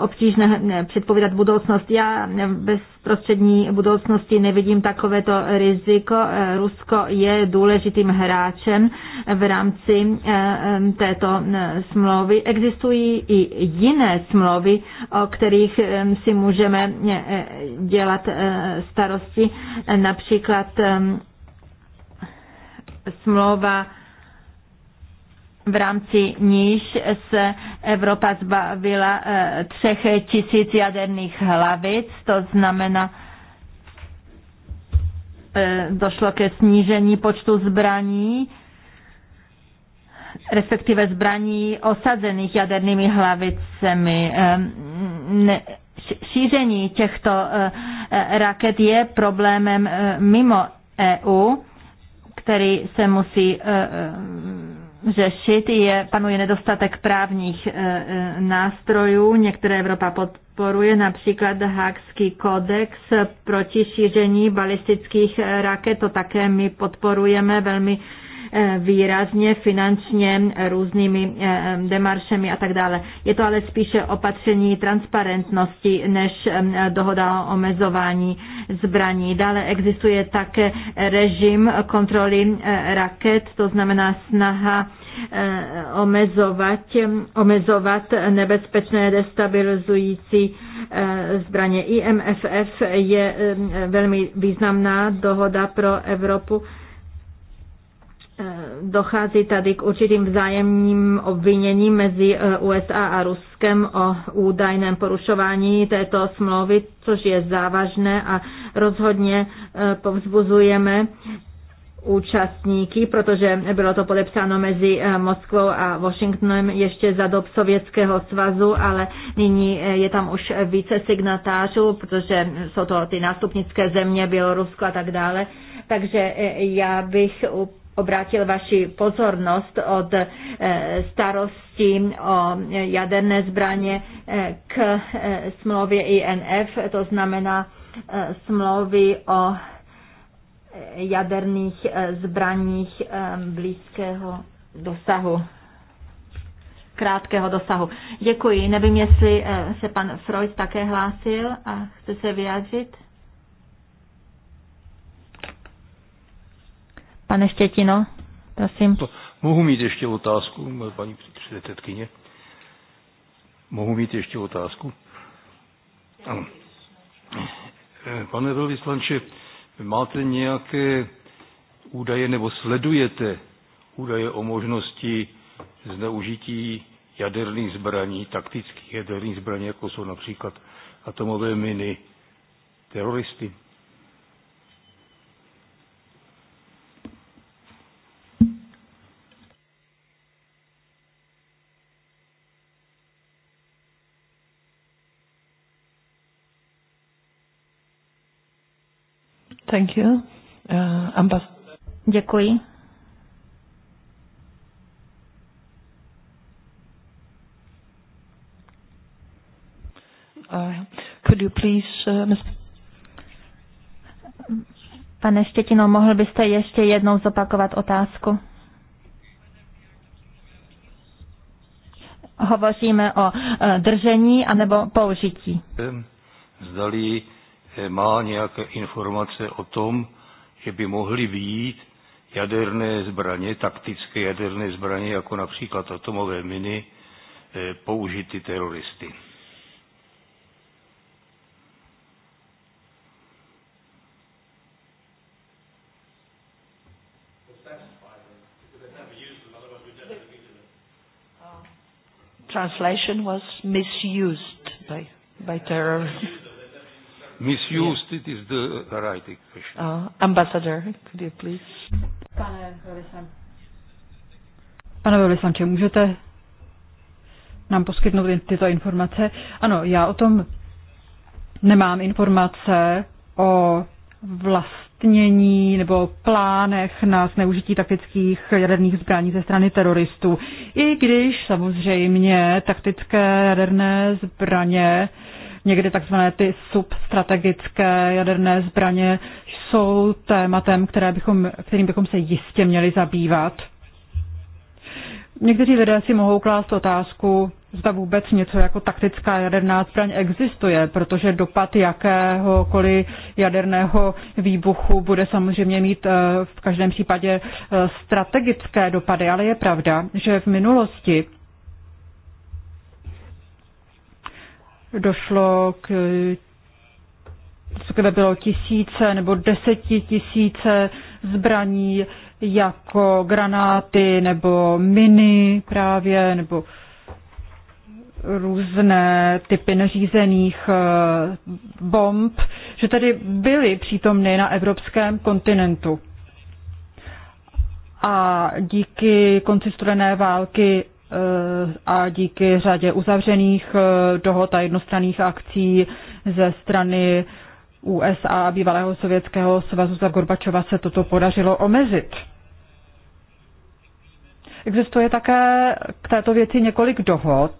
obtížné předpovídat budoucnost. Já bez prostřední budoucnosti nevidím takovéto riziko. Eh, Rusko je důležitým hráčem v rámci eh, ehm, této eh, smlouvy. Existují i jiné smlouvy, o kterých ehm, si můžeme dělat starosti, například smlouva v rámci níž se Evropa zbavila eh, třech tisíc jaderných hlavic, to znamená, eh, došlo ke snížení počtu zbraní, respektive zbraní osazených jadernými hlavicemi. Ehm, šíření těchto eh, raket je problémem mimo EU, který se musí řešit. Je, panuje nedostatek právních e, e, nástrojů, některé Evropa podporuje, například Hákský kodex proti šíření balistických raket, to také my podporujeme velmi Eh, výrazně finančně různými eh, demaršemi a tak dále. Je to ale spíše opatření transparentnosti než eh, dohoda o omezování zbraní. Dále existuje také režim kontroly raket, to znamená snaha omezovat, omezovat nebezpečné destabilizující zbraně. IMFF je velmi významná dohoda pro Evropu Eh, dochází tady k určitým vzájemným obviněním mezi eh, USA a Ruskem o údajném porušování této smlouvy, což je závažné a rozhodně eh, povzbuzujeme účastníky, protože bylo to podepsáno mezi Moskvou a Washingtonem ještě za dob Sovětského svazu, ale nyní je tam už více signatářů, protože jsou to ty nástupnické země, Bělorusko a tak dále. Takže já bych obrátil vaši pozornost od eh, starosti o jaderné zbraně eh, k eh, smlouvě INF, to znamená smlouvy o jaderných zbraních blízkého dosahu krátkého dosahu. Děkuji. Nevím, jestli se pan Freud také hlásil a chce se vyjádřit. Pane Štětino, prosím. Mohu mít ještě otázku, paní předsedkyně? Mohu mít ještě otázku? Ano. Eh, pane velvyslanče, máte nějaké údaje nebo sledujete údaje o možnosti zneužití jaderných zbraní, taktických jaderných zbraní, jako jsou například atomové miny, teroristy? Thank you. Uh, ambas- Děkuji. Uh, could you please, uh, Ms. Pane Štětino, mohl byste ještě jednou zopakovat otázku? Hovoříme o uh, držení anebo použití. Zdali má nějaké informace o tom, že by mohly být jaderné zbraně, taktické jaderné zbraně, jako například atomové miny, eh, použity teroristy. Translation was misused by, by terrorists misused, yes. it is the right expression. Uh, ambassador, could you please? Pane Velisanče, můžete nám poskytnout tyto informace? Ano, já o tom nemám informace o vlastnění nebo plánech na zneužití taktických jaderných zbraní ze strany teroristů. I když samozřejmě taktické jaderné zbraně uh, Někdy takzvané ty substrategické jaderné zbraně jsou tématem, které bychom, kterým bychom se jistě měli zabývat. Někteří lidé si mohou klást otázku, zda vůbec něco jako taktická jaderná zbraň existuje, protože dopad jakéhokoliv jaderného výbuchu bude samozřejmě mít eh, v každém případě eh, strategické dopady, ale je pravda, že v minulosti došlo k kde bylo tisíce nebo desetitisíce zbraní jako granáty nebo miny právě nebo různé typy neřízených eh, bomb, že tady byly přítomny na evropském kontinentu. A díky konci studené války Eh, a díky řadě uzavřených eh, dohod a jednostranných akcí ze strany USA a bývalého Sovětského svazu za Gorbačova se toto podařilo omezit. Existuje také k této věci několik dohod.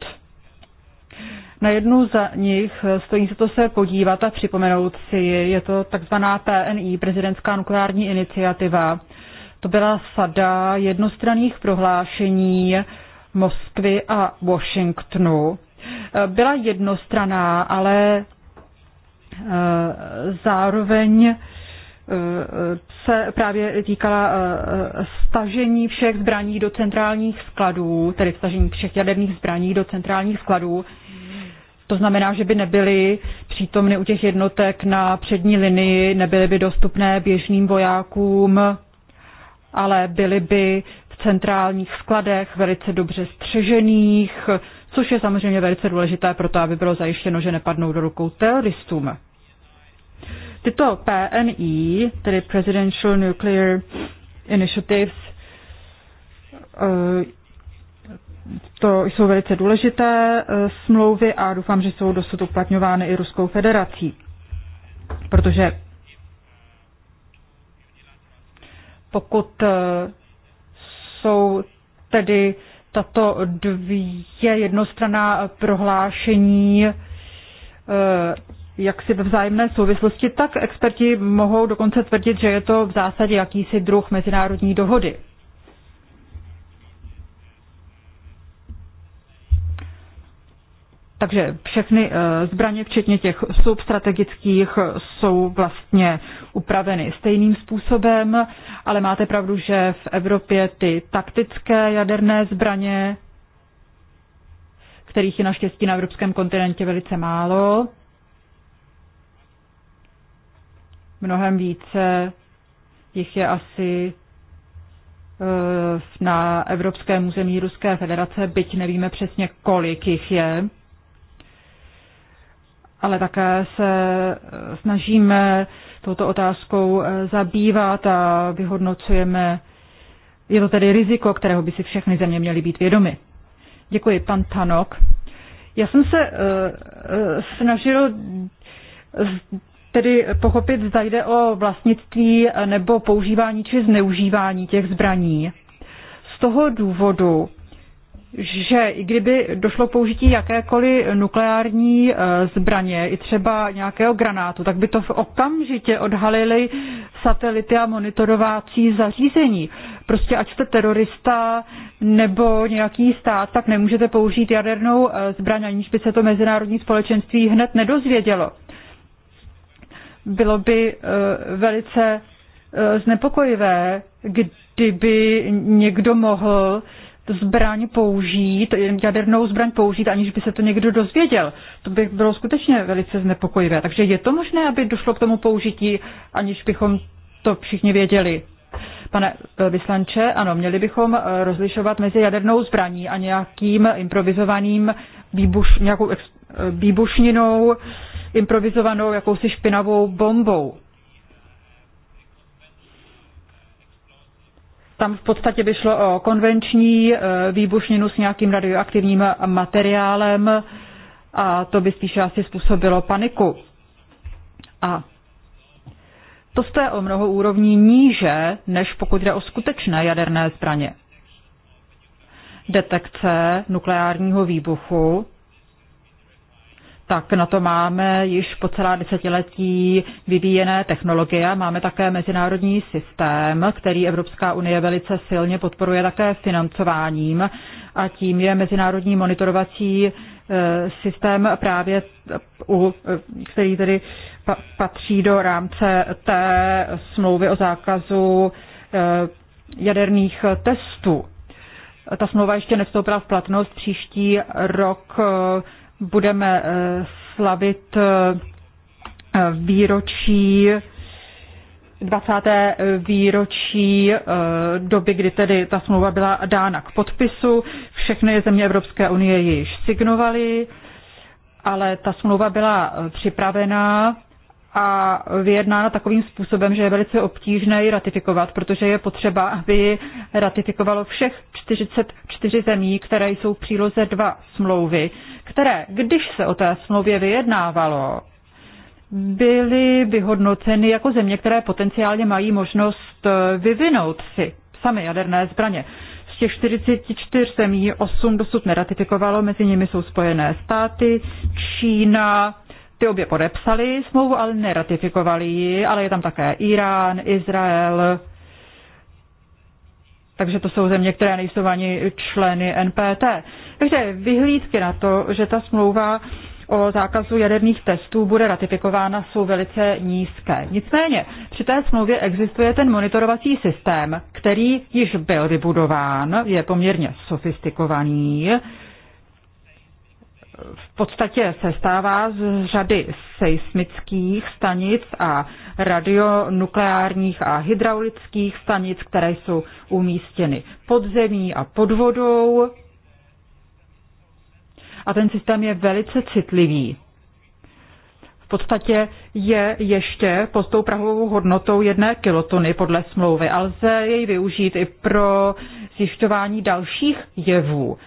Na jednu z nich eh, stojí se to se podívat a připomenout si, je to takzvaná PNI, prezidentská nukleární iniciativa. To byla sada jednostranných prohlášení, Moskvy a Washingtonu eh, byla jednostraná, ale eh, zároveň eh, se právě týkala stažení všech zbraní do centrálních skladů, tedy stažení všech jaderných zbraní do centrálních skladů. To znamená, že by nebyly přítomny u těch jednotek na přední linii, nebyly by dostupné běžným vojákům, ale byly by centrálních skladech, velice dobře střežených, což je samozřejmě velice důležité pro to, aby bylo zajištěno, že nepadnou do rukou teroristům. Tyto PNI, tedy Presidential Nuclear Initiatives, eh, to jsou velice důležité eh, smlouvy a doufám, že jsou dosud uplatňovány i Ruskou federací, protože pokud eh, jsou tedy tato dvě jednostraná prohlášení eh, jak si ve vzájemné souvislosti, tak experti mohou dokonce tvrdit, že je to v zásadě jakýsi druh mezinárodní dohody. Takže všechny eh, zbraně, včetně těch substrategických, jsou vlastně upraveny stejným způsobem, ale máte pravdu, že v Evropě ty taktické jaderné zbraně, kterých je naštěstí na evropském kontinentě velice málo, mnohem více jich je asi eh, na evropském území Ruské federace, byť nevíme přesně, kolik jich je ale také se eh, snažíme touto otázkou eh, zabývat a vyhodnocujeme. Je to tedy riziko, kterého by si všechny země měly být vědomy. Děkuji, pan Tanok. Já jsem se uh, snažil tedy pochopit, zda jde o vlastnictví nebo používání či zneužívání těch zbraní. Z toho důvodu, že i kdyby došlo k použití jakékoliv nukleární eh, zbraně, i třeba nějakého granátu, tak by to v okamžitě odhalili satelity a monitorovací zařízení. Prostě ať jste terorista nebo nějaký stát, tak nemůžete použít jadernou eh, zbraň, aniž by se to mezinárodní společenství hned nedozvědělo. Bylo by eh, velice znepokojivé, kdyby někdo mohl uh, zbraň použít, jadernou zbraň použít, aniž by se to někdo dozvěděl. To by bylo skutečně velice znepokojivé. Takže je to možné, aby došlo k tomu použití, aniž bychom to všichni věděli. Pane eh, vyslanče, ano, měli bychom eh, rozlišovat mezi jadernou zbraní a nějakým improvizovaným výbuš, nějakou ex, eh, výbušninou, improvizovanou jakousi špinavou bombou. Tam v podstatě by šlo o konvenční eh, výbušninu s nějakým radioaktivním materiálem a to by spíše asi způsobilo paniku. A to jste o mnoho úrovní níže, než pokud jde o skutečné jaderné zbraně. Detekce nukleárního výbuchu tak na to máme již po celá desetiletí vyvíjené technologie. Máme také mezinárodní systém, který Evropská unie velice silně podporuje také financováním a tím je mezinárodní monitorovací e, systém právě, u, e, který tedy patří do rámce té smlouvy o zákazu e, jaderných testů. Ta smlouva ještě nevstoupila v platnost. Příští rok budeme eh, slavit eh, výročí 20. Eh, výročí doby, kdy tedy ta smlouva byla dána k podpisu. Všechny země Evropské unie ji již signovaly, ale ta smlouva byla připravená a vyjednána takovým způsobem, že je velice obtížné ji ratifikovat, protože je potřeba, aby ji ratifikovalo všech 44 zemí, které jsou v příloze 2 smlouvy, které, když se o té smlouvě vyjednávalo, byly vyhodnoceny jako země, které potenciálně mají možnost eh, vyvinout si sami jaderné zbraně. Z těch 44 zemí 8 dosud neratifikovalo, mezi nimi jsou Spojené státy, Čína, ty obě podepsali smlouvu, ale neratifikovali ji, ale je tam také Irán, Izrael, takže to jsou země, které nejsou ani členy NPT. Takže vyhlídky na to, že ta smlouva o zákazu jaderných testů bude ratifikována, jsou velice nízké. Nicméně při té smlouvě existuje ten monitorovací systém, který již byl vybudován, je poměrně sofistikovaný, v podstatě se stává z řady seismických stanic a radionukleárních a hydraulických stanic, které jsou umístěny pod zemí a pod vodou. A ten systém je velice citlivý. V podstatě je ještě pod tou prahovou hodnotou jedné kilotony podle smlouvy a lze jej využít i pro zjišťování dalších jevů.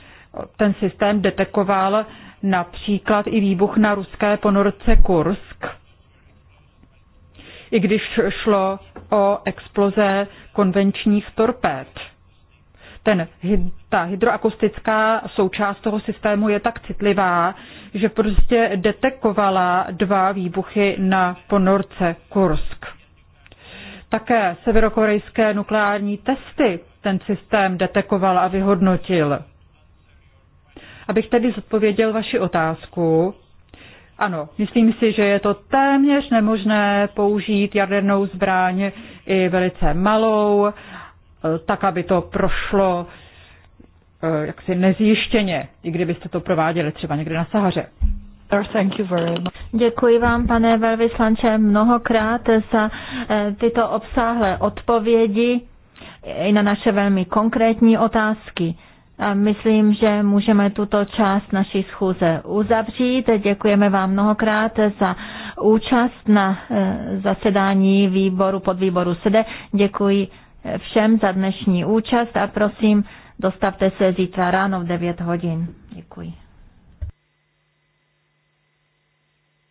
Ten systém detekoval například i výbuch na ruské ponorce Kursk, i když šlo o exploze konvenčních torpéd. Ten, ta hydroakustická součást toho systému je tak citlivá, že prostě detekovala dva výbuchy na ponorce Kursk. Také severokorejské nukleární testy ten systém detekoval a vyhodnotil. Abych tedy zodpověděl vaši otázku, ano, myslím si, že je to téměř nemožné použít jadernou zbraň i velice malou, eh, tak, aby to prošlo eh, jaksi nezjištěně, i kdybyste to prováděli třeba někde na Sahaře. Děkuji vám, pane velvyslanče, mnohokrát za eh, tyto obsáhlé odpovědi i na naše velmi konkrétní otázky. Myslím, že můžeme tuto část naší schůze uzavřít. Děkujeme vám mnohokrát za účast na eh, zasedání výboru pod výboru SEDE. Děkuji eh, všem za dnešní účast a prosím, dostavte se zítra ráno v 9 hodin. Děkuji.